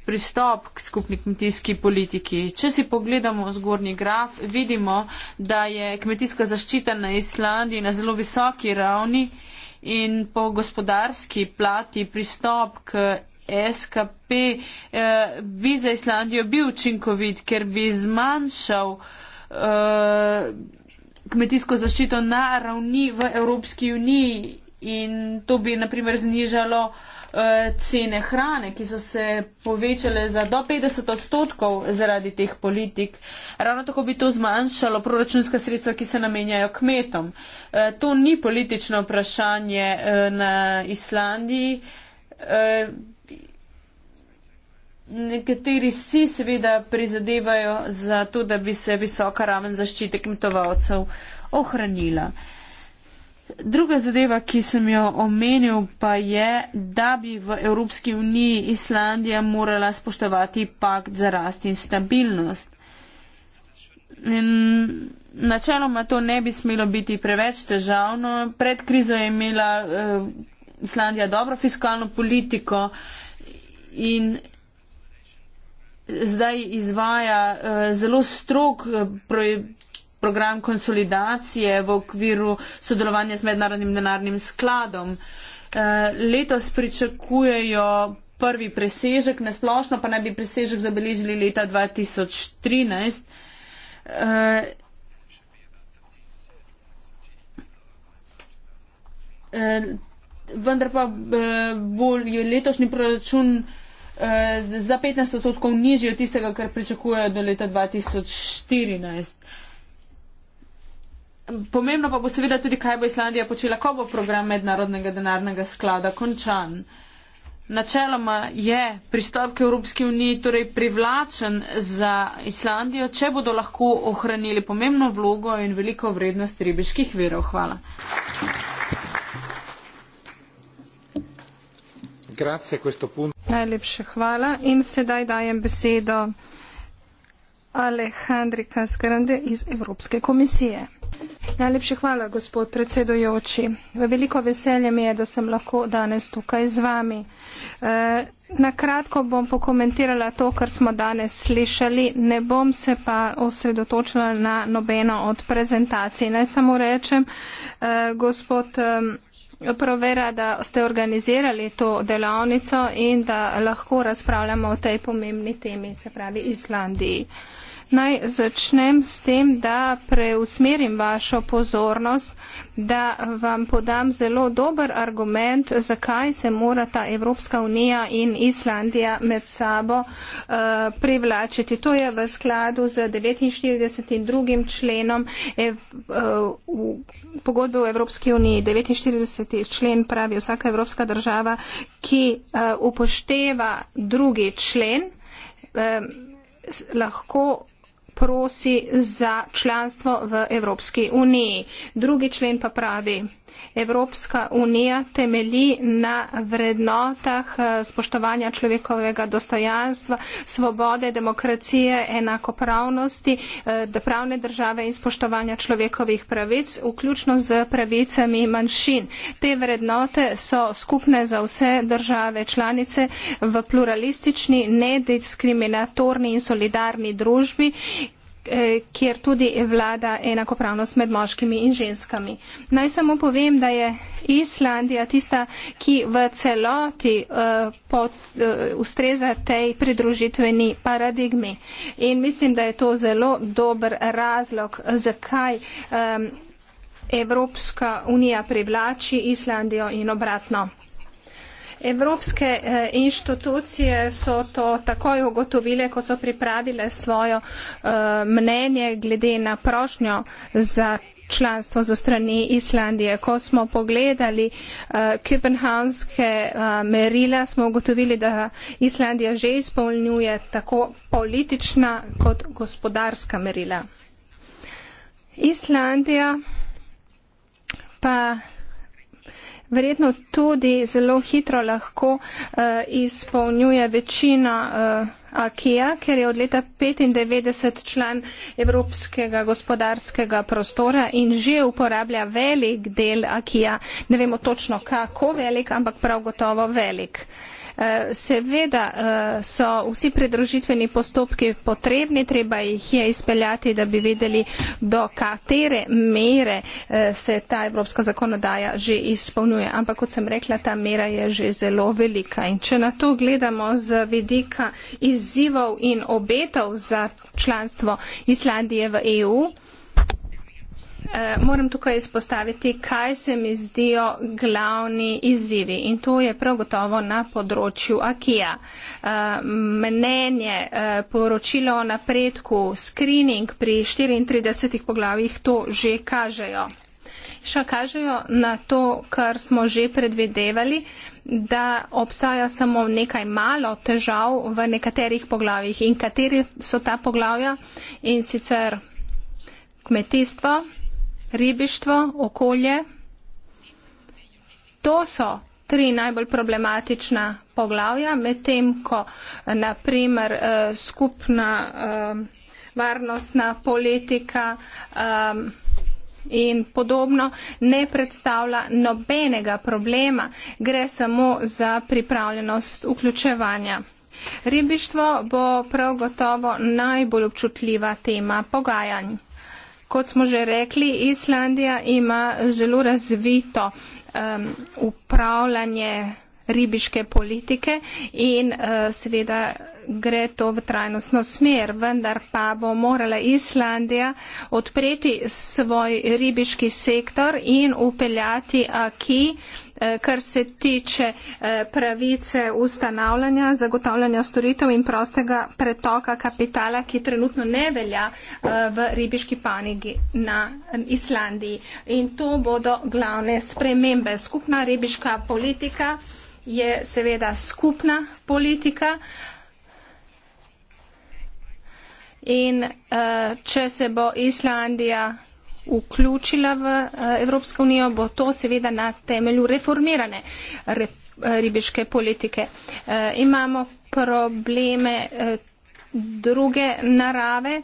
pristop k skupni kmetijski politiki. Če si pogledamo zgornji graf, vidimo, da je kmetijska zaščita na Islandiji na zelo visoki ravni in po gospodarski plati pristop k. SKP eh, bi za Islandijo bil učinkovit, ker bi zmanjšal eh, kmetijsko zaščito na ravni v Evropski uniji in to bi naprimer znižalo eh, cene hrane, ki so se povečale za do 50 odstotkov zaradi teh politik. Ravno tako bi to zmanjšalo proračunska sredstva, ki se namenjajo kmetom. Eh, to ni politično vprašanje eh, na Islandiji. Nekateri si seveda prizadevajo za to, da bi se visoka raven zaščite kmetovalcev ohranila. Druga zadeva, ki sem jo omenil, pa je, da bi v Evropski uniji Islandija morala spoštovati pakt za rast in stabilnost. In načeloma to ne bi smelo biti preveč težavno. Pred krizo je imela eh, Islandija dobro fiskalno politiko in zdaj izvaja eh, zelo strok eh, proj program konsolidacije v okviru sodelovanja z mednarodnim denarnim skladom. Eh, letos pričakujejo prvi presežek, nasplošno pa naj bi presežek zabeležili leta 2013. Vendar pa bolj je letošnji proračun uh, za 15 odstotkov nižji od tistega, kar pričakujejo do leta 2014. Pomembno pa bo seveda tudi, kaj bo Islandija počela, ko bo program mednarodnega denarnega sklada končan. Načeloma je pristop k Evropski uniji torej privlačen za Islandijo, če bodo lahko ohranili pomembno vlogo in veliko vrednost ribiških verov. Hvala. Grazie, Najlepše hvala. In sedaj dajem besedo Alejandri Kaskrande iz Evropske komisije. Najlepše hvala, gospod predsedujoči. Veliko veselje mi je, da sem lahko danes tukaj z vami. E, eh, nakratko bom pokomentirala to, kar smo danes slišali, ne bom se pa osredotočila na nobeno od prezentacij. Naj samo rečem, e, gospod. E, prav vera, da ste organizirali to delavnico in da lahko razpravljamo o tej pomembni temi, se pravi Islandiji. Naj začnem s tem, da preusmerim vašo pozornost, da vam podam zelo dober argument, zakaj se morata Evropska unija in Islandija med sabo uh, privlačiti. To je v skladu z 49. drugim členom ev, eh, uh, v pogodbe v Evropski uniji. 49. člen pravi vsaka evropska država, ki uh, upošteva drugi člen, uh, lahko prosi za članstvo v Evropski uniji. Drugi člen pa pravi, Evropska unija temelji na vrednotah eh, spoštovanja človekovega dostojanstva, svobode, demokracije, enakopravnosti, eh, pravne države in spoštovanja človekovih pravic, vključno z pravicami manjšin. Te vrednote so skupne za vse države članice v pluralistični, nediskriminatorni in solidarni družbi, Eh, kjer tudi vlada enakopravnost med moškimi in ženskami. Naj samo povem, da je Islandija tista, ki v celoti uh, pot, uh, ustreza tej pridružitveni paradigmi. In mislim, da je to zelo dober razlog, zakaj um, Evropska unija privlači Islandijo in obratno. Evropske eh, inštitucije so to takoj ugotovile, ko so pripravile svojo eh, mnenje glede na prošnjo za članstvo za strani Islandije. Ko smo pogledali uh, kopenhavnske uh, merila, smo ugotovili, da Islandija že izpolnjuje tako politična kot gospodarska merila. Islandija pa verjetno tudi zelo hitro lahko uh, izpolnjuje večina uh, eh, AKEA, ker je od leta 1995 član Evropskega gospodarskega prostora in že uporablja velik del AKEA. Ne vemo točno, kako velik, ampak prav gotovo velik. Uh, Eh, seveda eh, so vsi pridružitveni postopki potrebni, treba jih je izpeljati, da bi vedeli, do katere mere eh, se ta evropska zakonodaja že izpolnjuje. Ampak, kot sem rekla, ta mera je že zelo velika. In če na to gledamo z vidika izzivov in obetov za članstvo Islandije v EU, Eh, moram tukaj izpostaviti, kaj se mi zdijo glavni izzivi in to je prav gotovo na področju akija. Eh, mnenje, eh, poročilo o napredku, screening pri 34 poglavjih to že kažejo. Še kažejo na to, kar smo že predvidevali, da obstaja samo nekaj malo težav v nekaterih poglavjih in kateri so ta poglavja in sicer kmetijstvo, ribištvo, okolje. To so tri najbolj problematična poglavja, medtem ko naprimer eh, skupna eh, varnostna politika eh, in podobno ne predstavlja nobenega problema, gre samo za pripravljenost vključevanja. Ribištvo bo prav gotovo najbolj občutljiva tema pogajanj. Kot smo že rekli, Islandija ima zelo razvito um, upravljanje ribiške politike in uh, seveda gre to v trajnostno smer, vendar pa bo morala Islandija odpreti svoj ribiški sektor in upeljati aki, uh, Eh, kar se tiče eh, pravice ustanavljanja, zagotavljanja storitev in prostega pretoka kapitala, ki trenutno ne velja eh, v ribiški panigi na Islandiji. In to bodo glavne spremembe. Skupna ribiška politika je seveda skupna politika. In uh, če se bo Islandija vključila v eh, Evropsko unijo, bo to seveda na temelju reformirane eh, ribiške politike. Eh, imamo probleme druge narave.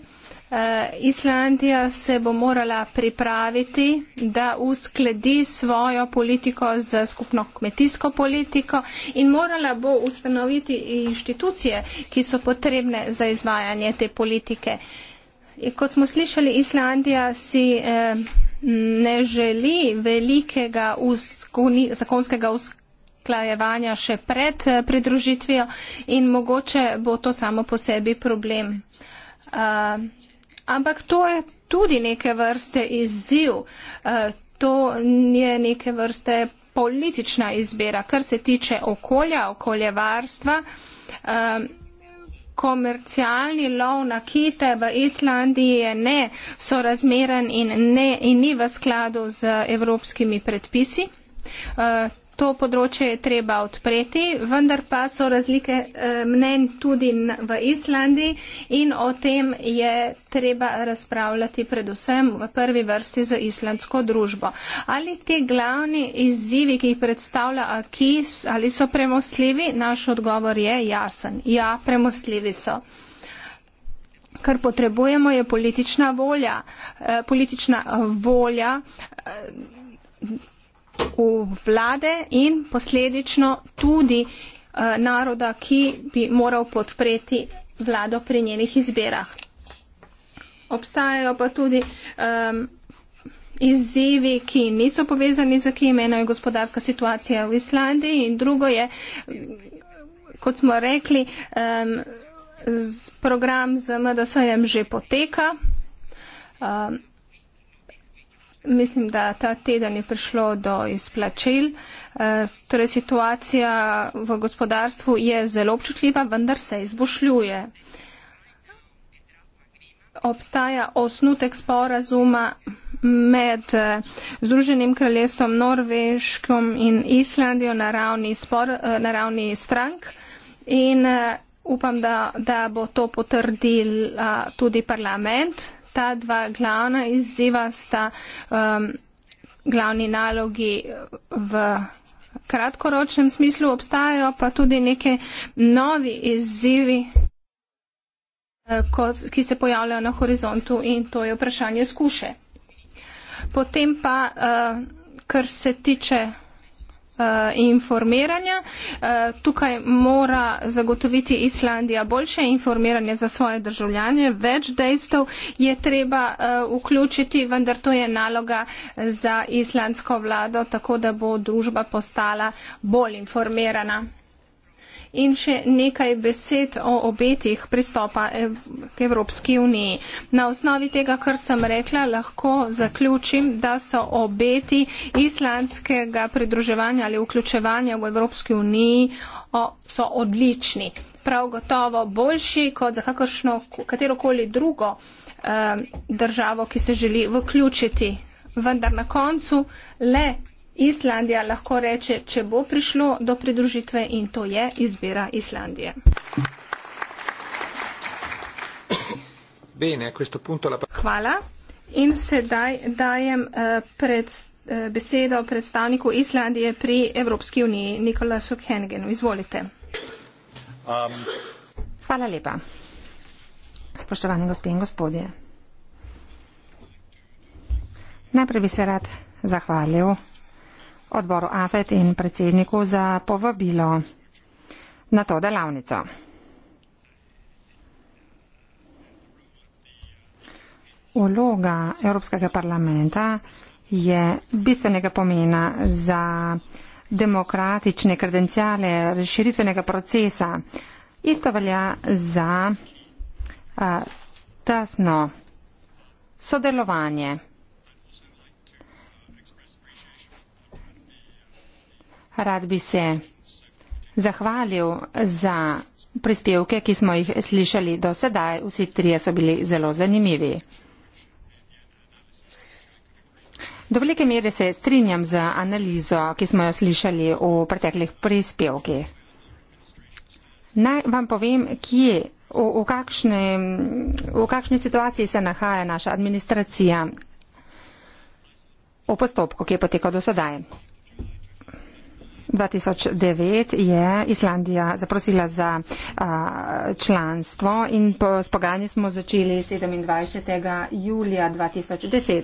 Islandija se bo morala pripraviti, da uskladi svojo politiko z skupno kmetijsko politiko in morala bo ustanoviti inštitucije, ki so potrebne za izvajanje te politike kot smo slišali, Islandija si eh, ne želi velikega uskoni, zakonskega usklajevanja še pred eh, pridružitvijo in mogoče bo to samo po sebi problem. Eh, ampak to je tudi neke vrste izziv. Eh, To je neke vrste politična izbira, kar se tiče okolja, okoljevarstva. Um, komercialni lov na kite v Islandiji je ne sorazmeren in, ne, in ni v skladu z evropskimi predpisi. Uh, to področje je treba odpreti, vendar pa so razlike eh, mnen tudi v Islandiji in o tem je treba razpravljati predvsem v prvi vrsti za islandsko družbo. Ali ti glavni izzivi, ki jih predstavlja AKIS, ali so premostljivi? Naš odgovor je jasen. Ja, premostljivi so. Kar potrebujemo je politična volja. Eh, politična volja eh, v vlade in posledično tudi eh, naroda, ki bi moral podpreti vlado pri njenih izbirah. Obstajajo pa tudi um, izzivi, ki niso povezani z kim. Eno je gospodarska situacija v Islandiji in drugo je, kot smo rekli, um, z program z MDS-jem že poteka. Um, mislim, da ta teden je prišlo do izplačil. Eh, torej, situacija v gospodarstvu je zelo občutljiva, vendar se izboljšuje. Obstaja osnutek sporazuma med eh, Združenim kraljestvom, Norveškom in Islandijo na ravni, spor, eh, na ravni strank in upam, da, da bo to potrdil tudi parlament ta dva glavna izziva, sta um, glavni nalogi v kratkoročnem smislu, obstajajo pa tudi neke novi izzivi, eh, kot, ki se pojavljajo na horizontu in to je vprašanje skuše. Potem pa, uh, kar se tiče. Eh, informiranja. Eh, tukaj mora zagotoviti Islandija boljše informiranje za svoje državljanje. Več dejstev je treba eh, vključiti, vendar to je naloga za islandsko vlado, tako da bo družba postala bolj informirana. In še nekaj besed o obetih pristopa k Evropski uniji. Na osnovi tega, kar sem rekla, lahko zaključim, da so obeti islandskega pridruževanja ali vključevanja v Evropski uniji so odlični. Prav gotovo boljši kot za kakršno katerokoli drugo eh, državo, ki se želi vključiti. Vendar na koncu le Islandija lahko reče, če bo prišlo do pridružitve in to je izbira Islandije. Bene, punto la... Hvala. In sedaj dajem uh, pred, uh, besedo predstavniku Islandije pri Evropski uniji, Nikolasu Kengenu. Izvolite. Um... Hvala lepa. Spoštovani gospe in gospodje. Najprej bi se rad zahvalil odboru AFET in predsedniku za povabilo na to delavnico. Vloga Evropskega parlamenta je bistvenega pomena za demokratične kredencijale razširitvenega procesa. Isto velja za a, tesno sodelovanje. Rad bi se zahvalil za prispevke, ki smo jih slišali do sedaj. Vsi trije so bili zelo zanimivi. Do velike mere se strinjam z analizo, ki smo jo slišali v preteklih prispevkih. Naj vam povem, kje, v, v, kakšne, v kakšni situaciji se nahaja naša administracija v postopku, ki je potekal do sedaj. 2009 je Islandija zaprosila za a, članstvo in spogajanje smo začeli 27. julija 2010.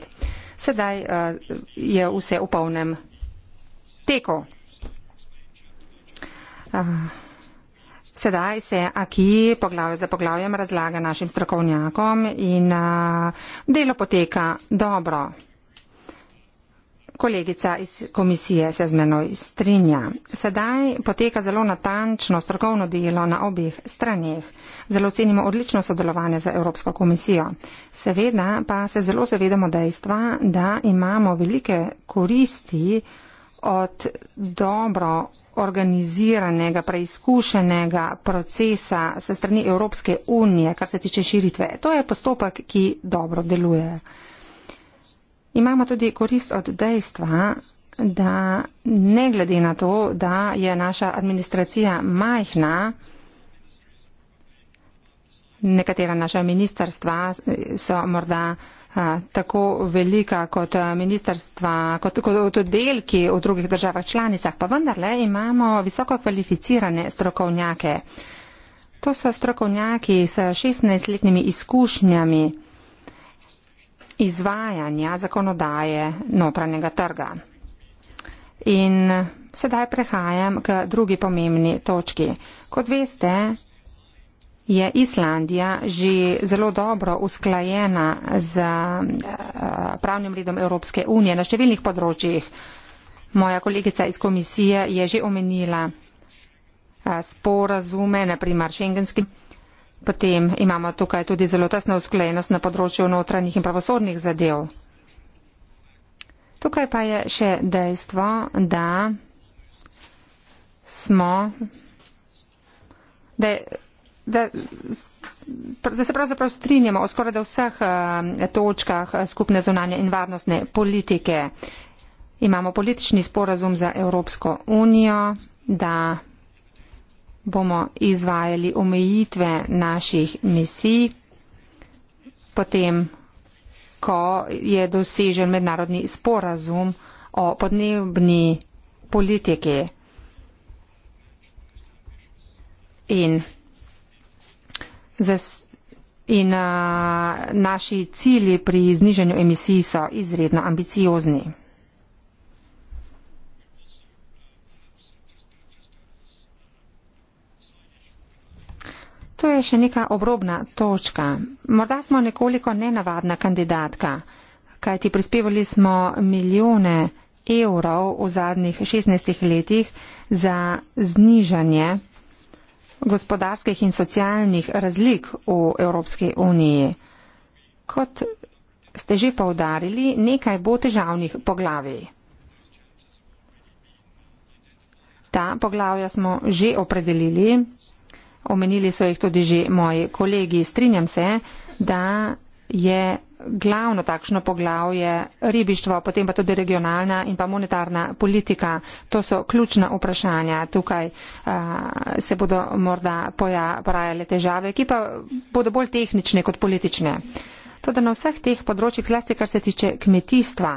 Sedaj a, je vse v polnem teku. A, Sedaj se Aki poglavje za poglavjem razlaga našim strokovnjakom in a, delo poteka dobro. Kolegica iz komisije se z menoj strinja. Sedaj poteka zelo natančno strokovno delo na obih straneh. Zelo cenimo odlično sodelovanje z Evropsko komisijo. Seveda pa se zelo zavedamo dejstva, da imamo velike koristi od dobro organiziranega, preizkušenega procesa se strani Evropske unije, kar se tiče širitve. To je postopek, ki dobro deluje. Imamo tudi korist od dejstva, da ne glede na to, da je naša administracija majhna, nekatera naša ministrstva so morda tako velika kot ministrstva, kot, kot, kot oddelki v drugih državah članicah, pa vendarle imamo visoko kvalificirane strokovnjake. To so strokovnjaki s 16-letnimi izkušnjami izvajanja zakonodaje notranjega trga. In sedaj prehajam k drugi pomembni točki. Kot veste, je Islandija že zelo dobro usklajena z eh, pravnim redom Evropske unije na številnih področjih. Moja kolegica iz komisije je že omenila eh, sporazume, naprimer šengenskim Potem imamo tukaj tudi zelo tesno usklajenost na področju notranjih in pravosodnih zadev. Tukaj pa je še dejstvo, da smo, da, da, da se pravzaprav strinjamo o skoraj vseh eh, točkah eh, skupne zunanje in varnostne politike. Imamo politični sporazum za Evropsko unijo, da bomo izvajali omejitve naših misij, potem, ko je dosežen mednarodni sporazum o podnebni politiki. In, zas, in a, naši cilji pri znižanju emisij so izredno ambiciozni. To je še neka obrobna točka. Morda smo nekoliko nenavadna kandidatka, kajti prispevali smo milijone evrov v zadnjih 16 letih za znižanje gospodarskih in socialnih razlik v Evropski uniji. Kot ste že povdarili, nekaj bo težavnih poglavij. Ta poglavja smo že opredelili omenili so jih tudi že moji kolegi. Strinjam se, da je glavno takšno poglavje ribištvo, potem pa tudi regionalna in pa monetarna politika. To so ključna vprašanja. Tukaj a, se bodo morda porajale težave, ki pa bodo bolj tehnične kot politične. Tudi na vseh teh področjih, zlasti kar se tiče kmetijstva,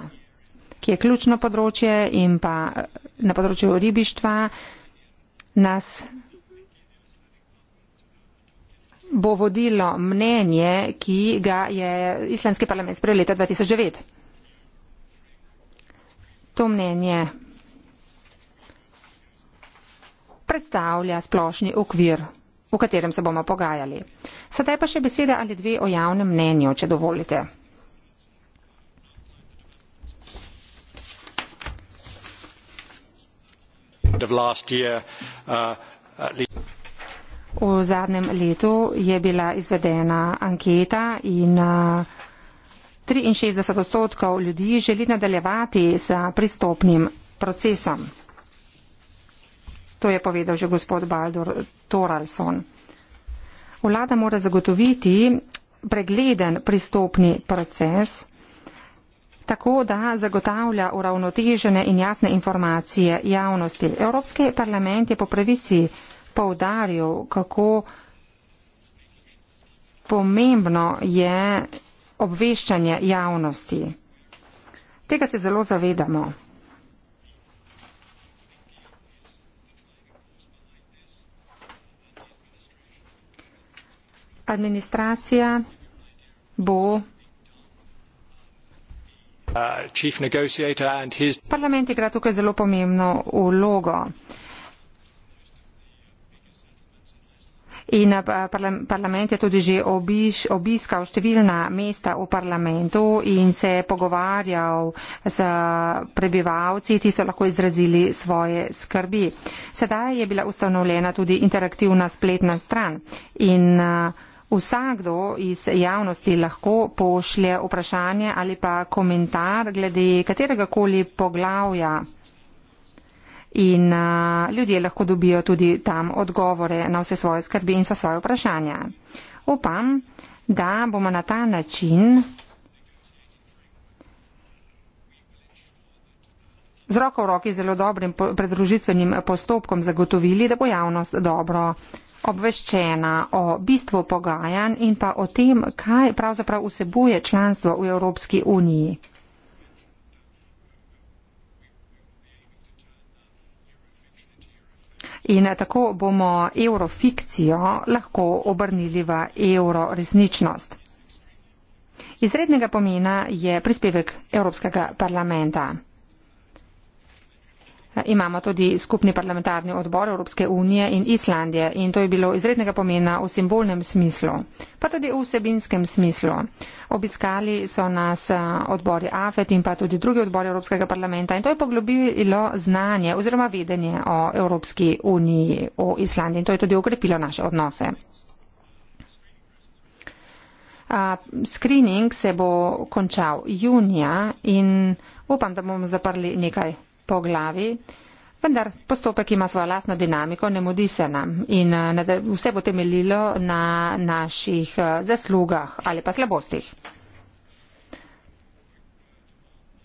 ki je ključno področje in pa na področju ribištva, nas bo vodilo mnenje, ki ga je islamski parlament sprejel leta 2009. To mnenje predstavlja splošni okvir, v katerem se bomo pogajali. Sedaj pa še besede ali dve o javnem mnenju, če dovolite. Year, uh, least... V zadnjem letu je bila izvedena anketa in 63 uh, odstotkov ljudi želi nadaljevati s pristopnim procesom. To je povedal že gospod Baldur Toralson. Vlada mora zagotoviti pregleden pristopni proces, tako da zagotavlja uravnotežene in jasne informacije javnosti. Evropski parlament je po pravici poudaril, kako pomembno je obveščanje javnosti. Tega se zelo zavedamo. Administracija bo. Uh, his... Parlament igra tukaj zelo pomembno vlogo. Uh, in eh, parlament je tudi že obiš, obiskal številna mesta v parlamentu in se je pogovarjal z prebivalci, ti so lahko izrazili svoje skrbi. Sedaj je bila ustanovljena tudi interaktivna spletna stran in eh, Vsakdo iz javnosti lahko pošlje vprašanje ali pa komentar glede kateregakoli poglavja in a, ljudje lahko dobijo tudi tam odgovore na vse svoje skrbi in vsa svoje vprašanja. Upam, da bomo na ta način z roko v roki zelo dobrim predružitvenim postopkom zagotovili, da bo javnost dobro obveščena o bistvu pogajanj in pa o tem, kaj pravzaprav vsebuje članstvo v Evropski uniji. In tako bomo eurofikcijo lahko obrnili v euro resničnost. Izrednega pomena je prispevek Evropskega parlamenta imamo tudi skupni parlamentarni odbor Evropske unije in Islandije in to je bilo izrednega pomena v simbolnem smislu, pa tudi v vsebinskem smislu. Obiskali so nas eh, odbori AFET in pa tudi drugi odbori Evropskega parlamenta in to je poglobilo znanje oziroma vedenje o Evropski uniji v Islandiji in to je tudi okrepilo naše odnose. Screening se bo končal junija in upam, da bomo zaprli nekaj po glavi, vendar postopek ima svojo lasno dinamiko, ne mudi se nam in eh, vse bo temeljilo na naših eh, zaslugah ali pa slabostih.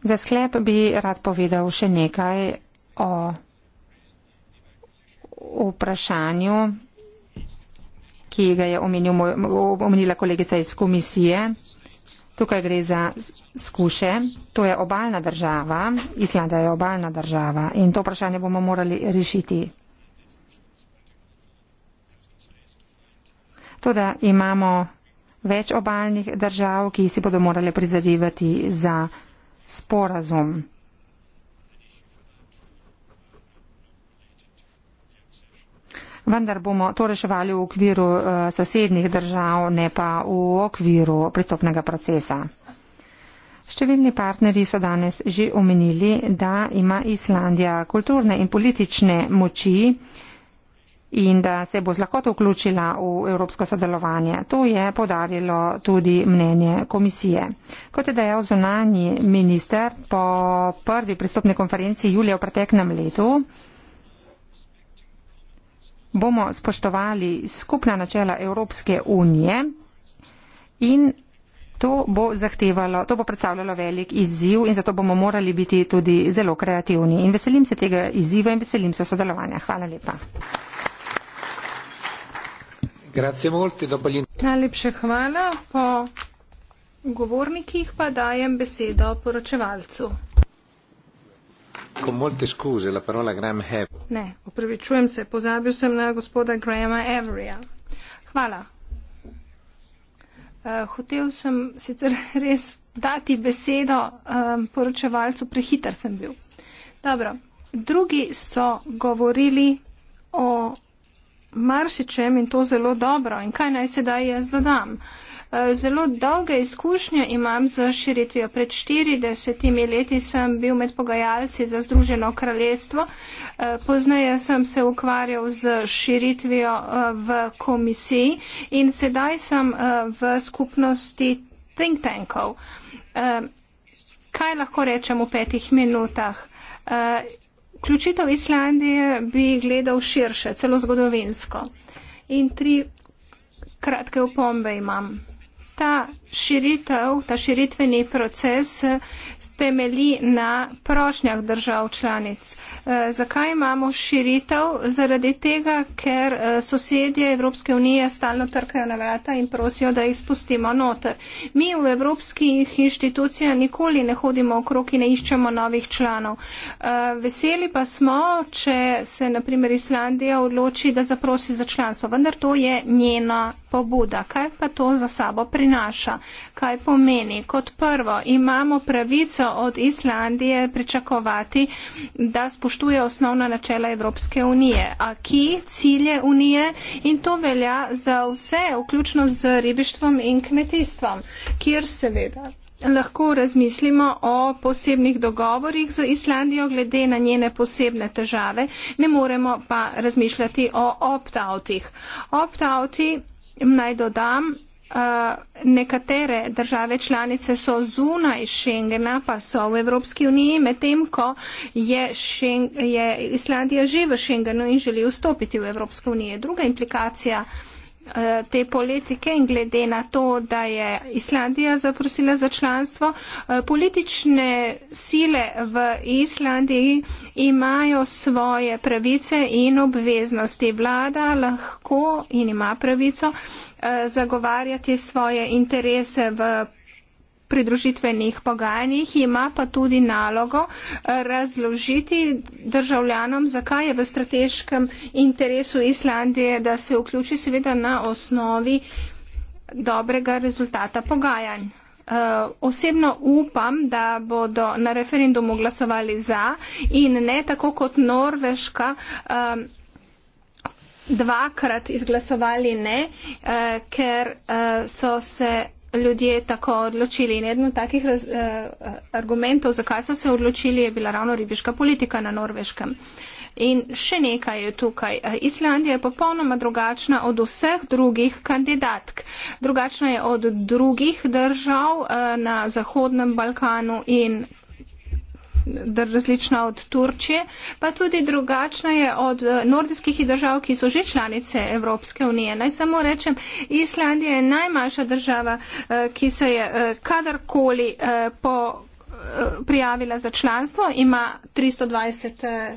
Za sklep bi rad povedal še nekaj o vprašanju, ki ga je omenila kolegica iz komisije. Tukaj gre za skuše, to je obaljna država, Islanda je obaljna država in to vprašanje bomo morali rešiti. To, da imamo več obaljnih držav, ki si bodo morali prizadevati za sporazum. vendar bomo to reševali v okviru eh, sosednjih držav, ne pa v okviru pristopnega procesa. Številni partnerji so danes že omenili, da ima Islandija kulturne in politične moči in da se bo z lahkoto vključila v evropsko sodelovanje. To je podarilo tudi mnenje komisije. Kot je dejal zunani minister po prvi pristopni konferenci julija v preteknem letu, bomo spoštovali skupna načela Evropske unije in to bo zahtevalo, to bo predstavljalo velik izziv in zato bomo morali biti tudi zelo kreativni. In veselim se tega izziva in veselim se sodelovanja. Hvala lepa. Najlepše hvala. Po govornikih pa dajem besedo poročevalcu. Con molte scuse, la parola Graham Avery. Ne, opravičujem se, pozabil sem na gospoda Grahama Averyja. Hvala. Uh, hotel sem sicer res dati besedo um, poročevalcu, prehiter sem bil. Dobro, drugi so govorili o marsičem in to zelo dobro in kaj naj sedaj jaz dodam. Uh, Zelo dolge izkušnje imam z širitvijo. Pred 40 leti sem bil med pogajalci za Združeno kraljestvo. Eh, Poznaje sem se ukvarjal z širitvijo eh, v komisiji in sedaj sem eh, v skupnosti think tankov. Kaj lahko rečem v petih minutah? Ključitev Islandije bi gledal širše, celo zgodovinsko. In tri kratke upombe imam ta širitev, ta širitveni proces eh, temelji na prošnjah držav članic. Eh, zakaj imamo širitev? Zaradi tega, ker eh, sosedje Evropske unije stalno trkajo na vrata in prosijo, da jih spustimo noter. Mi v evropskih inštitucijah nikoli ne hodimo okrog in ne iščemo novih članov. Veseli pa smo, če se naprimer Islandija odloči, da zaprosi za članstvo. Vendar to je njena pobuda, kaj pa to za sabo prinaša, kaj pomeni. Kot prvo, imamo pravico od Islandije pričakovati, da spoštuje osnovna načela Evropske unije, a ki cilje unije in to velja za vse, vključno z ribištvom in kmetijstvom, kjer seveda. Lahko razmislimo o posebnih dogovorih z Islandijo glede na njene posebne težave, ne moremo pa razmišljati o opt-outih. Opt-outi naj dodam, eh, nekatere države članice so zunaj Schengena, pa so v Evropski uniji, medtem ko je, Schengen, je Islandija že v Schengenu in želi vstopiti v Evropsko unijo. Druga implikacija Eh, te politike in glede na to, da je Islandija zaprosila za članstvo. Eh, politične sile v Islandiji imajo svoje pravice in obveznosti. Vlada lahko in ima pravico eh, zagovarjati svoje interese v pridružitvenih pogajanjih, ima pa tudi nalogo eh, razložiti državljanom, zakaj je v strateškem interesu Islandije, da se vključi seveda na osnovi dobrega rezultata pogajanj. Eh, osebno upam, da bodo na referendumu glasovali za in ne tako kot Norveška eh, dvakrat izglasovali ne, ker so se ljudje tako odločili. In eden od takih raz, eh, argumentov, zakaj so se odločili, je bila ravno ribiška politika na norveškem. In še nekaj je tukaj. Eh, Islandija je popolnoma drugačna od vseh drugih kandidatk. Drugačna je od drugih držav eh, na Zahodnem Balkanu in različna od Turčije, pa tudi drugačna je od eh, nordijskih držav, ki so že članice Evropske unije. Naj samo rečem, Islandija je najmanjša država, eh, ki se je eh, kadarkoli po prijavila za članstvo, ima 320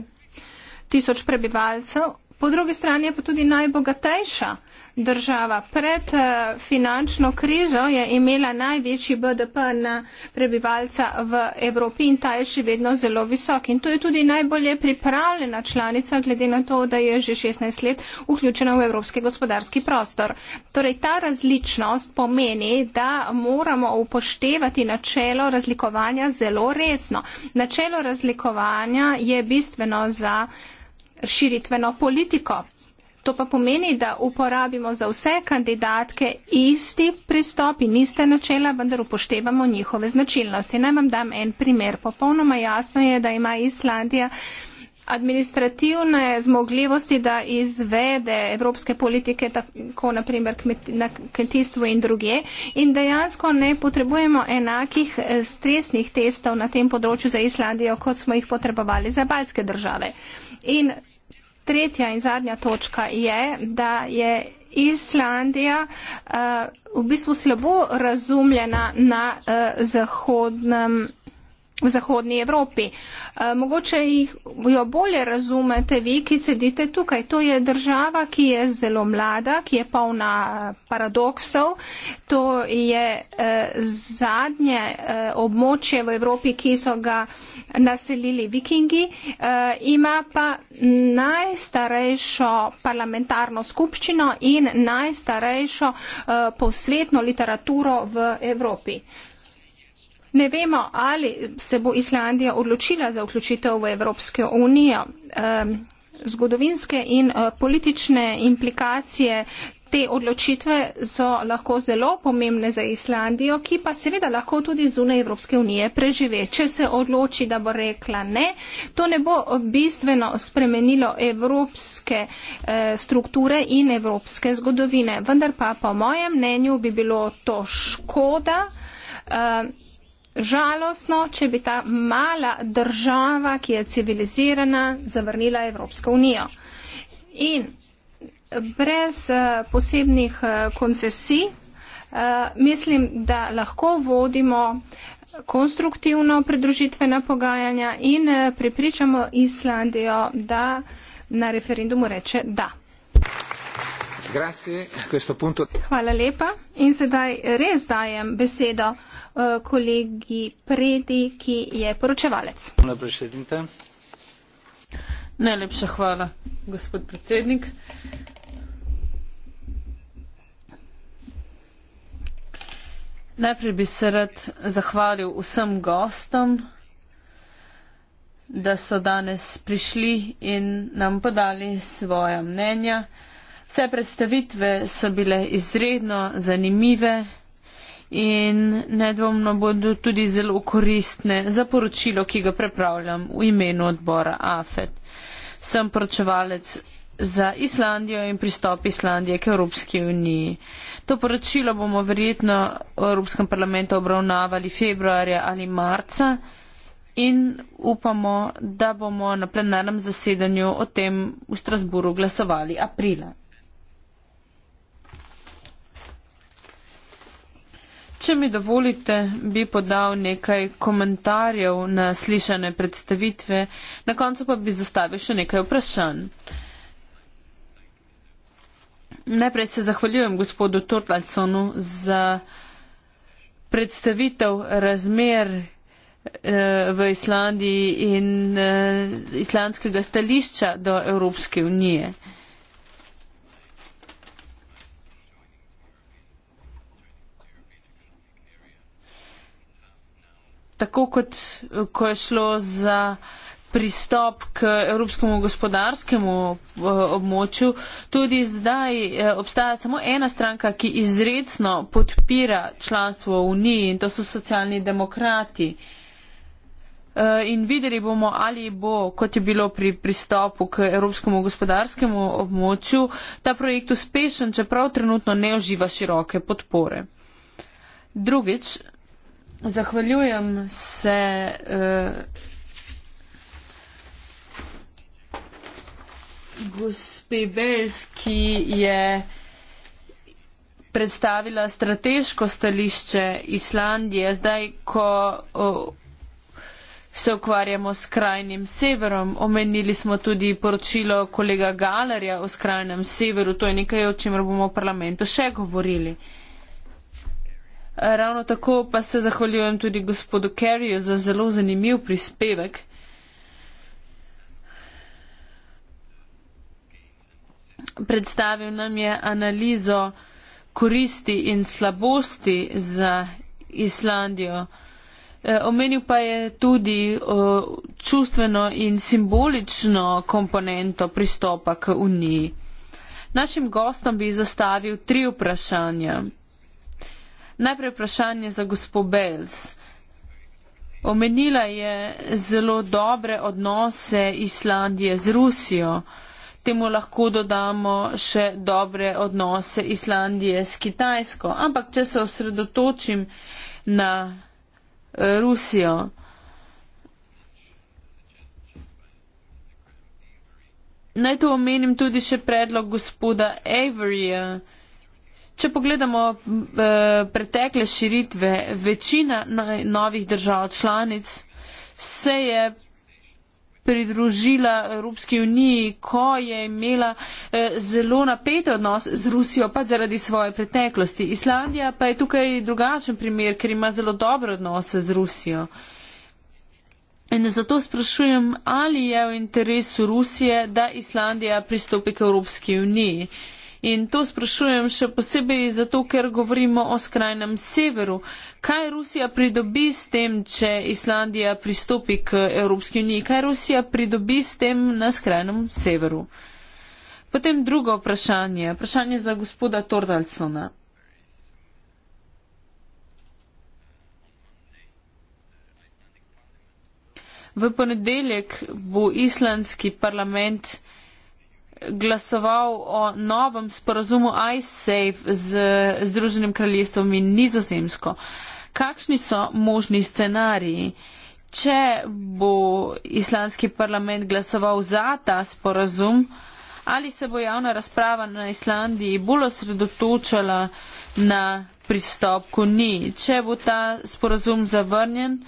tisoč prebivalcev Po drugi strani je pa tudi najbogatejša država. Pred eh, finančno krizo je imela največji BDP na prebivalca v Evropi in ta je še vedno zelo visok. In to je tudi najbolje pripravljena članica, glede na to, da je že 16 let vključena v evropski gospodarski prostor. Torej ta različnost pomeni, da moramo upoštevati načelo razlikovanja zelo resno. Načelo razlikovanja je bistveno za širitveno politiko. To pa pomeni, da uporabimo za vse kandidatke isti pristop in iste načela, vendar upoštevamo njihove značilnosti. Naj vam dam en primer. Popolnoma jasno je, da ima Islandija administrativne zmogljivosti, da izvede evropske politike, tako naprimer na kmetijstvu in druge. In dejansko ne potrebujemo enakih eh, stresnih testov na tem področju za Islandijo, kot smo jih potrebovali za baljske države. In tretja in zadnja točka je, da je Islandija uh, v bistvu slabo razumljena na uh, zahodnem v Zahodnji Evropi. E, mogoče jih, jo bolje razumete vi, ki sedite tukaj. To je država, ki je zelo mlada, ki je polna eh, paradoksov. To je e, zadnje e, območje v Evropi, ki so ga naselili vikingi. E, ima pa najstarejšo parlamentarno skupščino in najstarejšo e, posvetno literaturo v Evropi. Ne vemo, ali se bo Islandija odločila za vključitev v Evropsko unijo. Zgodovinske in eh, politične implikacije te odločitve so lahko zelo pomembne za Islandijo, ki pa seveda lahko tudi zunaj Evropske unije preživi. Če se odloči, da bo rekla ne, to ne bo bistveno spremenilo evropske eh, strukture in evropske zgodovine. Vendar pa po mojem mnenju bi bilo to škoda. Uh, žalostno, če bi ta mala država, ki je civilizirana, zavrnila Evropsko unijo. In brez eh, posebnih eh, koncesij eh, mislim, da lahko vodimo konstruktivno pridružitvena pogajanja in pripričamo Islandijo, da na referendumu reče da. Hvala lepa. In sedaj res dajem besedo uh, kolegi Predi, ki je poročevalec. Najlepša hvala, gospod predsednik. Najprej bi se rad zahvalil vsem gostom, da so danes prišli in nam podali svoja mnenja. Vse predstavitve so bile izredno zanimive in nedvomno bodo tudi zelo koristne za poročilo, ki ga prepravljam v imenu odbora AFED. Sem poročevalec za Islandijo in pristop Islandije k Evropski uniji. To poročilo bomo verjetno v Evropskem parlamentu obravnavali februarja ali marca in upamo, da bomo na plenarnem zasedanju o tem v Strasburu glasovali aprila. Če mi dovolite, bi podal nekaj komentarjev na slišane predstavitve, na koncu pa bi zastavil še nekaj vprašanj. Najprej se zahvaljujem gospodu Tortlaconu za predstavitev razmer eh, v Islandiji in eh, islandskega stališča do Evropske unije. tako kot ko je šlo za pristop k evropskemu gospodarskemu eh, območju. Tudi zdaj eh, obstaja samo ena stranka, ki izredno podpira članstvo v Uniji in to so socialni demokrati. Eh, in videli bomo, ali bo, kot je bilo pri pristopu k evropskemu gospodarskemu območju, ta projekt uspešen, čeprav trenutno ne uživa široke podpore. Drugič, Zahvaljujem se uh, gospe Bez, ki je predstavila strateško stališče Islandije. Zdaj, ko uh, se ukvarjamo s krajnim severom, omenili smo tudi poročilo kolega Galerja o skrajnem severu. To je nekaj, o čemer bomo v parlamentu še govorili. Uh, Ravno tako pa se zahvaljujem tudi gospodu Kerryju za zelo zanimiv prispevek. Predstavil nam je analizo koristi in slabosti za Islandijo. E, omenil pa je tudi e, čustveno in simbolično komponento pristopa k Uniji. Našim gostom bi zastavil tri vprašanja. Najprej vprašanje za gospo Bales. Omenila je zelo dobre odnose Islandije z Rusijo. Temu lahko dodamo še dobre odnose Islandije s Kitajsko. Ampak, če se osredotočim na eh, Rusijo, naj tu omenim tudi še predlog gospoda Averyja, Če pogledamo e, pretekle širitve, večina novih držav članic se je pridružila Evropski uniji, ko je imela e, zelo napete odnose z Rusijo, pa zaradi svoje preteklosti. Islandija pa je tukaj drugačen primer, ker ima zelo dobre odnose z Rusijo. In zato sprašujem, ali je v interesu Rusije, da Islandija pristopi k Evropski uniji. E, In to sprašujem še posebej zato, ker govorimo o skrajnem severu. Kaj Rusija pridobi s tem, če Islandija pristopi k Evropski uniji? Kaj Rusija pridobi s tem na skrajnem severu? Potem drugo vprašanje. Vprašanje za gospoda Tordalsona. V ponedeljek bo islandski parlament glasoval o novem sporazumu ISAFE z Združenim kraljestvom in nizozemsko. Kakšni so možni scenariji? Če bo islandski parlament glasoval za ta sporazum, ali se bo javna razprava na Islandiji bolj osredotočala na pristop, ko ni? Če bo ta sporazum zavrnjen,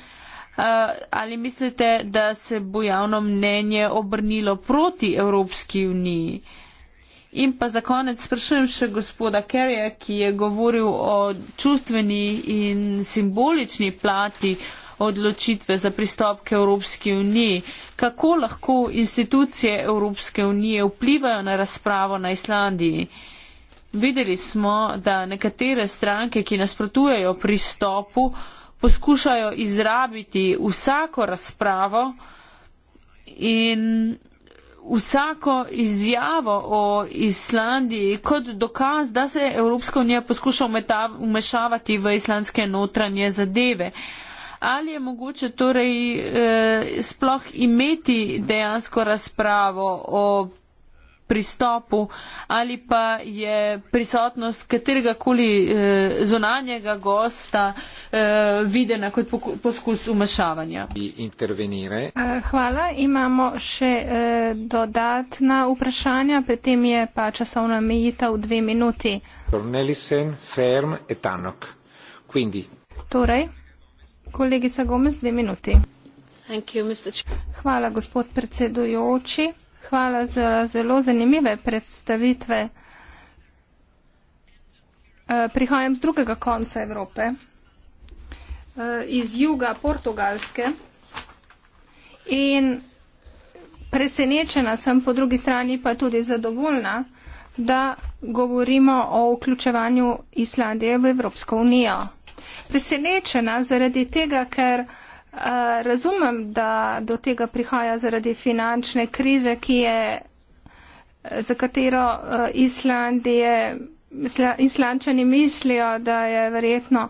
Eh, ali mislite, da se bo javno mnenje obrnilo proti Evropski uniji? In pa za konec sprašujem še gospoda Kerja, ki je govoril o čustveni in simbolični plati odločitve za pristop k Evropski uniji. Kako lahko institucije Evropske unije vplivajo na razpravo na Islandiji? Videli smo, da nekatere stranke, ki nasprotujejo pristopu, uh, poskušajo izrabiti vsako razpravo in vsako izjavo o Islandiji kot dokaz, da se Evropska unija poskuša umešavati v islandske notranje zadeve. Ali je mogoče torej eh, sploh imeti dejansko razpravo o pristopu ali pa je prisotnost katerega koli eh, zunanjega gosta eh, videna kot poskus umašavanja. Eh, hvala. Imamo še eh, dodatna vprašanja, pri tem je pa časovna omejitev dve minuti. Tornelisen, ferm, etanok. Quindi. Torej, kolegica Gomez, dve minuti. You, Hvala, gospod predsedujoči. Hvala za zelo zanimive predstavitve. Eh, prihajam z drugega konca Evrope, eh, iz juga Portugalske in presenečena sem po drugi strani pa tudi zadovoljna, da govorimo o vključevanju Islandije v Evropsko unijo. Presenečena zaradi tega, ker Eh, razumem, da do tega prihaja zaradi finančne krize, ki je eh, za katero eh, Islandije, Islandčani mislijo, da je verjetno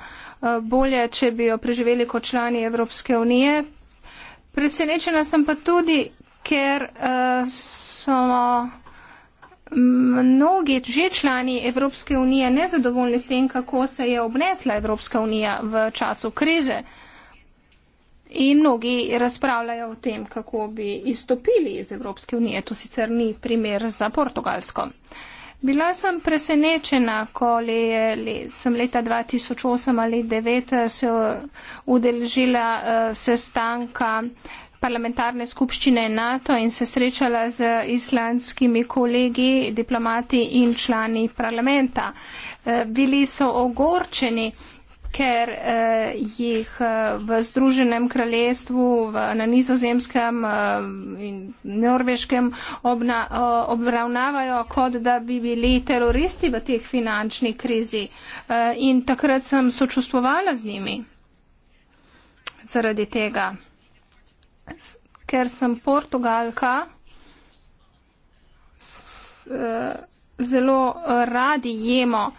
bolje, če bi jo preživeli kot člani Evropske unije. Presenečena sem pa tudi, ker so mnogi že člani Evropske unije nezadovoljni s tem, kako se je obnesla Evropska unija v času krize. In mnogi razpravljajo o tem, kako bi izstopili iz Evropske unije. To sicer ni primer za Portugalsko. Bila sem presenečena, ko le, le, sem leta 2008 ali 2009 eh, se udeležila uh, sestanka parlamentarne skupščine NATO in se srečala z islandskimi kolegi, diplomati in člani parlamenta. Uh, bili so ogorčeni, uh, ker eh, jih eh, v Združenem kraljestvu, v, na nizozemskem eh, in norveškem obna, eh, obravnavajo, kot da bi bili teroristi v teh finančni krizi. Eh, in takrat sem sočustvovala z njimi zaradi tega, ker sem portugalka. S, eh, Zelo radi jemo uh,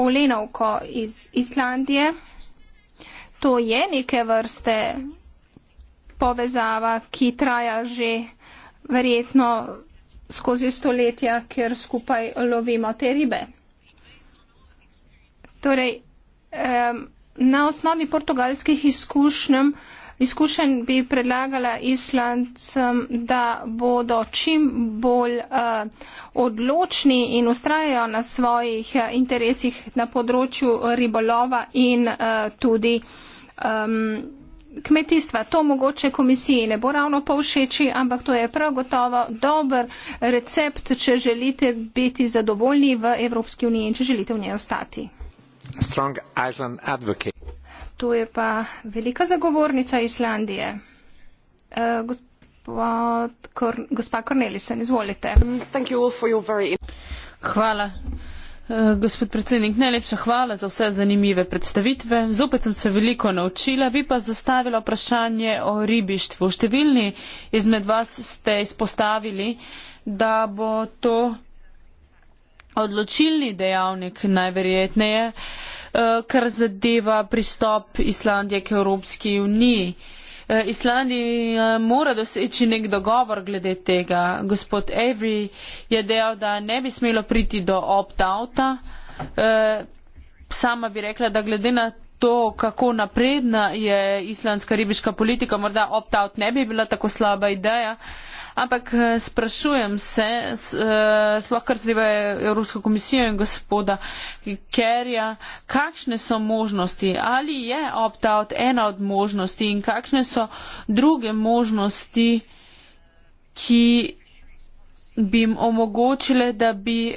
polenovko iz Islandije. To je neke vrste povezava, ki traja že verjetno skozi stoletja, ker skupaj lovimo te ribe. Torej, na osnovi portugalskih izkušnjem izkušenj bi predlagala Islandcem, da bodo čim bolj eh, odločni in ustrajajo na svojih eh, interesih na področju ribolova in eh, tudi kmetijstva. To mogoče komisiji ne bo ravno povšeči, ampak to je prav gotovo dober recept, če želite biti zadovoljni v Evropski uniji in če želite v njej ostati. Strong Iceland advocate to je pa velika zagovornica Islandije. Eh, gospa Kornelisen, izvolite. Um, hvala. Eh, gospod predsednik, najlepša hvala za vse zanimive predstavitve. Zopet sem se veliko naučila, bi pa zastavila vprašanje o ribištvu. Številni izmed vas ste izpostavili, da bo to odločilni dejavnik najverjetneje. Eh, kar zadeva pristop Islandije k Evropski uniji. Eh, Islandija eh, mora doseči nek dogovor glede tega. Gospod Avery je dejal, da ne bi smelo priti do opt-outa. Sama bi rekla, da glede na to, kako napredna je islandska ribiška politika, morda opt-out ne bi bila tako slaba ideja ampak eh, sprašujem se, eh, sploh kar zdaj je Evropsko komisijo in gospoda Kerja, kakšne so možnosti, ali je opt-out ena od možnosti in kakšne so druge možnosti, ki bi jim omogočile, da bi eh,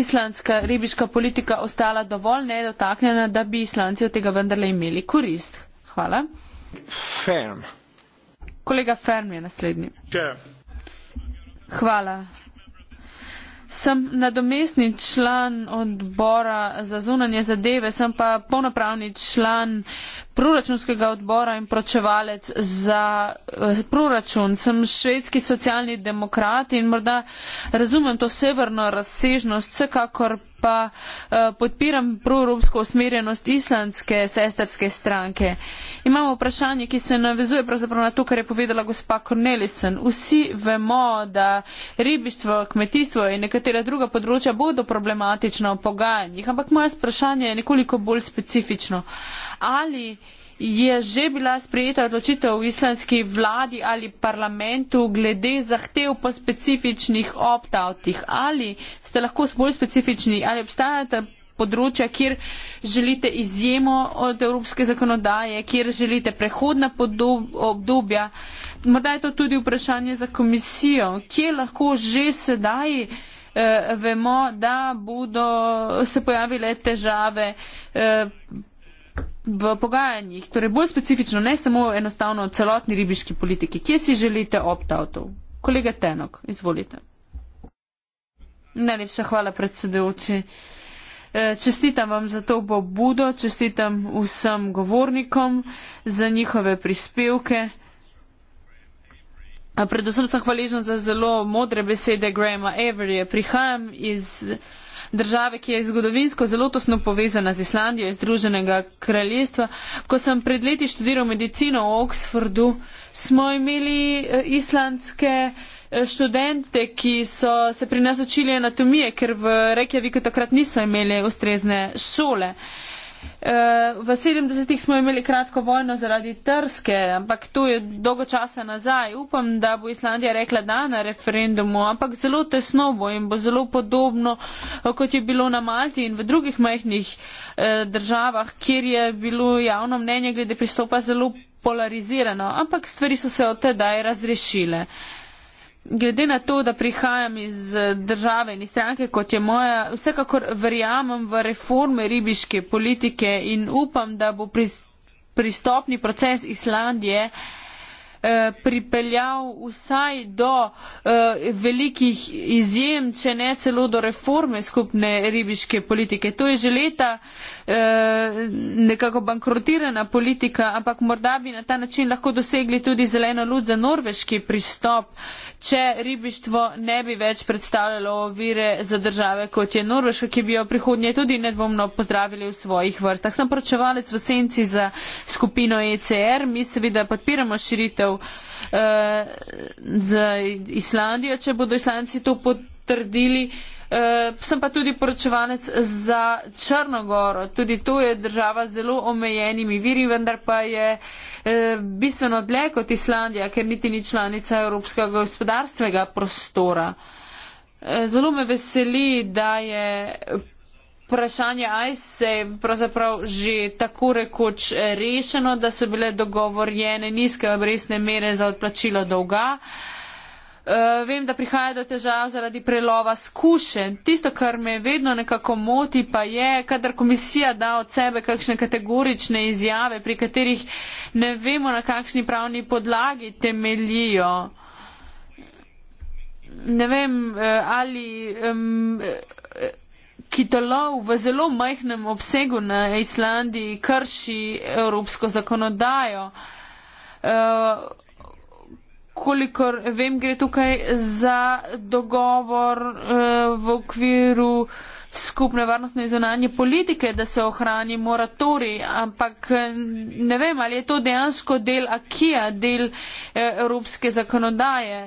islandska ribiška politika ostala dovolj nedotaknjena, da bi islanci od tega vendarle imeli korist. Hvala. Ferm. Kolega Ferm je naslednji. Yeah. Hvala. Sem nadomestni član odbora za zunanje zadeve, sem pa polnopravni član proračunskega odbora in pročevalec za eh, proračun. Sem švedski socialni demokrat in morda razumem to severno razsežnost, vsekakor pa eh, podpiram proevropsko usmerjenost islandske sestrske stranke. Imamo vprašanje, ki se navezuje pravzaprav na to, kar je povedala gospa Cornelison. Vsi vemo, da ribištvo, kmetijstvo in nekatera druga področja bodo problematična v pogajanjih, ampak moje vprašanje je nekoliko bolj specifično. Ali je že bila sprejeta odločitev v islamski vladi ali parlamentu glede zahtev po specifičnih opt-outih. Ali ste lahko bolj specifični, ali obstajate področja, kjer želite izjemo od evropske zakonodaje, kjer želite prehodna obdobja. Morda je to tudi vprašanje za komisijo, kje lahko že sedaj eh, vemo, da bodo se pojavile težave. Eh, v pogajanjih, torej bolj specifično, ne samo enostavno o celotni ribiški politiki, kje si želite opt-outov? Kolega Tenok, izvolite. Najlepša hvala, predsedujoči. E, čestitam vam za to pobudo, čestitam vsem govornikom za njihove prispevke. Predvsem sem hvaležen za zelo modre besede Grahama Averyja. Prihajam iz države, ki je zgodovinsko zelo tesno povezana z Islandijo iz Združenega kraljestva. Ko sem pred leti študiral medicino v Oxfordu, smo imeli eh, islandske eh, študente, ki so se pri nas učili anatomije, ker v Reykjaviku takrat niso imeli ustrezne šole. Uh, Eh, v 70-ih smo imeli kratko vojno zaradi Trske, ampak to je dolgo časa nazaj. Upam, da bo Islandija rekla da na referendumu, ampak zelo tesno bo in bo zelo podobno, eh, kot je bilo na Malti in v drugih majhnih eh, državah, kjer je bilo javno mnenje glede pristopa zelo polarizirano. Ampak stvari so se od tedaj razrešile. Glede na to, da prihajam iz eh, države in iz stranke, kot je moja, vsekakor verjamem v reforme ribiške politike in upam, da bo pristopni proces Islandije eh, Eh, pripeljal vsaj do eh, velikih izjem, če ne celo do reforme skupne ribiške politike. To je že leta eh, nekako bankrotirana politika, ampak morda bi na ta način lahko dosegli tudi zeleno lud za norveški pristop, če ribištvo ne bi več predstavljalo vire za države, kot je Norveška, ki bi jo prihodnje tudi nedvomno pozdravili v svojih vrtah. Sem pročevalec v senci za skupino ECR. Mi seveda podpiramo širitev povezal uh, z Islandijo, če bodo Islandci to potrdili. Uh, sem pa tudi poročevalec za Črnogoro. Tudi to je država z zelo omejenimi viri, vendar pa je uh, bistveno dlje kot Islandija, ker niti ni članica Evropskega gospodarstvega prostora. Uh, zelo me veseli, da je vprašanje ICE je pravzaprav že tako rekoč eh, rešeno, da so bile dogovorjene nizke obresne mere za odplačilo dolga. Eh, vem, da prihaja do težav zaradi prelova skušen. Tisto, kar me vedno nekako moti, pa je, kadar komisija da od sebe kakšne kategorične izjave, pri katerih ne vemo, na kakšni pravni podlagi temelijo. Ne vem, eh, ali. Um, kitolov v zelo majhnem obsegu na Islandiji krši evropsko zakonodajo. Eh, kolikor vem, gre tukaj za dogovor eh, v okviru skupne varnostne in zonanje politike, da se ohrani moratori, ampak ne vem, ali je to dejansko del akija, del eh, evropske zakonodaje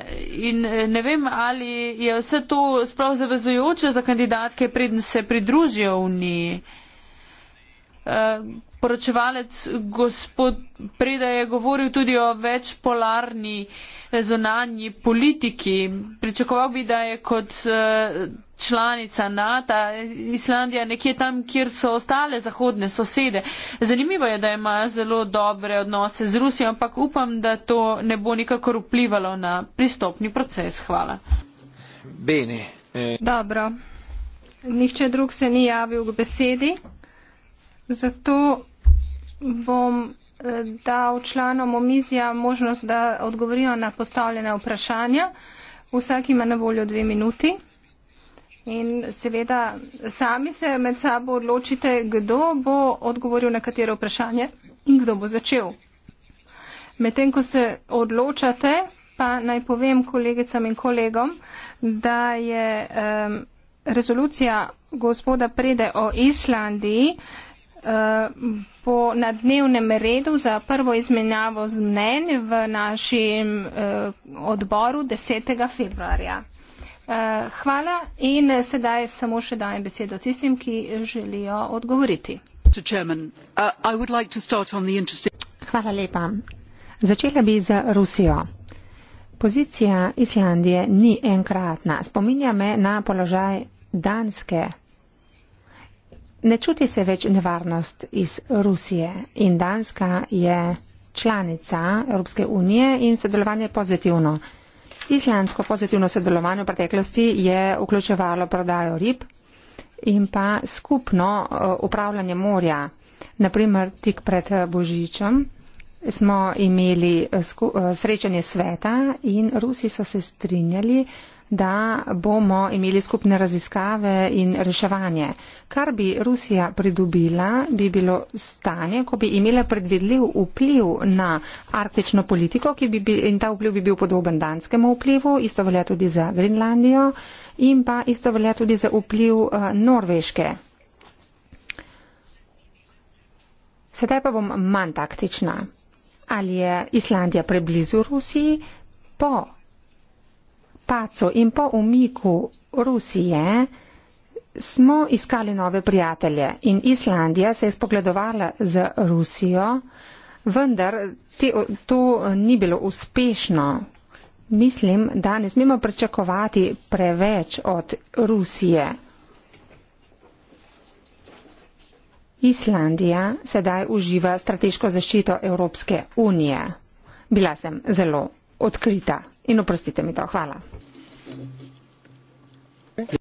in eh, ne vem, ali je vse to sprav zavezujoče za kandidatke, preden se pridružijo v njih. Eh, poročevalec gospod Preda je govoril tudi o večpolarni eh, zunanji politiki. Pričakoval bi, da je kot eh, članica NATO eh, Islandija nekje tam, kjer so ostale zahodne sosede. Zanimivo je, da ima zelo dobre odnose z Rusijo, ampak upam, da to ne bo nikakor vplivalo na pristopni proces. Hvala. Bene. Dobro. Nihče drug se ni javil k besedi. Zato bom eh, dal članom omizja možnost, da odgovorijo na postavljene vprašanja. Vsak ima na voljo dve minuti. In seveda sami se med sabo odločite, kdo bo odgovoril na katero vprašanje in kdo bo začel. Medtem, ko se odločate, pa naj povem kolegicam in kolegom, da je um, rezolucija gospoda Prede o Islandiji um, po nadnevnem redu za prvo izmenjavo z mnen v našem eh, odboru 10. februarja. Eh, hvala in eh, sedaj samo še dajem besedo tistim, ki želijo odgovoriti. Uh, hvala lepa. Začela bi z Rusijo. Pozicija Islandije ni enkratna. Spominja me na položaj Danske Ne čuti se več nevarnost iz Rusije in Danska je članica Evropske unije in sodelovanje je pozitivno. Islandsko pozitivno sodelovanje v preteklosti je vključevalo prodajo rib in pa skupno eh, upravljanje morja. Naprimer, tik pred Božičem smo imeli eh, eh, srečanje sveta in Rusi so se strinjali, da bomo imeli skupne raziskave in reševanje. Kar bi Rusija pridobila, bi bilo stanje, ko bi imela predvidljiv vpliv na arktično politiko bi bi, in ta vpliv bi bil podoben danskemu vplivu, isto velja tudi za Grenlandijo in pa isto velja tudi za vpliv eh, Norveške. Sedaj pa bom manj taktična. Ali je Islandija preblizu Rusiji? Po spacu in po umiku Rusije smo iskali nove prijatelje in Islandija se je spogledovala z Rusijo, vendar te, to ni bilo uspešno. Mislim, da ne smemo pričakovati preveč od Rusije. Islandija sedaj uživa strateško zaščito Evropske unije. Bila sem zelo odkrita. In oprostite mi to, hvala.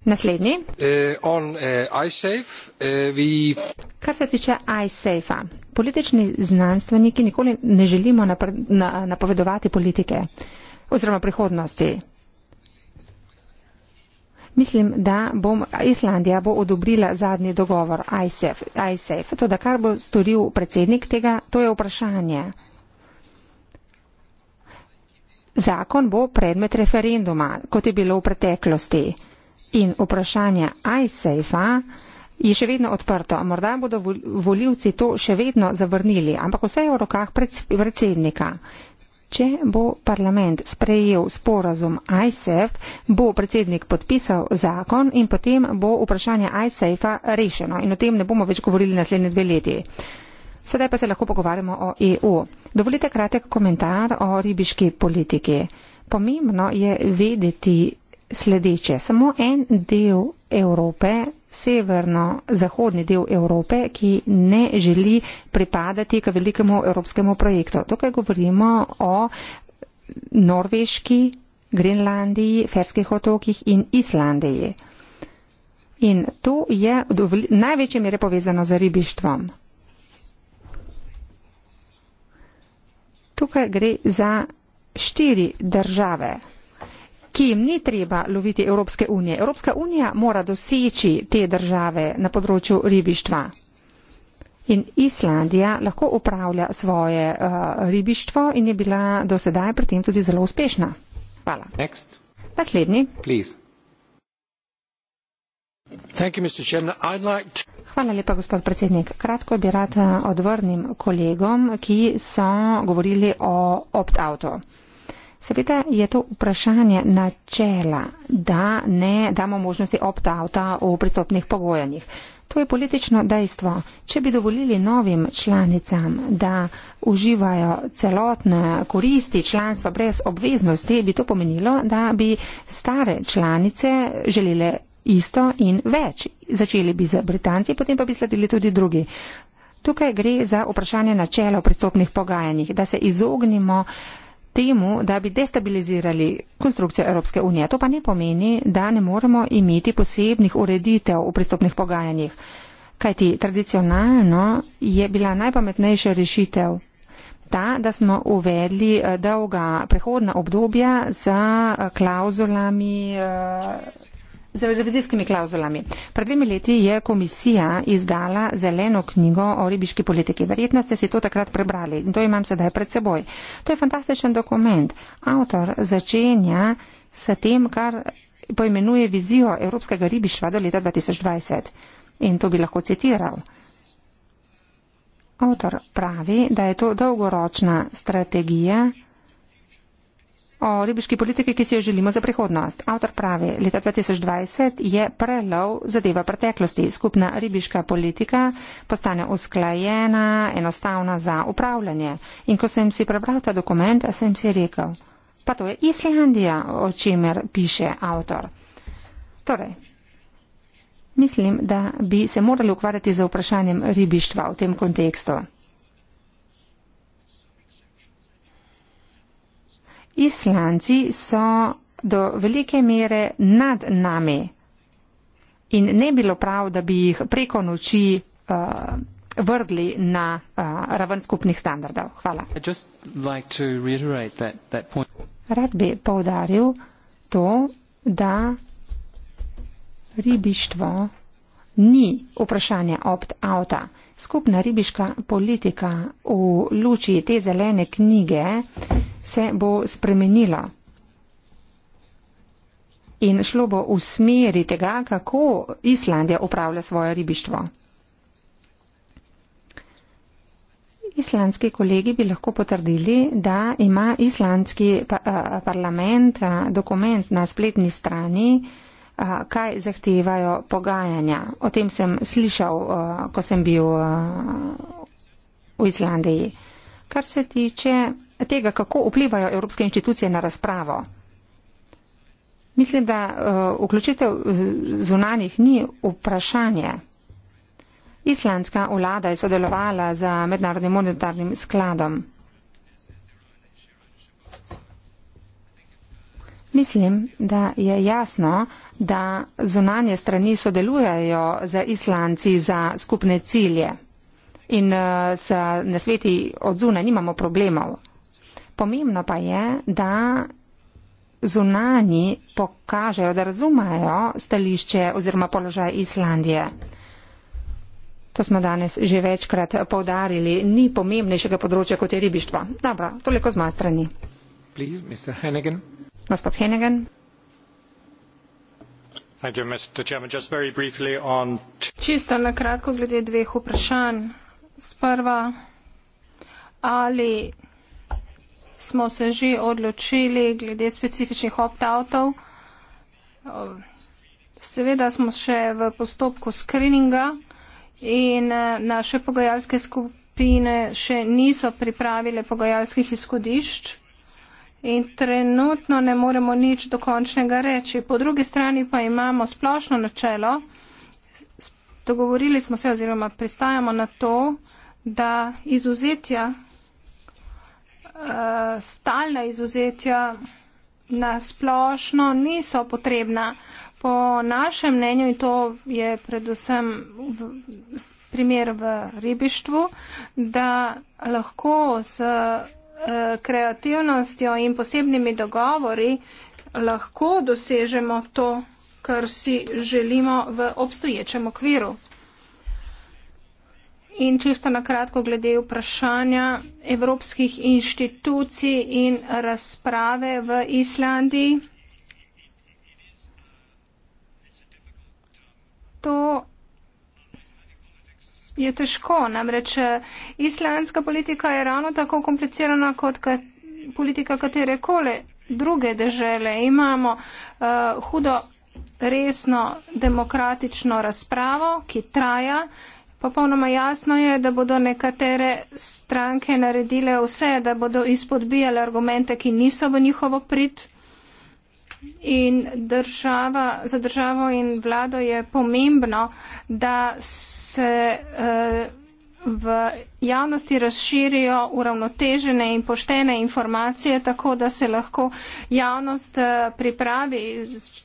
Naslednji. Uh, on, uh, iSafe, uh, eh, we... Kar se tiče iSafe-a, politični znanstveniki nikoli ne želimo napr- na- napovedovati politike oziroma prihodnosti. Mislim, da bom, Islandija bo odobrila zadnji dogovor ISAF. ISAF. To, da kar bo storil predsednik tega, to je vprašanje. Zakon bo predmet referenduma, kot je bilo v preteklosti. In vprašanje ISAF-a je še vedno odprto. Morda bodo voljivci to še vedno zavrnili, ampak vse je v rokah predsednika. Če bo parlament sprejel sporazum ISAF, bo predsednik podpisal zakon in potem bo vprašanje ISAF-a rešeno. In o tem ne bomo več govorili naslednje dve leti. Sedaj pa se lahko pogovarjamo o EU. Dovolite kratek komentar o ribiški politiki. Pomembno je vedeti sledeče. Samo en del Evrope, severno-zahodni del Evrope, ki ne želi pripadati k velikemu evropskemu projektu. Tukaj govorimo o Norveški, Grenlandiji, Ferskih otokih in Islandiji. In to je v največji meri povezano z ribištvom. tukaj gre za štiri države, ki jim ni treba loviti Evropske unije. Evropska unija mora doseči te države na področju ribištva. In Islandija lahko upravlja svoje uh, ribištvo in je bila do sedaj pri tem tudi zelo uspešna. Hvala. Next. Naslednji. Please. Hvala lepa, gospod predsednik. Kratko bi rad eh, odvrnil kolegom, ki so govorili o opt-outu. Seveda je to vprašanje načela, da ne damo možnosti opt-outa v pristopnih pogojanjih. To je politično dejstvo. Če bi dovolili novim članicam, da uživajo celotne koristi članstva brez obveznosti, bi to pomenilo, da bi stare članice želele isto in več. Začeli bi z Britanci, potem pa bi sledili tudi drugi. Tukaj gre za vprašanje načela v pristopnih pogajanjih, da se izognimo temu, da bi destabilizirali konstrukcijo Evropske unije. To pa ne pomeni, da ne moremo imeti posebnih ureditev v pristopnih pogajanjih. Kajti tradicionalno je bila najpametnejša rešitev ta, da smo uvedli eh, dolga prehodna obdobja za eh, klauzulami. Uh, eh, z revizijskimi klauzulami. Pred dvemi leti je komisija izdala zeleno knjigo o ribiški politiki. Verjetno ste si to takrat prebrali in to imam sedaj pred seboj. To je fantastičen dokument. Avtor začenja s tem, kar poimenuje vizijo evropskega ribištva do leta 2020. In to bi lahko citiral. Avtor pravi, da je to dolgoročna strategija o ribiški politiki, ki si jo želimo za prihodnost. Avtor pravi, leta 2020 je prelov zadeva preteklosti. Skupna ribiška politika postane usklajena, enostavna za upravljanje. In ko sem si prebral ta dokument, sem si rekel, pa to je Islandija, o čemer piše avtor. Torej, mislim, da bi se morali ukvarjati za vprašanjem ribištva v tem kontekstu. Islanci so do velike mere nad nami in ne bilo prav, da bi jih preko noči uh, vrdli na uh, raven skupnih standardov. Hvala. Like that, that Rad bi povdaril to, da ribištvo ni vprašanje opt-outa. Skupna ribiška politika v luči te zelene knjige se bo spremenila. In šlo bo v smeri tega, kako Islandija upravlja svoje ribištvo. Islandski kolegi bi lahko potrdili, da ima islandski parlament dokument na spletni strani, kaj zahtevajo pogajanja. O tem sem slišal, ko sem bil v Islandiji. Kar se tiče tega, kako vplivajo evropske inštitucije na razpravo. Mislim, da uh, vključitev eh, zunanih ni vprašanje. Islandska vlada je sodelovala za mednarodnim monetarnim skladom. Mislim, da je jasno, da zunanje strani sodelujejo z Islanci za skupne cilje in uh, s nasveti od zunaj nimamo problemov. Pomembno pa je, da zunani pokažejo, da razumajo stališče oziroma položaj Islandije. To smo danes že večkrat povdarili. Ni pomembnejšega področja kot je ribištvo. Dobro, toliko z moje strani. Gospod Hennigan. Čisto na kratko glede dveh vprašanj. Sprva, ali smo se že odločili glede specifičnih opt-outov. Seveda smo še v postopku screeninga in eh, naše pogajalske skupine še niso pripravile pogajalskih izhodišč in trenutno ne moremo nič dokončnega reči. Po drugi strani pa imamo splošno načelo, dogovorili smo se oziroma pristajamo na to, da izuzetja uh, stalna izuzetja na splošno niso potrebna. Po našem mnenju, in to je predvsem v, primer v ribištvu, da lahko s eh, kreativnostjo in posebnimi dogovori lahko dosežemo to, kar si želimo v obstoječem okviru. In čisto na kratko glede vprašanja evropskih inštitucij in razprave v Islandiji. To je težko, namreč eh, islandska politika je ravno tako komplicirana kot ka politika katerekole druge države. Imamo uh, hudo resno demokratično razpravo, ki traja Popolnoma jasno je, da bodo nekatere stranke naredile vse, da bodo izpodbijale argumente, ki niso v njihovo prid. In država, za državo in vlado je pomembno, da se uh, v javnosti razširijo uravnotežene in poštene informacije, tako da se lahko javnost uh, pripravi,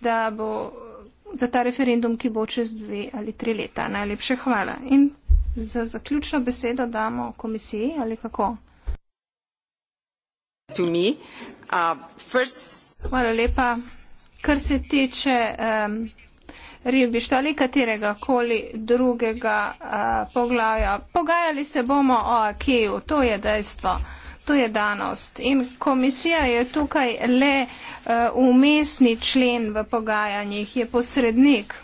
da bo. Uh, za ta referendum, ki bo čez dve ali tri leta. Najlepše hvala. In za zaključno besedo damo komisiji ali kako? Uh, hvala lepa. Kar se tiče um, ribišta ali katerega koli drugega uh, poglavja, pogajali se bomo o AKEJ-u, to je dejstvo to je danost. In komisija je tukaj le eh, umestni člen v pogajanjih, je posrednik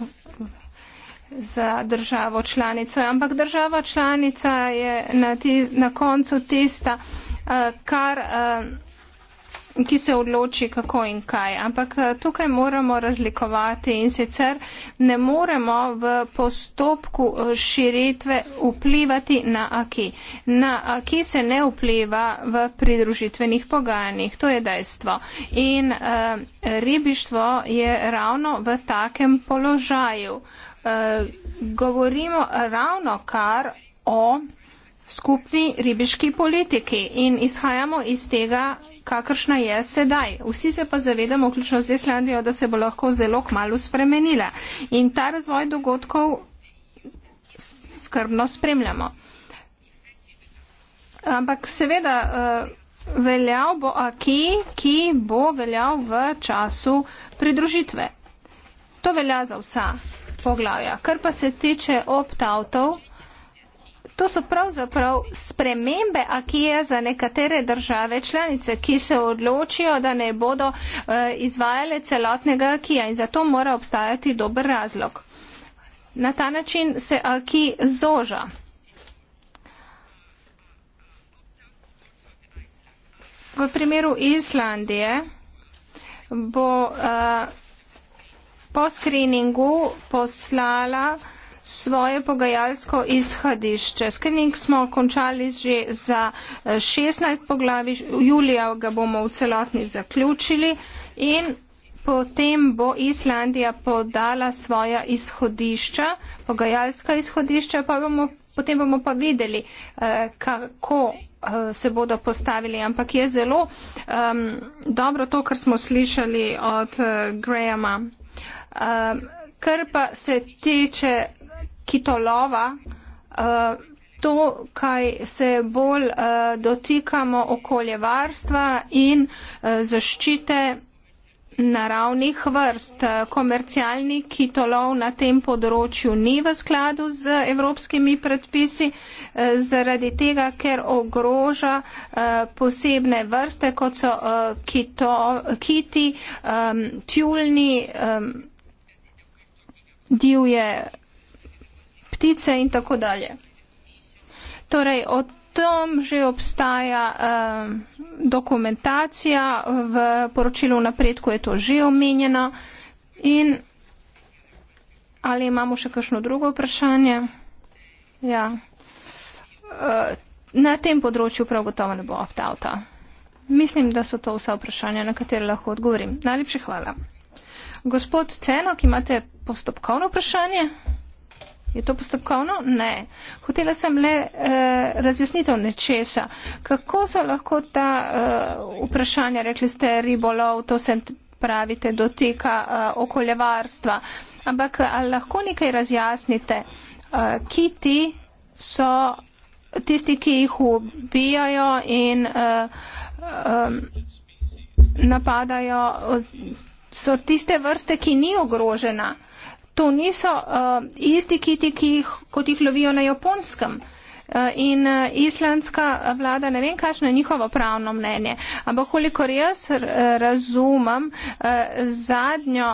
za državo članico, ampak država članica je na, ti, na koncu tista, eh, kar eh, ki se odloči, kako in kaj. Ampak eh, tukaj moramo razlikovati in sicer ne moremo v postopku eh, širitve vplivati na aki. Na aki se ne vpliva v pridružitvenih pogajanjih, to je dejstvo. In uh, ribištvo je ravno v takem položaju. Uh, govorimo ravno kar o skupni ribiški politiki in izhajamo iz tega, kakršna je sedaj. Vsi se pa zavedamo, vključno z Islandijo, da se bo lahko zelo kmalo spremenila. In ta razvoj dogodkov skrbno spremljamo. Ampak seveda eh, veljal bo aki, ki bo veljal v času pridružitve. To velja za vsa poglavja. Kar pa se tiče opt-outov, To so pravzaprav spremembe akije za nekatere države članice, ki se odločijo, da ne bodo eh, izvajale celotnega akija in zato mora obstajati dober razlog. Na ta način se aki zoža. V primeru Islandije bo uh, po skriningu poslala svoje pogajalsko izhodišče. Skrinjik smo končali že za 16 eh, poglavi, julija ga bomo v celotni zaključili in potem bo Islandija podala svoja izhodišča, pogajalska izhodišča, pa bomo, potem bomo pa videli, eh, kako eh, se bodo postavili. Ampak je zelo um, dobro to, kar smo slišali od uh, Grahama. Um, kar pa se tiče kitolova. Eh, to, kaj se bolj eh, dotikamo okoljevarstva in eh, zaščite naravnih vrst. Komercialni kitolov na tem področju ni v skladu z evropskimi predpisi, zaradi tega, ker ogroža posebne vrste, kot so kito, kiti, tjulni, divje ptice in tako dalje. Torej, o tom že obstaja eh, dokumentacija, v poročilu napredku je to že omenjeno. In ali imamo še kakšno drugo vprašanje? Ja. Eh, na tem področju prav gotovo ne bo opt-outa. Mislim, da so to vsa vprašanja, na katere lahko odgovorim. Najlepše hvala. Gospod Cenok, imate postopkovno vprašanje? Je to postopkovno? Ne. Hotela sem le eh, razjasnitev nečesa. Kako so lahko ta eh, vprašanja, rekli ste, ribolov, to se pravite, dotika eh, okoljevarstva. Ampak eh, ali lahko nekaj razjasnite, eh, kiti so tisti, ki jih ubijajo in eh, eh, napadajo, so tiste vrste, ki ni ogrožena to niso uh, isti kiti, ki jih, kot jih lovijo na japonskem. Eh, in eh, islandska vlada, ne vem, kakšno je njihovo pravno mnenje, ampak kolikor jaz razumem, zadnjo,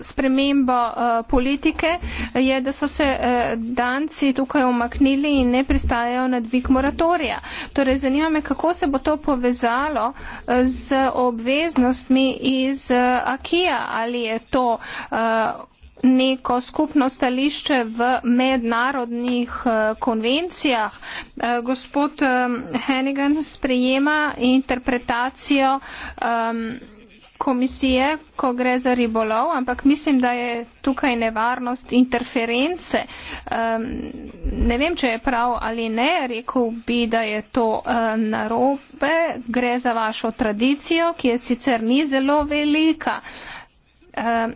spremembo uh, politike, je, da so se uh, danci tukaj omaknili in ne pristajajo na dvig moratorija. Torej, zanima me, kako se bo to povezalo uh, z obveznostmi iz uh, Akija, ali je to. Uh, neko skupno stališče v mednarodnih konvencijah. Gospod Hennigan sprejema interpretacijo. Um, komisije, ko gre za ribolov, ampak mislim, da je tukaj nevarnost interference. Um, ne vem, če je prav ali ne, rekel bi, da je to um, narobe, gre za vašo tradicijo, ki je sicer ni zelo velika. Um,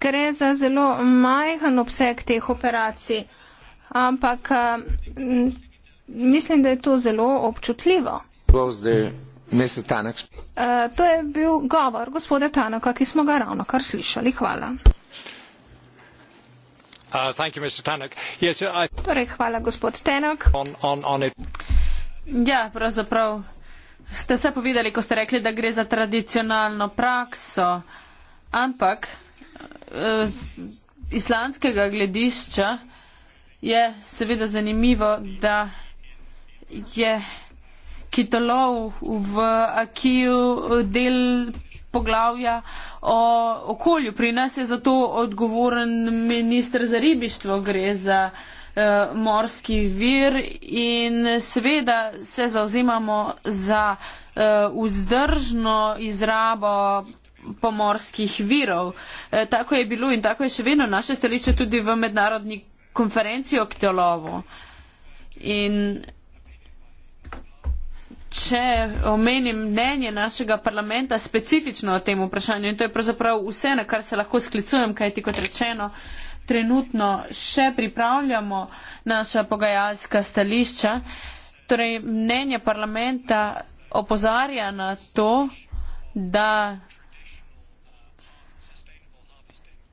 gre za zelo majhen obseg teh operacij, ampak um, mislim, da je to zelo občutljivo. Mrs. Tanak. Uh, eh, to je bil govor gospoda Tanaka, ki smo ga ravno kar slišali. Hvala. Uh, you, yes, I... Torej, hvala, gospod Tanak. Ja, pravzaprav ste vse povedali, ko ste rekli, da gre za tradicionalno prakso, ampak eh, z islandskega gledišča je seveda zanimivo, da je kitolov v akiju del poglavja o okolju. Pri nas je zato odgovoren minister za ribištvo, gre za eh, morski vir in seveda se zauzemamo za eh, vzdržno izrabo pomorskih virov. E, tako je bilo in tako je še vedno naše stališče tudi v mednarodni konferenciji o ktelovu. In Če omenim mnenje našega parlamenta specifično o tem vprašanju, in to je pravzaprav vse, na kar se lahko sklicujem, kaj ti kot rečeno, trenutno še pripravljamo naša pogajalska stališča. Torej, mnenje parlamenta opozarja na to, da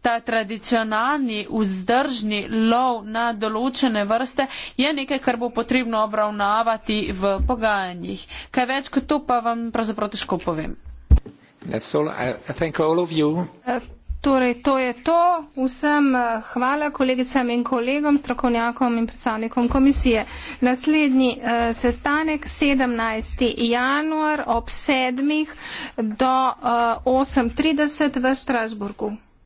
ta tradicionalni vzdržni lov na določene vrste je nekaj, kar bo potrebno obravnavati v pogajanjih. Kaj več kot to pa vam pravzaprav težko povem. Eh, torej, to je to. Vsem eh, hvala kolegicam in kolegom, strokovnjakom in predstavnikom komisije. Naslednji uh, sestanek 17. januar ob 7. do uh, 8.30 v Strasburgu.